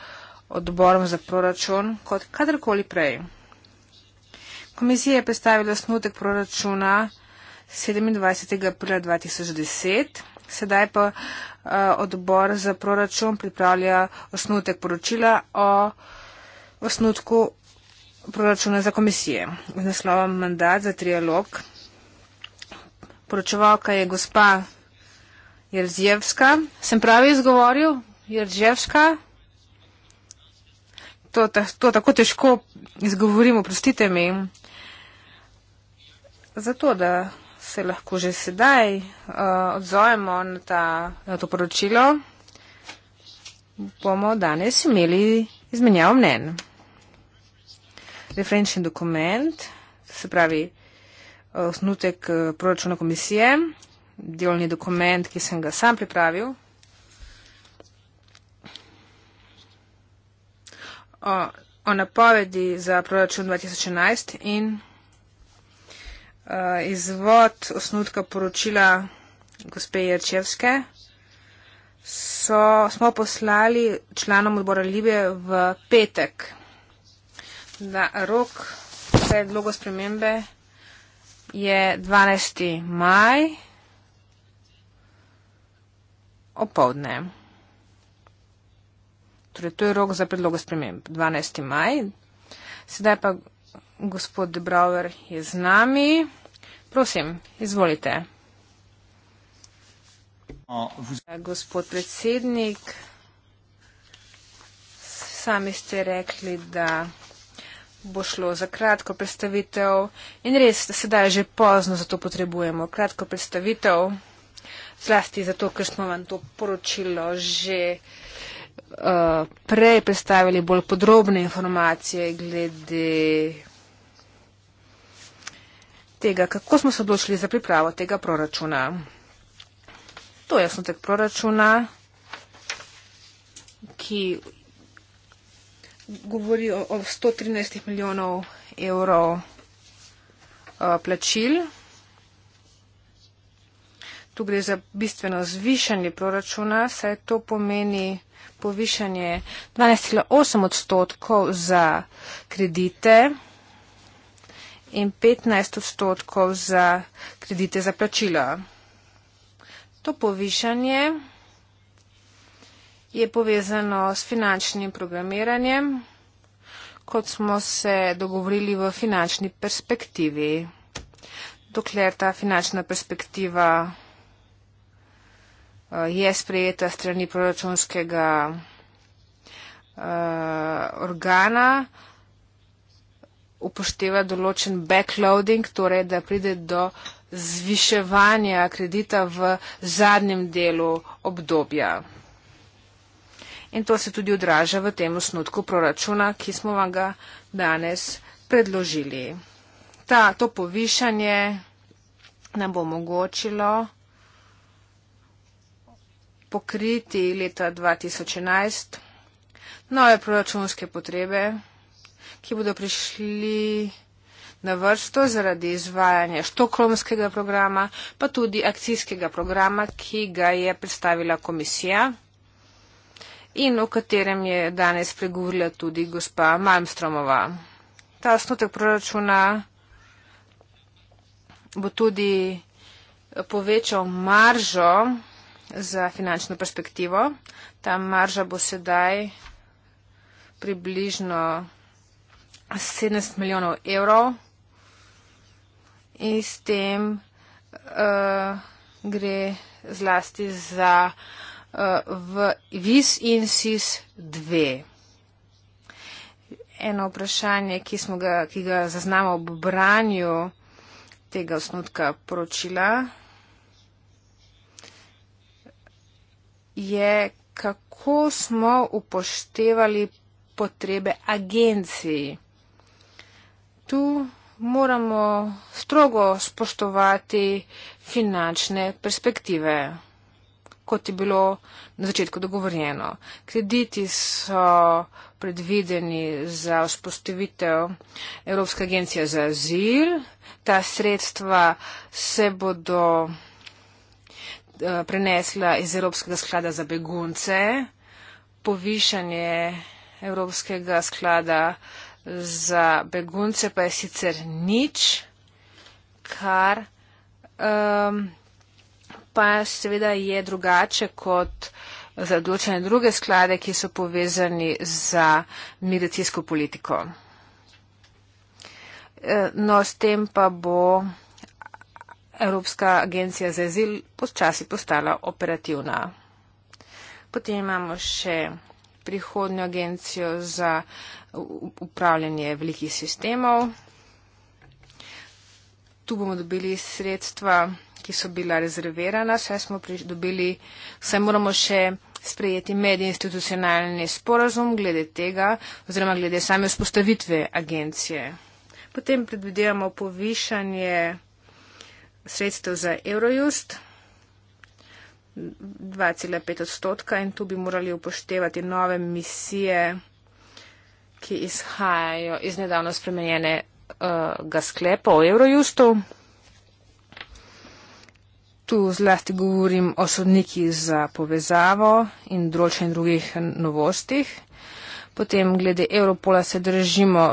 odborom za proračun kot kadarkoli prej. Komisija je predstavila snutek proračuna 27. aprila 2010. Sedaj pa eh, odbor za proračun pripravlja osnutek poročila o osnutku proračuna za komisije. Z naslovom mandat za trialog. Poročevalka je gospa Jerzjevska. Sem pravi izgovoril? Jerzjevska? To, ta, to tako težko izgovorimo, prostite mi. Zato, da se lahko že sedaj uh, odzovemo na, ta, na to poročilo, bomo danes imeli izmenjav mnen. Referenčni dokument, se pravi uh, osnutek uh, proračuna komisije, delovni dokument, ki sem ga sam pripravil. O, o napovedi za proračun 2011 in. Eh, izvod osnutka poročila gospe Jerčevske so, smo poslali članom odbora Libije v petek. Na rok za vlogo spremembe je 12. maj opovdne. Torej, to je rok za predlogo sprememb. 12. maj. Sedaj pa Gospod Debrauer je z nami. Prosim, izvolite. Ja, gospod predsednik, sami ste rekli, da bo šlo za kratko predstavitev in res, da sedaj je že pozno, zato potrebujemo kratko predstavitev, zlasti zato, ker smo vam to poročilo že uh, prej predstavili bolj podrobne informacije glede tega, kako smo se odločili za pripravo tega proračuna. To je osnotek proračuna, ki govori o, o 113 milijonov evrov a, eh, plačil. Tu gre za bistveno zvišanje proračuna, saj to pomeni povišanje 12,8 odstotkov za kredite in 15 odstotkov za kredite za plačilo. To povišanje je povezano s finančnim programiranjem, kot smo se dogovorili v finančni perspektivi. Dokler ta finančna perspektiva eh, je sprejeta strani proračunskega eh, organa, upošteva določen backloading, torej da pride do zviševanja kredita v zadnjem delu obdobja. In to se tudi odraža v tem osnutku proračuna, ki smo vam ga danes predložili. Ta, to povišanje nam bo omogočilo pokriti leta 2011 nove proračunske potrebe ki bodo prišli na vrsto zaradi izvajanja štokholmskega programa, pa tudi akcijskega programa, ki ga je predstavila komisija in o katerem je danes pregovorila tudi gospa Malmstromova. Ta osnutek proračuna bo tudi povečal maržo za finančno perspektivo. Ta marža bo sedaj približno 17 milijonov evrov in s tem uh, gre zlasti za uh, vis in sis 2. Eno vprašanje, ki, ga, ki ga zaznamo ob branju tega osnutka poročila, je, kako smo upoštevali potrebe agenciji tu moramo strogo spoštovati finančne perspektive, kot je bilo na začetku dogovorjeno. Krediti so predvideni za vzpostavitev Evropske agencije za azil. Ta sredstva se bodo eh, prenesla iz Evropskega sklada za begunce, povišanje Evropskega sklada za begunce pa je sicer nič, kar um, pa seveda je drugače kot za določene druge sklade, ki so povezani za migracijsko politiko. E, no, s tem pa bo Evropska agencija za azil počasi postala operativna. Potem imamo še prihodnjo agencijo za upravljanje velikih sistemov. Tu bomo dobili sredstva, ki so bila rezervirana, saj smo dobili, saj moramo še sprejeti medinstitucionalni sporazum glede tega oziroma glede same vzpostavitve agencije. Potem predvidevamo povišanje sredstev za Eurojust. 2,5 odstotka in tu bi morali upoštevati nove misije, ki izhajajo iz nedavno spremenjene uh, ga sklepa o Eurojustu. Tu zlasti govorim o sodniki za povezavo in določenih drugih novostih. Potem glede Europola se držimo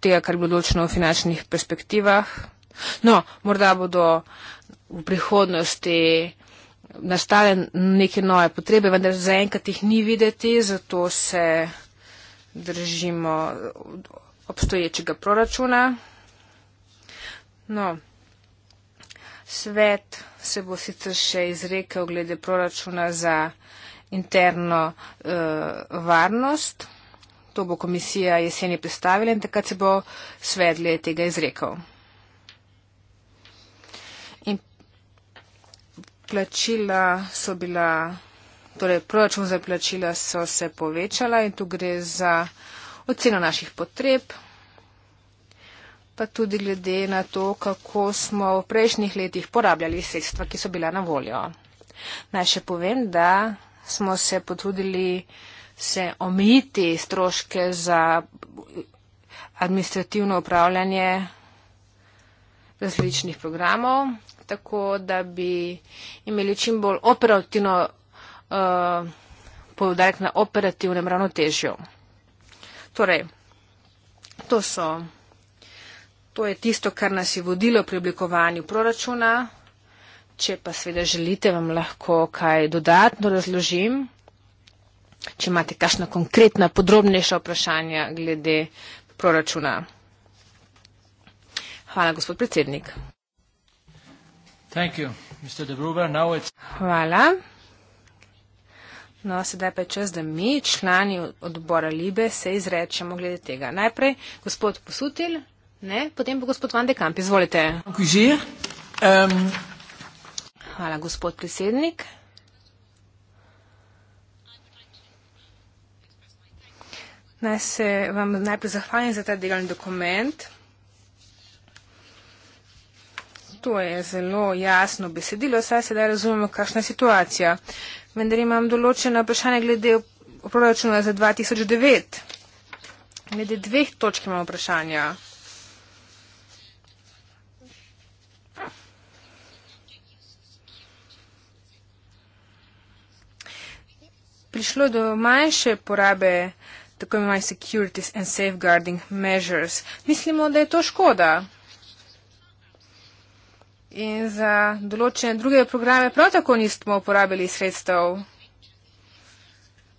tega, kar bo določeno v finančnih perspektivah. No, morda bodo v prihodnosti nastale neke nove potrebe, vendar zaenkrat jih ni videti, zato se držimo obstoječega proračuna. No, svet se bo sicer še izrekel glede proračuna za interno uh, varnost. To bo komisija jeseni predstavila in takrat se bo svet glede tega izrekel. plačila so bila, torej proračun za plačila so se povečala in tu gre za oceno naših potreb, pa tudi glede na to, kako smo v prejšnjih letih porabljali sredstva, ki so bila na voljo. Naj še povem, da smo se potrudili se omejiti stroške za administrativno upravljanje različnih programov, tako da bi imeli čim bolj operativno uh, eh, povdarek na operativnem ravnotežju. Torej, to, so, to je tisto, kar nas je vodilo pri oblikovanju proračuna. Če pa sveda želite, vam lahko kaj dodatno razložim. Če imate kakšna konkretna, podrobnejša vprašanja glede proračuna. Hvala, gospod predsednik. Thank you, Mr. De Bruber. Now it's... Hvala. No, sedaj pa je čas, da mi, člani odbora Libe, se izrečemo glede tega. Najprej gospod Posutil, ne, potem pa gospod Van de Kamp. Izvolite. Um... Hvala, gospod predsednik. Naj se vam najprej zahvalim za ta delovni dokument. to je zelo jasno besedilo, saj sedaj razumemo, kakšna je situacija. Vendar imam določeno vprašanje glede proračuna za 2009. Glede dveh točk imam vprašanja. Prišlo je do manjše porabe tako imenovanih securities and safeguarding measures. Mislimo, da je to škoda in za določene druge programe prav tako nismo uporabili sredstev.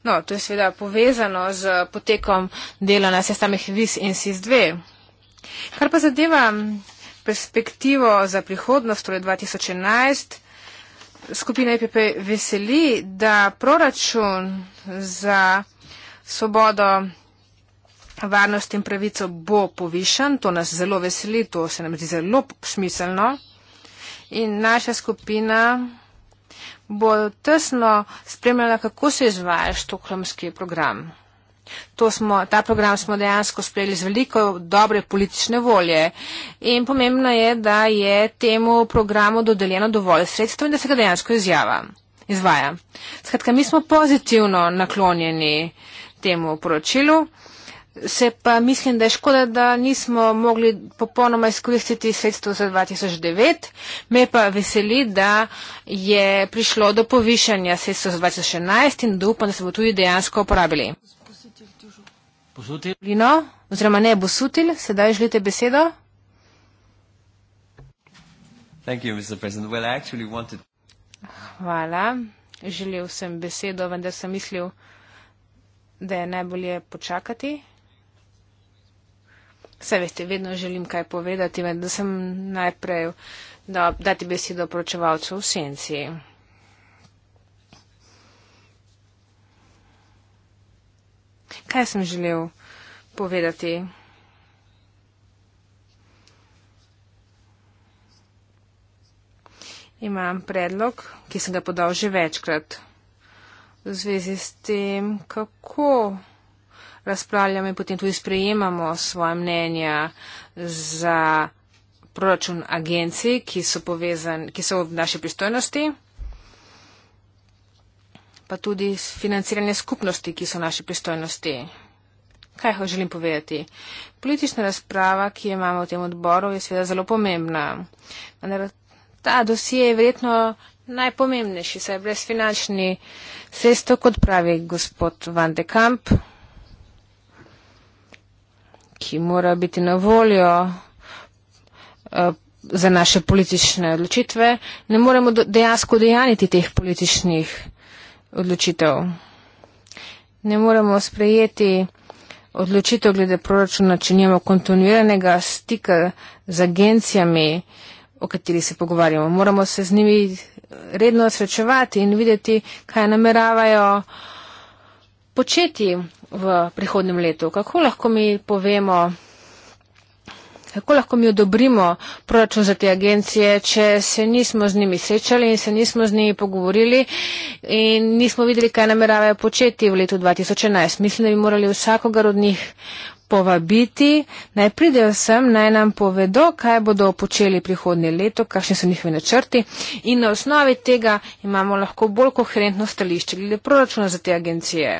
No, to je seveda povezano z potekom dela na sestamih VIS in SIS-2. Kar pa zadeva perspektivo za prihodnost, torej 2011, skupina EPP veseli, da proračun za svobodo, varnost in pravico bo povišan. To nas zelo veseli, to se nam zdi zelo smiselno in naša skupina bo tesno spremljala, kako se izvaja štokholmski program. Smo, ta program smo dejansko sprejeli z veliko dobre politične volje in pomembno je, da je temu programu dodeljeno dovolj sredstev in da se ga dejansko izjava, izvaja. Skratka, mi smo pozitivno naklonjeni temu poročilu. Se pa mislim, da je škoda, da nismo mogli popolnoma izkoristiti sredstvo za 2009. Me pa veseli, da je prišlo do povišanja sredstva za 2011 in da upam, da se bo tudi dejansko uporabili. Posutil. Lino, oziroma ne Bosutil, sedaj želite besedo? You, well, wanted... Hvala. Želel sem besedo, vendar sem mislil, da je najbolje počakati. Vse veste, vedno želim kaj povedati, vendar sem najprej da, dati besedo pročevalcu v senci. Kaj sem želel povedati? Imam predlog, ki sem ga podal že večkrat v zvezi s tem, kako razpravljamo in potem tudi sprejemamo svoje mnenja za proračun agencij, ki so, povezan, ki so v naši pristojnosti, pa tudi financiranje skupnosti, ki so v naši pristojnosti. Kaj želim povedati? Politična razprava, ki jo imamo v tem odboru, je seveda zelo pomembna. Vendar ta dosije je verjetno najpomembnejši, saj brez finančni sredstev, kot pravi gospod Van de Kamp ki mora biti na voljo eh, za naše politične odločitve, ne moremo dejansko dejaniti teh političnih odločitev. Ne moremo sprejeti odločitev glede proračuna, če nimamo kontinuiranega stika z agencijami, o kateri se pogovarjamo. Moramo se z njimi redno srečevati in videti, kaj nameravajo početi v prihodnem letu? Kako lahko mi povemo, kako lahko mi odobrimo proračun za te agencije, če se nismo z njimi srečali in se nismo z njimi pogovorili in nismo videli, kaj nameravajo početi v letu 2011? Mislim, da bi morali vsakogar od njih povabiti, naj pridejo sem, naj nam povedo, kaj bodo počeli prihodnje leto, kakšni so njihovi načrti in na osnovi tega imamo lahko bolj koherentno stališče glede proračuna za te agencije.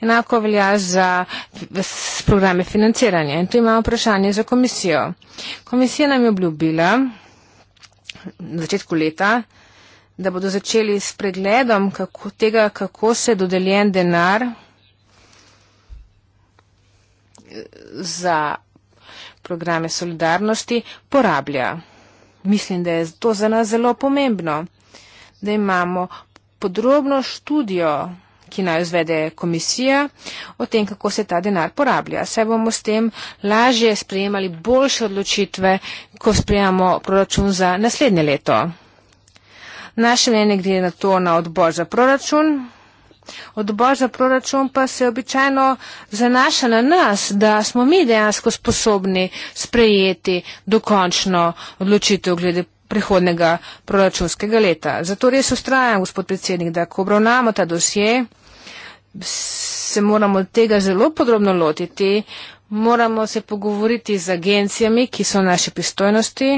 Enako velja za programe financiranja in tu imamo vprašanje za komisijo. Komisija nam je obljubila na začetku leta, da bodo začeli s pregledom kako, tega, kako se dodeljen denar za programe solidarnosti porablja. Mislim, da je to za nas zelo pomembno, da imamo podrobno študijo, ki naj izvede komisija, o tem, kako se ta denar porablja. Saj bomo s tem lažje sprejemali boljše odločitve, ko sprejemamo proračun za naslednje leto. Naše mnenje gre na to na odbor za proračun odbor za proračun pa se običajno zanaša na nas, da smo mi dejansko sposobni sprejeti dokončno odločitev glede prihodnega proračunskega leta. Zato res ustrajam, gospod predsednik, da ko obravnamo ta dosje, se moramo tega zelo podrobno lotiti, moramo se pogovoriti z agencijami, ki so naše pristojnosti,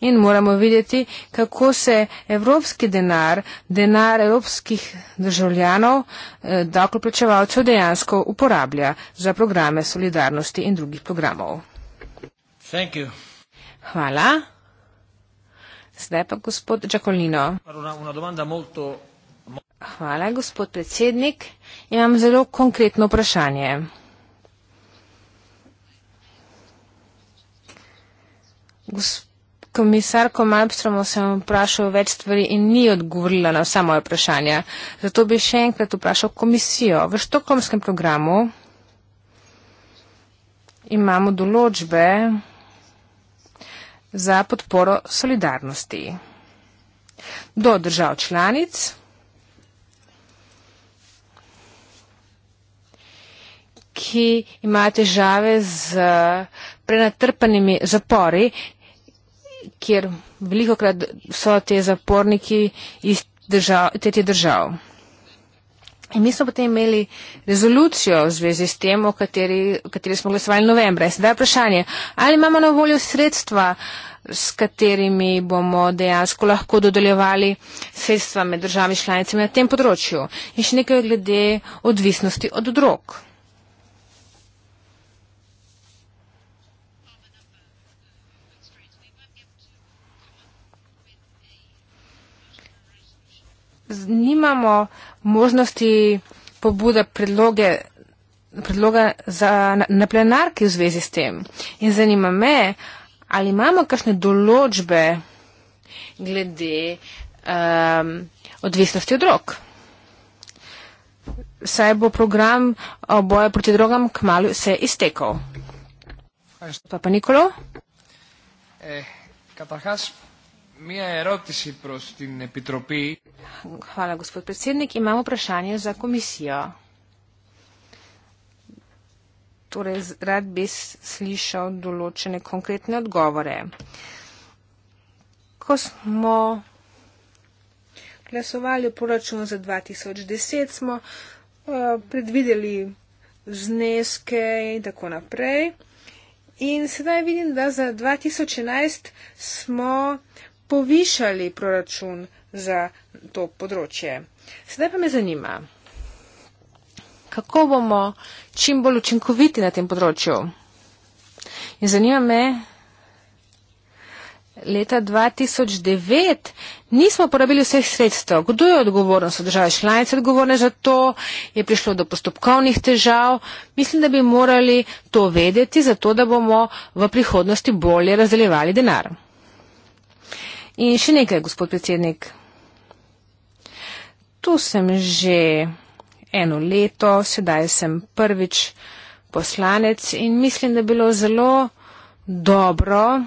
In moramo videti, kako se evropski denar, denar evropskih državljanov, eh, davkoplačevalcev dejansko uporablja za programe solidarnosti in drugih programov. Hvala. Zdaj pa gospod Čakolino. Hvala, gospod predsednik. Imam zelo konkretno vprašanje. Gospod komisarko Malmstromo sem vprašal več stvari in ni odgovorila na vsa moja vprašanja. Zato bi še enkrat vprašal komisijo. V štokomskem programu imamo določbe za podporo solidarnosti do držav članic, ki imajo težave z prenatrpanimi zapori kjer veliko krat so te zaporniki iz držav, te, te držav. In mi smo potem imeli rezolucijo v zvezi s tem, o kateri, o kateri smo glasovali novembra. Sedaj je vprašanje, ali imamo na voljo sredstva, s katerimi bomo dejansko lahko dodeljevali sredstva med državami članicami na tem področju. In še nekaj glede odvisnosti od drog. nimamo možnosti pobude predloge, predloga za, na, na plenarki v zvezi s tem. In zanima me, ali imamo kakšne določbe glede um, odvisnosti od drog. Saj bo program boja proti drogam kmalo se iztekal. Papa Nikolo? Eh, Μία ερώτηση προς την Επιτροπή. Χαλά, господ Πρεσίδνικ, είμαμε πρασάνιο για κομισία. Τώρα, ράτ μπις σλίσσο δουλούτσενε κονκρέτνε οτγόβορε. Κοσμό... Γλασοβάλιο πρόσφυγμα за 2010 смо предвидели знеске и тако напред. И сега видим да за 2011 смо povišali proračun za to področje. Sedaj pa me zanima, kako bomo čim bolj učinkoviti na tem področju. In zanima me, leta 2009 nismo porabili vseh sredstev. Kdo je odgovoren? So države članice odgovorne za to? Je prišlo do postopkovnih težav? Mislim, da bi morali to vedeti, zato da bomo v prihodnosti bolje razdeljevali denar. In še nekaj, gospod predsednik. Tu sem že eno leto, sedaj sem prvič poslanec in mislim, da bi bilo zelo dobro,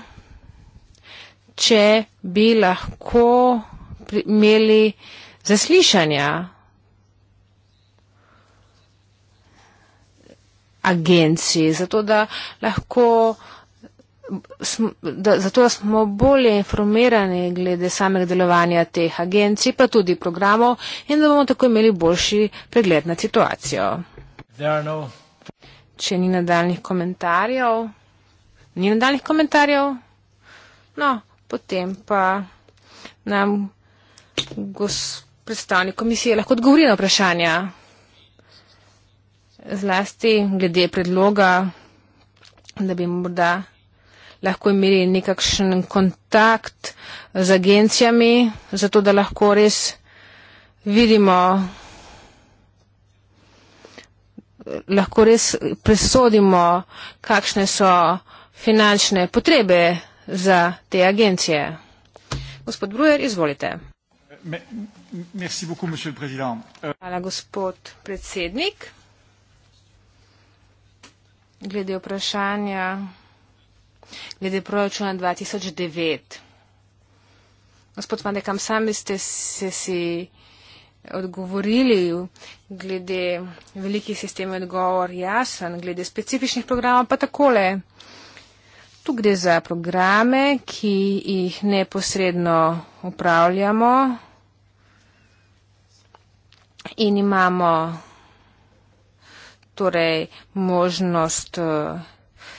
če bi lahko imeli zaslišanja agencij, zato da lahko da, zato smo bolje informirani glede samega delovanja teh agencij, pa tudi programov in da bomo tako imeli boljši pregled nad situacijo. No... Če ni nadaljnih komentarjev, ni nadaljnih komentarjev, no, potem pa nam predstavnik komisije lahko odgovori na vprašanja. Zlasti glede predloga, da bi morda lahko imeli nekakšen kontakt z agencijami, zato da lahko res vidimo, lahko res presodimo, kakšne so finančne potrebe za te agencije. Gospod Brujer, izvolite. Euh, Hvala, gospod predsednik. Glede vprašanja glede proračuna 2009. Gospod Mane, kam sami ste se si odgovorili glede velikih sistemov odgovor jasen, glede specifičnih programov pa takole. Tu gre za programe, ki jih neposredno upravljamo in imamo torej možnost uh,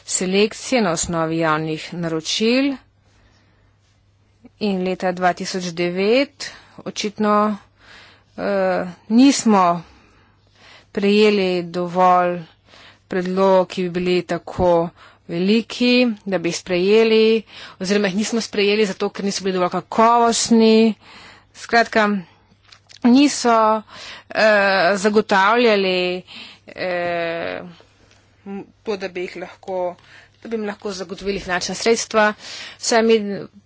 selekcije na osnovi javnih naročil in leta 2009 očitno eh, nismo prejeli dovolj predlog, ki bi bili tako veliki, da bi jih sprejeli, oziroma jih nismo sprejeli zato, ker niso bili dovolj kakovostni. Skratka, niso eh, zagotavljali eh, to, da bi jih lahko da bi jim lahko zagotovili finančna sredstva. Vse mi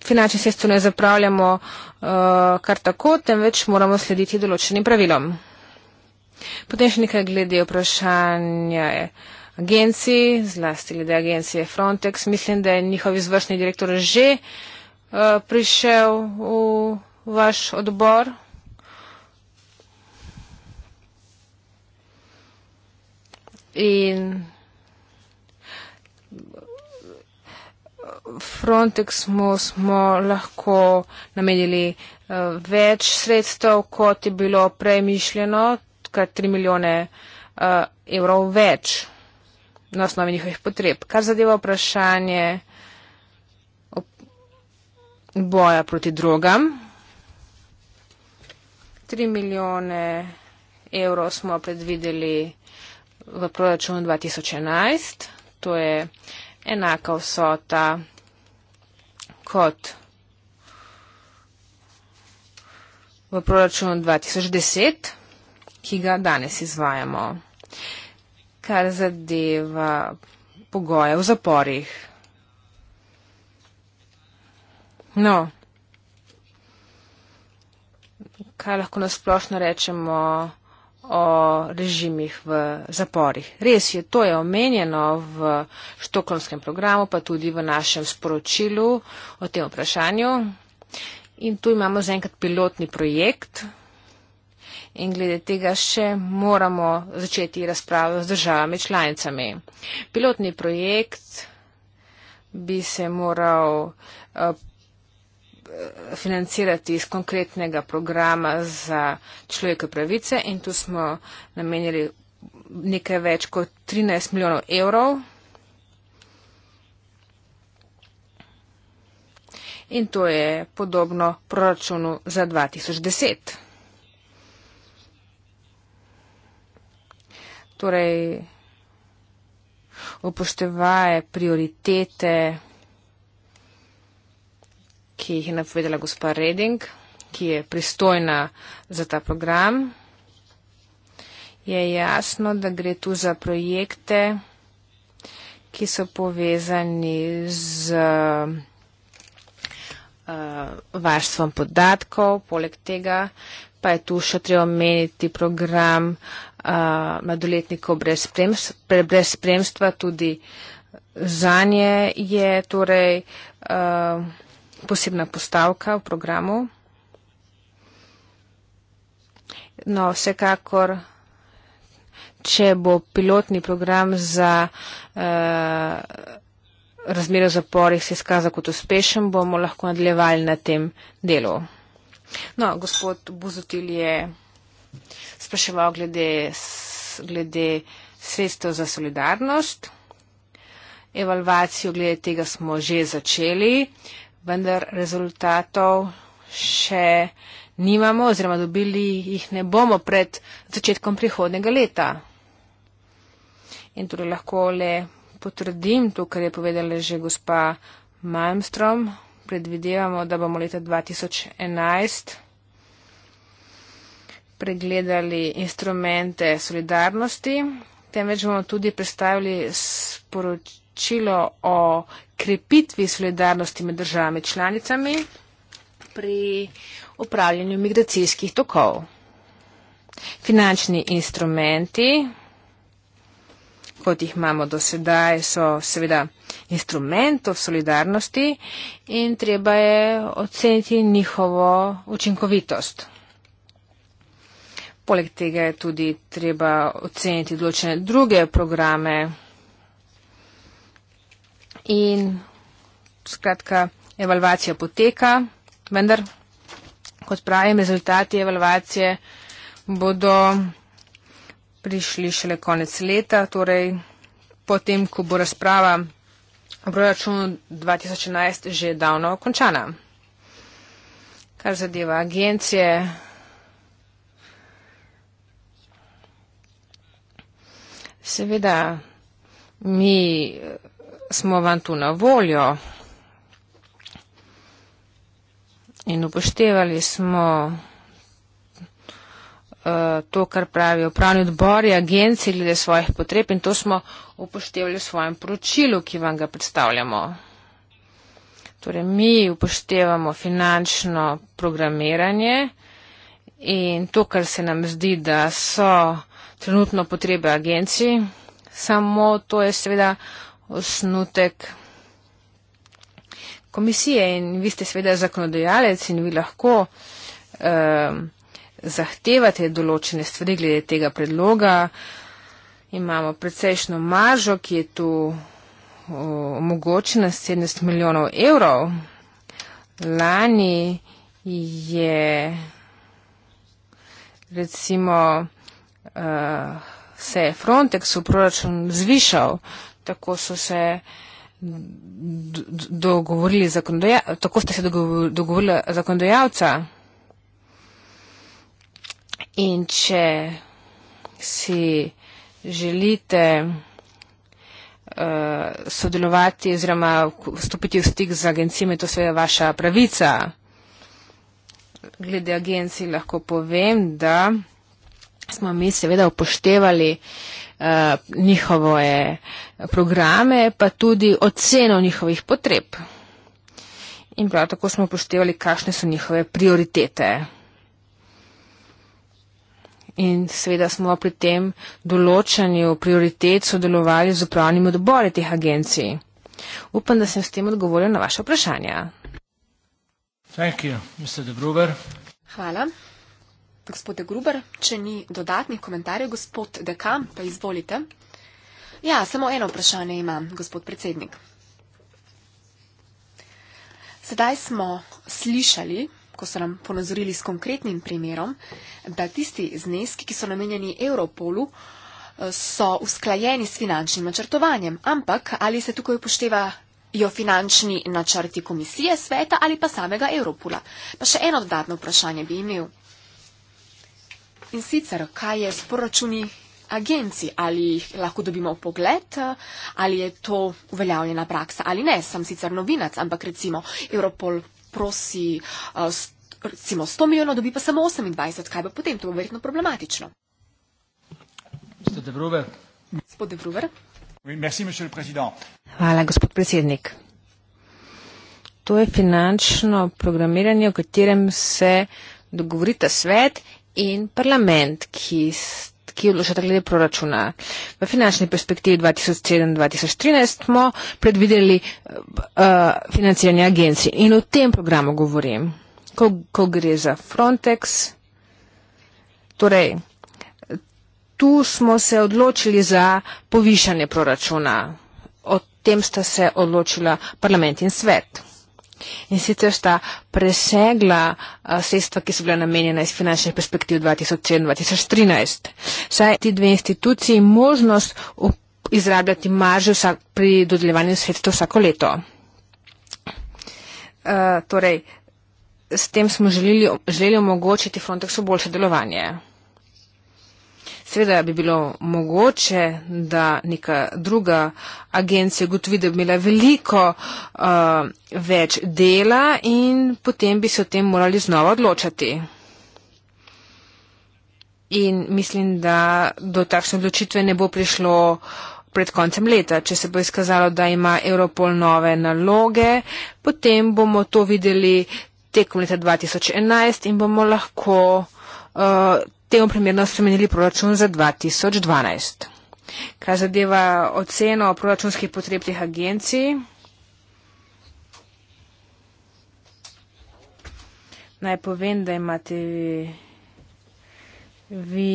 finančne sredstva ne zapravljamo uh, kar tako, temveč moramo slediti določenim pravilom. Potem še nekaj glede vprašanja agencij, zlasti glede agencije Frontex. Mislim, da je njihov izvršni direktor že uh, prišel v vaš odbor. In Frontexmu smo lahko namenili eh, več sredstev, kot je bilo premišljeno, kar 3 milijone eh, evrov več na osnovi njihovih potreb. Kar zadeva vprašanje boja proti drogam, 3 milijone evrov smo predvideli v proračunu 2011, to je enaka vsota kot v proračunu 2010, ki ga danes izvajamo. Kar zadeva pogoje v zaporih. No, kaj lahko nasplošno rečemo? o režimih v zaporih. Res je, to je omenjeno v štokholmskem programu, pa tudi v našem sporočilu o tem vprašanju. In tu imamo zaenkrat pilotni projekt in glede tega še moramo začeti razpravo z državami članicami. Pilotni projekt bi se moral eh, Eh, financirati iz konkretnega programa za človeške pravice in tu smo namenili nekaj več kot 13 milijonov evrov. In to je podobno proračunu za 2010. Torej, upoštevaje prioritete ki jih je napovedala gospa Reding, ki je pristojna za ta program, je jasno, da gre tu za projekte, ki so povezani z uh, varstvom podatkov. Poleg tega pa je tu še treba omeniti program uh, mladoletnikov brez, spremst, brez spremstva, tudi zanje je torej. Uh, posebna postavka v programu. No, vsekakor, če bo pilotni program za eh, razmere v zaporih se izkazal kot uspešen, bomo lahko nadaljevali na tem delu. No, gospod Buzotil je spraševal glede, glede sredstev za solidarnost. Evalvacijo glede tega smo že začeli vendar rezultatov še nimamo oziroma dobili jih ne bomo pred začetkom prihodnega leta. In torej lahko le potrdim to, kar je povedala že gospa Malmstrom. Predvidevamo, da bomo leta 2011 pregledali instrumente solidarnosti, temveč bomo tudi predstavili sporočilo poročilo o krepitvi solidarnosti med državami članicami pri upravljanju migracijskih tokov. Finančni instrumenti, kot jih imamo do sedaj, so seveda instrumentov solidarnosti in treba je oceniti njihovo učinkovitost. Poleg tega je tudi treba oceniti določene druge programe in skratka, evalvacija poteka, vendar, kot pravim, rezultati evalvacije bodo prišli šele konec leta, torej potem, ko bo razprava v proračunu 2011 že davno končana. Kar zadeva agencije, seveda, mi smo vam tu na voljo in upoštevali smo eh, to, kar pravi upravni odbor in agencije glede svojih potreb in to smo upoštevali v svojem poročilu, ki vam ga predstavljamo. Torej, mi upoštevamo finančno programiranje in to, kar se nam zdi, da so trenutno potrebe agencij, samo to je seveda osnutek komisije in vi ste seveda zakonodajalec in vi lahko eh, zahtevate določene stvari glede tega predloga. Imamo precejšno mažo, ki je tu omogočena 17 milijonov evrov. Lani je recimo eh, se Frontex v proračun zvišal eh, tako so se dogovorili zakonodajalca, tako ste se dogovorili zakonodajalca. In če si želite uh, sodelovati oziroma vstopiti v stik z agencijami, to je vaša pravica. Glede agencij lahko povem, da smo mi seveda upoštevali uh, Eh, njihove programe, pa tudi oceno njihovih potreb. In prav tako smo upoštevali, kakšne so njihove prioritete. In seveda smo pri tem določanju prioritet sodelovali z upravnim odborom teh agencij. Upam, da sem s tem odgovoril na vaše vprašanje. Hvala, Mr. De Gruber. Hvala gospode Gruber, če ni dodatnih komentarjev, gospod Dekam, pa izvolite. Ja, samo eno vprašanje imam, gospod predsednik. Sedaj smo slišali, ko so nam ponazorili s konkretnim primerom, da tisti zneski, ki so namenjeni Europolu, so usklajeni s finančnim načrtovanjem. Ampak ali se tukaj upoštevajo finančni načrti komisije sveta ali pa samega Europola? Pa še eno dodatno vprašanje bi imel. In sicer, kaj je s poračuni agenci? Ali jih lahko dobimo v pogled, ali je to uveljavljena praksa ali ne? Sem sicer novinac, ampak recimo Europol prosi uh, recimo 100 milijonov, dobi pa samo 28. Kaj bo potem? To bo verjetno problematično. Gospod Debruver. Hvala, gospod predsednik. To je finančno programiranje, o katerem se dogovorita svet in parlament, ki, ki odločata glede proračuna. V finančni perspektivi 2007-2013 smo predvideli uh, financiranje agencij in o tem programu govorim. Ko, ko gre za Frontex, torej, tu smo se odločili za povišanje proračuna. O tem sta se odločila parlament in svet. In sicer sta presegla sredstva, ki so bila namenjena iz finančnih perspektiv 2007-2013. Saj ti dve instituciji možnost izrabljati marže vsak, pri dodeljevanju sredstev vsako leto. Uh, torej, s tem smo želeli, želeli omogočiti Frontexu boljše delovanje. Seveda bi bilo mogoče, da neka druga agencija gotovi, da bi imela veliko uh, več dela in potem bi se o tem morali znova odločati. In mislim, da do takšne odločitve ne bo prišlo pred koncem leta. Če se bo izkazalo, da ima Europol nove naloge, potem bomo to videli tekom leta 2011 in bomo lahko uh, temu primerno spremenili proračun za 2012. Kar zadeva oceno proračunskih potreb teh agencij, naj povem, da imate vi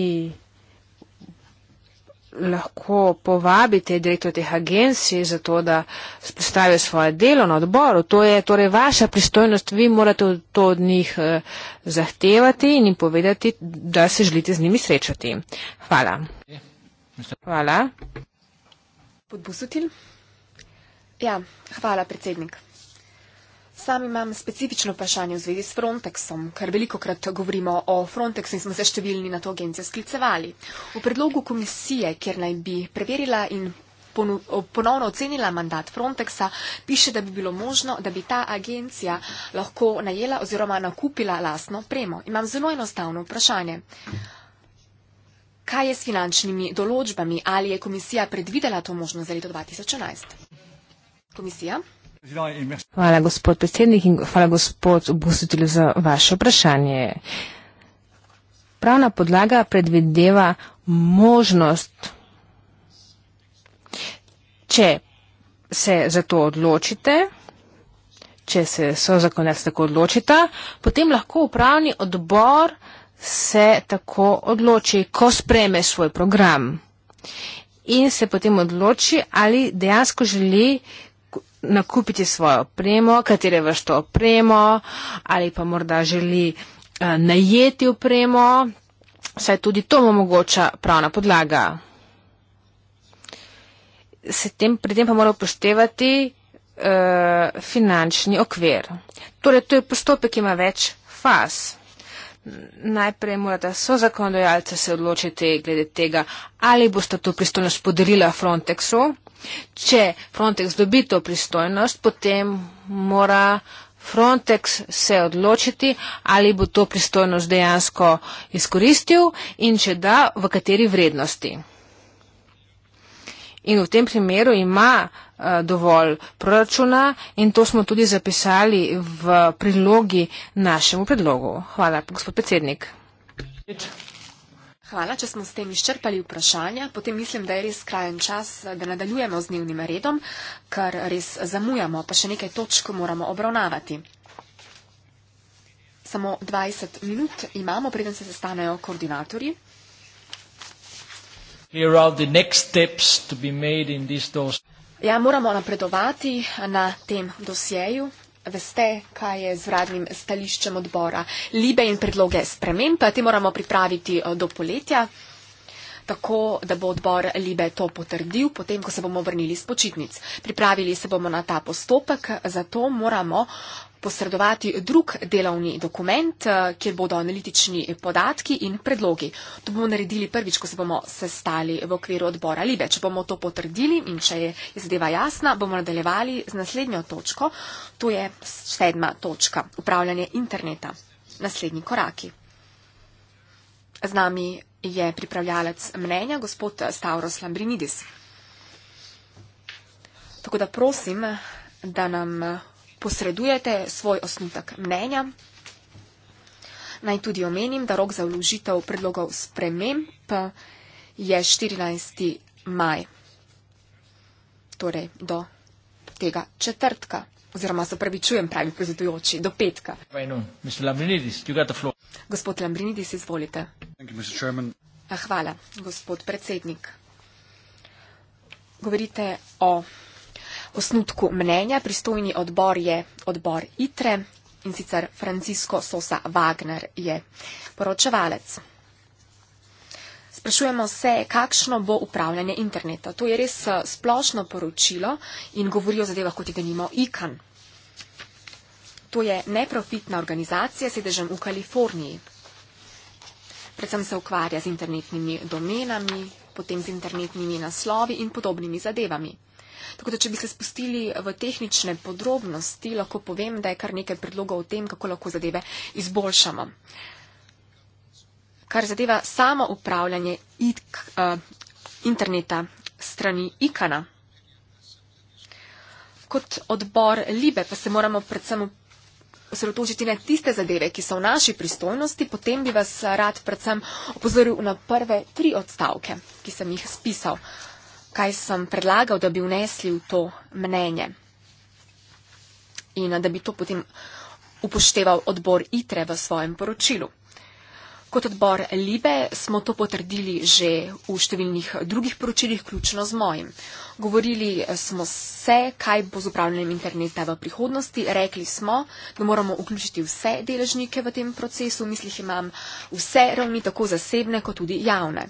lahko povabite direktor teh agencij za to, da spostavijo svoje delo na odboru. To je torej vaša pristojnost, vi morate to od njih eh, zahtevati in jim povedati, da se želite z njimi srečati. Hvala. Hvala. Podpustitelj? Ja, hvala, predsednik. Sam imam specifično vprašanje v zvezi s Frontexom, ker veliko krat govorimo o Frontexu in smo se številni na to agencijo sklicevali. V predlogu komisije, kjer naj bi preverila in ponovno ocenila mandat Frontexa, piše, da bi bilo možno, da bi ta agencija lahko najela oziroma nakupila lastno premo. Imam zelo enostavno vprašanje. Kaj je s finančnimi določbami? Ali je komisija predvidela to možnost za leto 2011? Komisija? Hvala, gospod predsednik, in hvala, gospod obustitelj, za vaše vprašanje. Pravna podlaga predvideva možnost, če se za to odločite, če se so zakonec tako odločita, potem lahko upravni odbor se tako odloči, ko spreme svoj program in se potem odloči, ali dejansko želi nakupiti svojo opremo, katere vrsto opremo ali pa morda želi eh, najeti opremo, saj tudi to mu omogoča pravna podlaga. Tem, pri tem pa mora upoštevati eh, finančni okvir. Torej, to je postopek, ki ima več faz. Najprej morata so zakonodajalce se odločiti glede tega, ali boste to pristojnost podelila Frontexu Če Frontex dobi to pristojnost, potem mora Frontex se odločiti, ali bo to pristojnost dejansko izkoristil in če da, v kateri vrednosti. In v tem primeru ima eh, dovolj proračuna in to smo tudi zapisali v prilogi našemu predlogu. Hvala, gospod predsednik. Hvala. Hvala, če smo s tem izčrpali vprašanja, potem mislim, da je res skrajen čas, da nadaljujemo z dnevnim redom, ker res zamujamo, pa še nekaj točk moramo obravnavati. Samo 20 minut imamo, preden se sestanejo koordinatorji. Ja, moramo napredovati na tem dosjeju veste, kaj je z vradnim stališčem odbora. Libe in predloge sprememb, te moramo pripraviti eh, do poletja, tako da bo odbor Libe to potrdil, potem, ko se bomo vrnili z počitnic. Pripravili se bomo na ta postopek, zato moramo posredovati drug delovni dokument, eh, kjer bodo analitični podatki in predlogi. To bomo naredili prvič, ko se bomo sestali v okviru odbora Libe. Če bomo to potrdili in če je zadeva jasna, bomo nadaljevali z naslednjo točko. To je sedma točka. Upravljanje interneta. Naslednji koraki. Z nami je pripravljalec mnenja, gospod Stavros Lambrinidis. Tako da prosim, da nam posredujete svoj osnutek mnenja. Naj tudi omenim, da rok za vložitev predlogov sprememb je 14. maj, torej do tega četrtka. Oziroma, se pravi, čujem pravi predsedujoči, do petka. Gospod Lambrinidis, izvolite. Ah, hvala, gospod predsednik. Govorite o osnutku mnenja. Pristojni odbor je odbor ITRE in sicer Francisco Sosa Wagner je poročevalec. Sprašujemo se, kakšno bo upravljanje interneta. To je res eh, splošno poročilo in govori o zadevah, kot je denimo ICAN. To je neprofitna organizacija, sedežem v Kaliforniji. Predvsem se ukvarja z internetnimi domenami, potem z internetnimi naslovi in podobnimi zadevami. Tako da, če bi se spustili v tehnične podrobnosti, lahko povem, da je kar nekaj predlogov o tem, kako lahko zadeve izboljšamo. Kar zadeva samo upravljanje ik, uh, eh, interneta strani ikana. Kot odbor Libe pa se moramo predvsem osredotočiti na tiste zadeve, ki so v naši pristojnosti, potem bi vas rad predvsem opozoril na prve tri odstavke, ki sem jih spisal. Uh, kaj sem predlagal, da bi vnesli v to mnenje in da bi to potem upošteval odbor ITRE v svojem poročilu. Kot odbor LIBE smo to potrdili že v številnih drugih poročilih, ključno z mojim. Govorili smo se, kaj bo z upravljanjem interneta v prihodnosti, rekli smo, da moramo vključiti vse deležnike v tem procesu, v mislih imam vse ravni, tako zasebne kot tudi javne.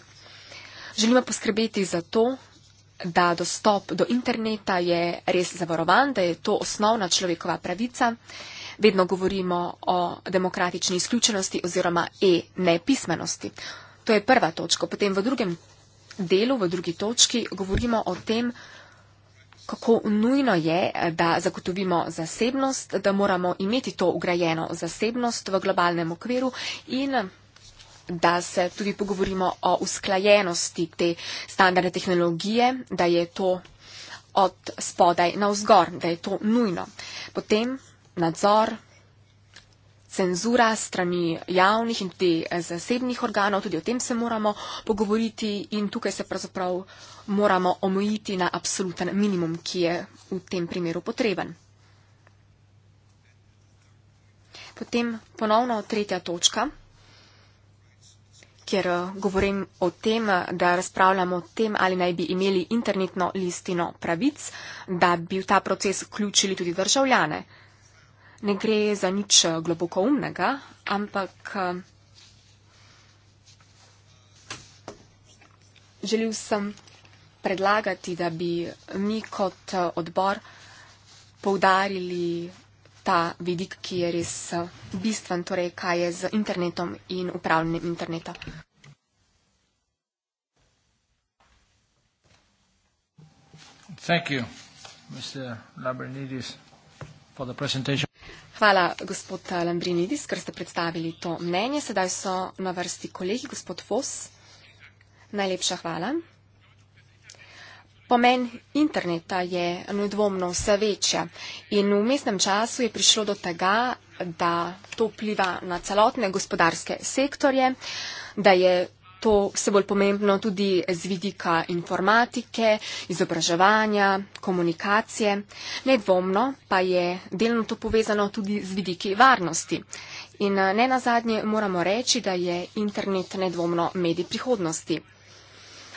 Želimo poskrbeti za to, da dostop do interneta je res zavarovan, da je to osnovna človekova pravica. Vedno govorimo o demokratični izključenosti oziroma e-nepismenosti. To je prva točka. Potem v drugem delu, v drugi točki, govorimo o tem, kako nujno je, da zagotovimo zasebnost, da moramo imeti to ugrajeno zasebnost v globalnem okviru in da se tudi pogovorimo o usklajenosti te standardne tehnologije, da je to od spodaj na vzgor, da je to nujno. Potem nadzor, cenzura strani javnih in tudi eh, zasebnih organov, tudi o tem se moramo pogovoriti in tukaj se pravzaprav moramo omejiti na absoluten minimum, ki je v tem primeru potreben. Potem ponovno tretja točka kjer eh, govorim o tem, eh, da razpravljamo o tem, ali naj bi imeli internetno listino pravic, da bi v ta proces vključili tudi državljane. Ne gre za nič eh, globoko umnega, ampak želil sem predlagati, da bi mi kot odbor poudarili ta vidik, ki je res eh, bistven, torej kaj je z internetom in upravljanjem interneta. Thank you, Mr. Lambrinidis, for the presentation. Hvala, gospod eh, Lambrinidis, ker ste predstavili to mnenje. Sedaj so na vrsti kolegi, gospod Fos. Najlepša hvala. Pomen interneta je nedvomno vse večja in v mestnem času je prišlo do tega, da to pliva na celotne gospodarske sektorje, da je to vse bolj pomembno tudi z vidika informatike, izobraževanja, komunikacije. Nedvomno pa je delno to povezano tudi z vidiki varnosti. In ne na zadnje moramo reči, da je internet nedvomno medij prihodnosti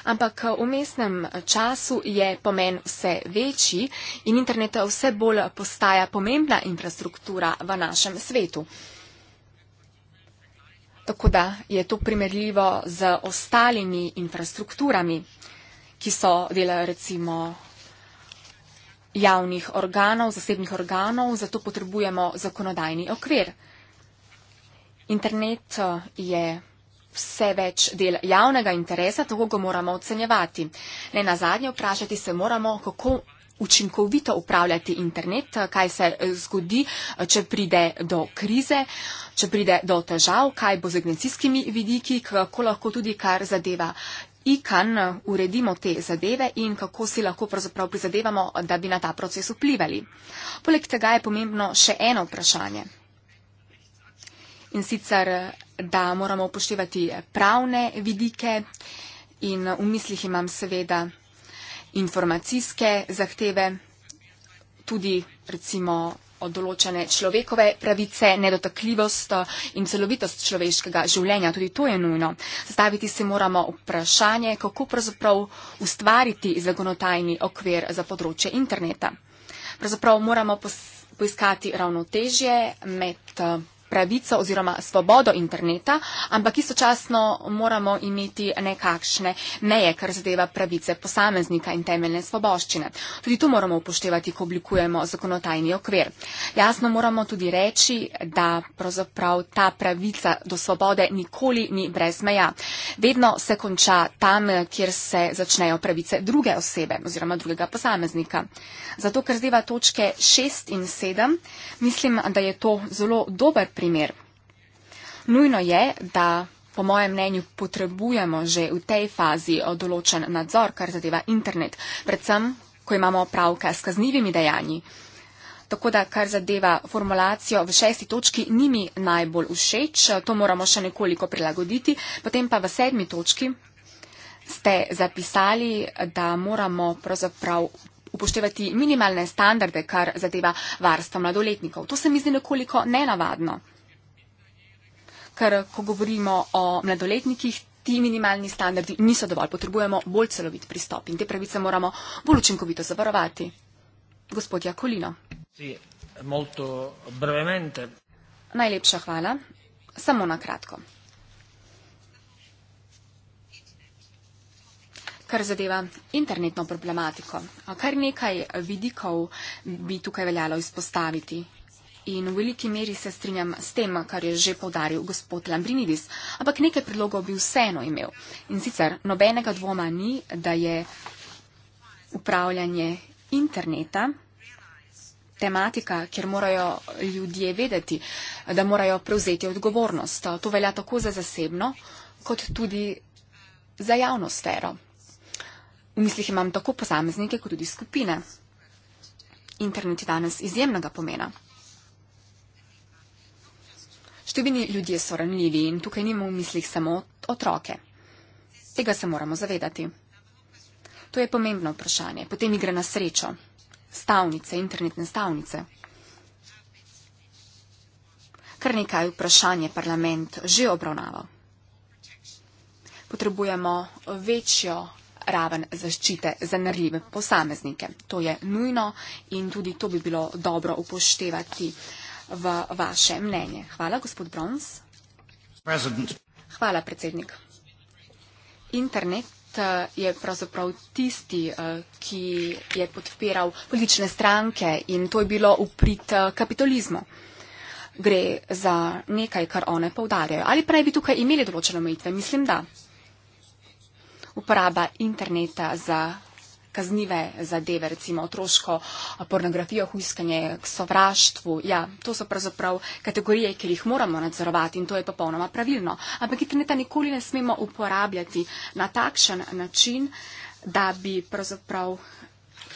ampak eh, v mestnem času je pomen vse večji in internet vse bolj postaja pomembna infrastruktura v našem svetu. Tako da je to primerljivo z ostalimi infrastrukturami, ki so del recimo javnih organov, zasebnih organov, zato potrebujemo zakonodajni okvir. Internet eh, je vse več del javnega interesa, tako ga moramo ocenjevati. Ne na zadnje vprašati se moramo, kako učinkovito upravljati internet, kaj se eh, zgodi, če pride do krize, če pride do težav, kaj bo z agencijskimi vidiki, kako lahko tudi kar zadeva ikan, uredimo te zadeve in kako si lahko pravzaprav prizadevamo, da bi na ta proces vplivali. Poleg tega je pomembno še eno vprašanje in sicer, da moramo upoštevati pravne vidike in v mislih imam seveda informacijske zahteve, tudi recimo določene človekove pravice, nedotakljivost eh, in celovitost človeškega življenja. Tudi to je nujno. Zastaviti se moramo vprašanje, kako pravzaprav ustvariti zagonotajni okvir za področje interneta. Pravzaprav moramo poiskati ravnotežje med eh, pravico oziroma svobodo interneta, ampak istočasno moramo imeti nekakšne meje, kar zadeva pravice posameznika in temeljne svoboščine. Tudi to moramo upoštevati, ko oblikujemo zakonotajni okvir. Jasno moramo tudi reči, da pravzaprav ta pravica do svobode nikoli ni brez meja. Vedno se konča tam, kjer se začnejo pravice druge osebe oziroma drugega posameznika. Zato, ker zadeva točke 6 in 7, mislim, da je to zelo dober primer. Nujno je, da po mojem mnenju potrebujemo že v tej fazi eh, določen nadzor, kar zadeva internet, predvsem, ko imamo opravka s kaznivimi dejanji. Tako da, kar zadeva formulacijo v šesti točki, ni mi najbolj všeč, eh, to moramo še nekoliko prilagoditi. Potem pa v sedmi točki ste zapisali, da moramo pravzaprav upoštevati minimalne standarde, kar zadeva varstvo mladoletnikov. To se mi zdi nekoliko nenavadno. Ker ko govorimo o mladoletnikih, ti minimalni standardi niso dovolj. Potrebujemo bolj celovit pristop in te pravice moramo bolj učinkovito zavarovati. Gospod Jakolino. Najlepša hvala. Samo na kratko. kar zadeva internetno problematiko. Kar nekaj vidikov bi tukaj veljalo izpostaviti. In v veliki meri se strinjam s tem, kar je že povdaril gospod Lambrinidis, ampak nekaj predlogov bi vseeno imel. In sicer nobenega dvoma ni, da je upravljanje interneta tematika, kjer morajo ljudje vedeti, da morajo prevzeti odgovornost. To velja tako za zasebno, kot tudi za javno sfero. V mislih imam tako posameznike, kot tudi skupine. Internet je danes izjemnega pomena. Številni ljudje so ranljivi in tukaj nimamo v mislih samo otroke. Tega se moramo zavedati. To je pomembno vprašanje. Potem igra na srečo. Stavnice, internetne stavnice. Kar nekaj vprašanj je parlament že obravnaval. Potrebujemo večjo raven zaščite za narljive posameznike. To je nujno in tudi to bi bilo dobro upoštevati v vaše mnenje. Hvala, gospod Brons. President. Hvala, predsednik. Internet eh, je pravzaprav tisti, eh, ki je podpiral politične stranke in to je bilo uprit eh, kapitalizmu. Gre za nekaj, kar one povdarjajo. Ali pa ne bi tukaj imeli določene omejitve? Mislim, da uporaba interneta za kaznive zadeve, recimo otroško pornografijo, huiskanje k sovraštvu. Ja, to so pravzaprav kategorije, ki jih moramo nadzorovati in to je popolnoma pravilno. Ampak interneta nikoli ne smemo uporabljati na takšen način, da bi pravzaprav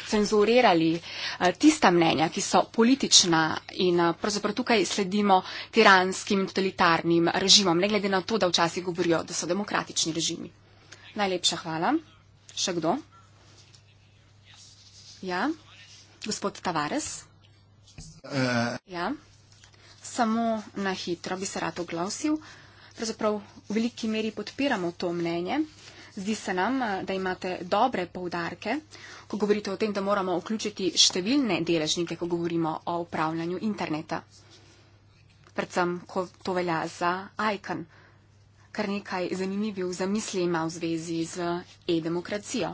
cenzurirali tista mnenja, ki so politična in pravzaprav tukaj sledimo tiranskim in totalitarnim režimom, ne glede na to, da včasih govorijo, da so demokratični režimi. Najlepša hvala. Še kdo? Ja, gospod Tavares. Eh. Ja, samo na hitro bi se rad oglasil. Pravzaprav v veliki meri podpiramo to mnenje. Zdi se nam, eh, da imate dobre poudarke, ko govorite o tem, da moramo vključiti številne deležnike, ko govorimo o upravljanju interneta. Predvsem, ko to velja za ICON kar nekaj zanimivih zamisli ima v zvezi z e-demokracijo.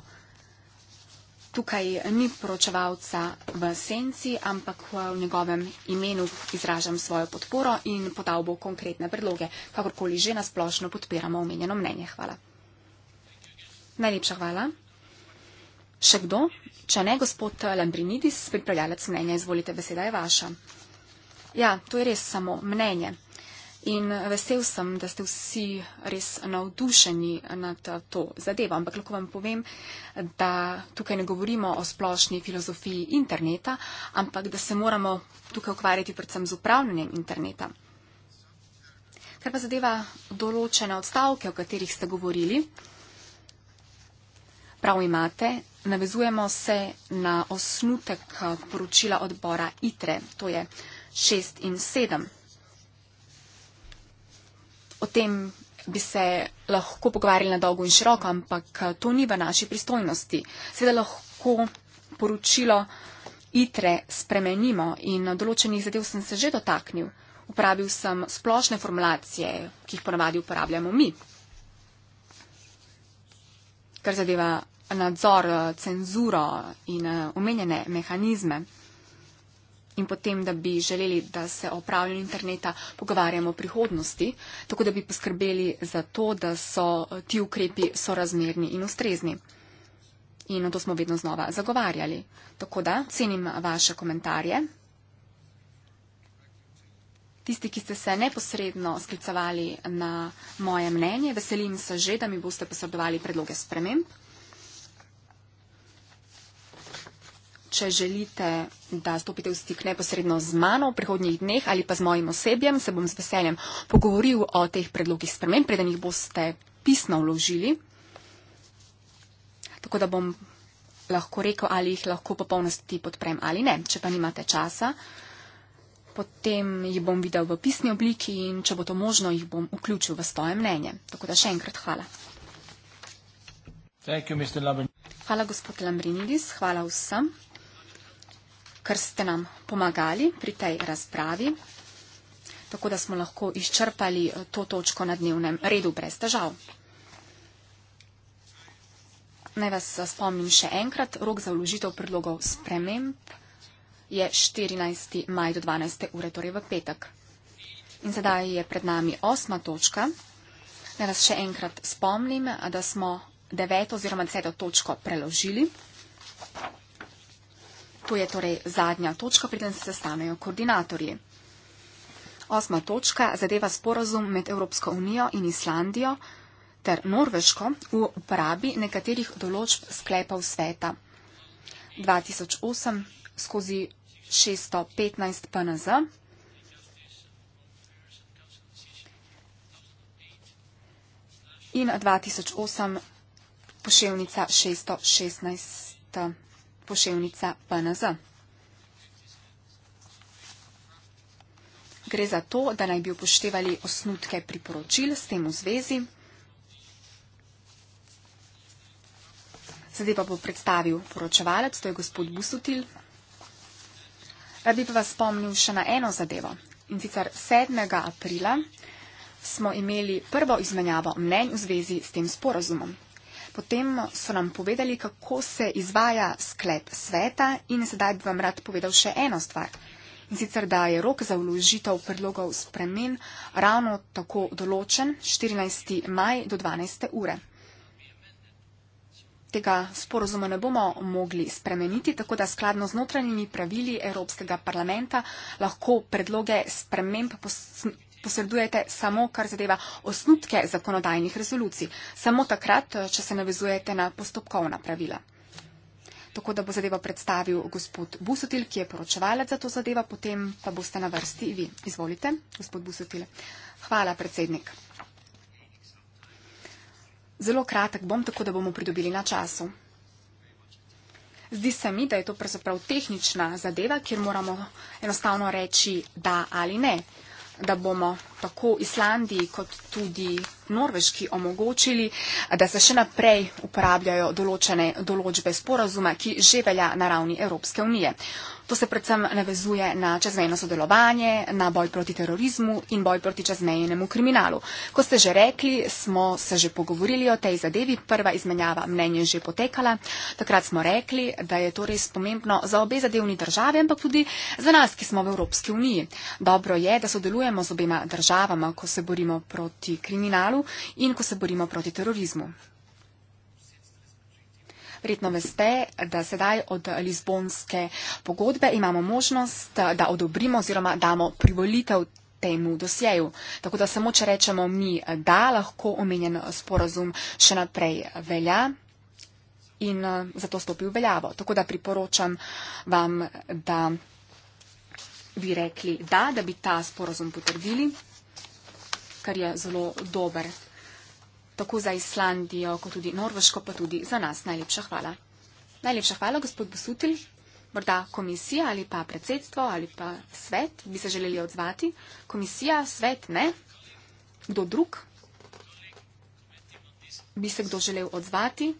Tukaj ni poročevalca v senci, ampak v njegovem imenu izražam svojo podporo in podal bo konkretne predloge. Kakorkoli že nasplošno podpiramo omenjeno mnenje. Hvala. Najlepša hvala. Še kdo? Če ne, gospod Lambrinidis, pripravljalec mnenja, izvolite, beseda je vaša. Ja, to je res samo mnenje. In vesel sem, da ste vsi res navdušeni nad to zadevo. Ampak lahko vam povem, da tukaj ne govorimo o splošni filozofiji interneta, ampak da se moramo tukaj ukvarjati predvsem z upravljanjem interneta. Kar pa zadeva določene odstavke, o katerih ste govorili, prav imate, navezujemo se na osnutek poročila odbora ITRE, to je 6 in 7. O tem bi se lahko pogovarjali na dolgo in široko, ampak eh, to ni v naši pristojnosti. Seveda lahko poročilo ITRE spremenimo in določenih zadev sem se že dotaknil. Uporabil sem splošne formulacije, ki jih ponavadi uporabljamo mi. Kar zadeva nadzor, eh, cenzuro in eh, omenjene mehanizme in potem, da bi želeli, da se o upravljanju interneta pogovarjamo v prihodnosti, tako da bi poskrbeli za to, da so ti ukrepi sorazmerni in ustrezni. In to smo vedno znova zagovarjali. Tako da cenim vaše komentarje. Tisti, ki ste se neposredno sklicovali na moje mnenje, veselim se že, da mi boste posredovali predloge sprememb. če želite, da stopite v stik neposredno z mano v prihodnjih dneh ali pa z mojim osebjem, se bom z veseljem pogovoril o teh predlogih sprememb, preden jih boste pisno vložili. Tako da bom lahko rekel, ali jih lahko popolnosti podprem ali ne. Če pa nimate časa, potem jih bom videl v pisni obliki in če bo to možno, jih bom vključil v svoje mnenje. Tako da še enkrat hvala. Thank you, Mr. Hvala, gospod Lambrinidis. Hvala vsem ker ste nam pomagali pri tej razpravi, tako da smo lahko izčrpali eh, to točko na dnevnem redu brez težav. Naj vas spomnim še enkrat, rok za vložitev predlogov sprememb je 14. maj do 12. ure, torej v petek. In sedaj je pred nami osma točka. Naj vas še enkrat spomnim, da smo deveto oziroma deseto točko preložili. To je torej zadnja točka, preden se sestanejo koordinatorji. Osma točka zadeva sporozum med Evropsko unijo in Islandijo ter Norveško v uporabi nekaterih določb sklepov sveta 2008 skozi 615 PNZ. in 2008 pošeljnica 616 poševnica PNZ. Gre za to, da naj bi upoštevali osnutke priporočil s tem v zvezi. Zdaj pa bo predstavil poročevalec, to je gospod Busutil. Rad bi pa vas spomnil še na eno zadevo. In sicer 7. aprila smo imeli prvo izmenjavo mnenj v zvezi s tem sporozumom potem so nam povedali, kako se izvaja sklep sveta in sedaj bi vam rad povedal še eno stvar. In sicer, da je rok za vložitev predlogov spremen ravno tako določen 14. maj do 12. ure. Tega sporozuma ne bomo mogli spremeniti, tako da skladno z notranjimi pravili Evropskega parlamenta lahko predloge sprememb posredujete samo, kar zadeva osnutke zakonodajnih rezolucij, samo takrat, eh, če se navezujete na postopkovna pravila. Tako da bo zadevo predstavil gospod Busotil, ki je poročevalec za to zadevo, potem pa boste na vrsti vi. Izvolite, gospod Busotil. Hvala, predsednik. Zelo kratek bom, tako da bomo pridobili na času. Zdi se mi, da je to pravzaprav tehnična zadeva, kjer moramo enostavno reči da ali ne da bomo tako Islandiji kot tudi Norveški omogočili, da se še naprej uporabljajo določene določbe sporazuma, ki že velja na ravni Evropske unije. To se predvsem navezuje na čezmejno sodelovanje, na boj proti terorizmu in boj proti čezmejnemu kriminalu. Ko ste že rekli, smo se že pogovorili o tej zadevi, prva izmenjava mnenja je že potekala. Takrat smo rekli, da je to res pomembno za obe zadevni državi, ampak tudi za nas, ki smo v Evropski uniji. Dobro je, da sodelujemo z obema državama, ko se borimo proti kriminalu in ko se borimo proti terorizmu. Verjetno veste, da sedaj od Lizbonske pogodbe imamo možnost, da odobrimo oziroma damo privolitev temu dosjeju. Tako da samo, če rečemo mi, da lahko omenjen sporazum še naprej velja in eh, zato stopi v veljavo. Tako da priporočam vam, da bi rekli da, da bi ta sporazum potrdili, kar je zelo dober tako za Islandijo, kot tudi Norveško, pa tudi za nas. Najlepša hvala. Najlepša hvala, gospod Bosutil. Morda komisija ali pa predsedstvo ali pa svet bi se želeli odzvati. Komisija, svet ne. Kdo drug? Bi se kdo želel odzvati,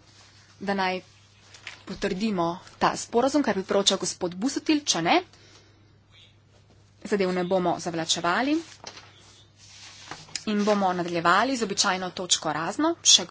da naj potrdimo ta sporozum, kar priporoča gospod Busotil, če ne, zadev ne bomo zavlačevali in bomo nadaljevali z običajno točko razno.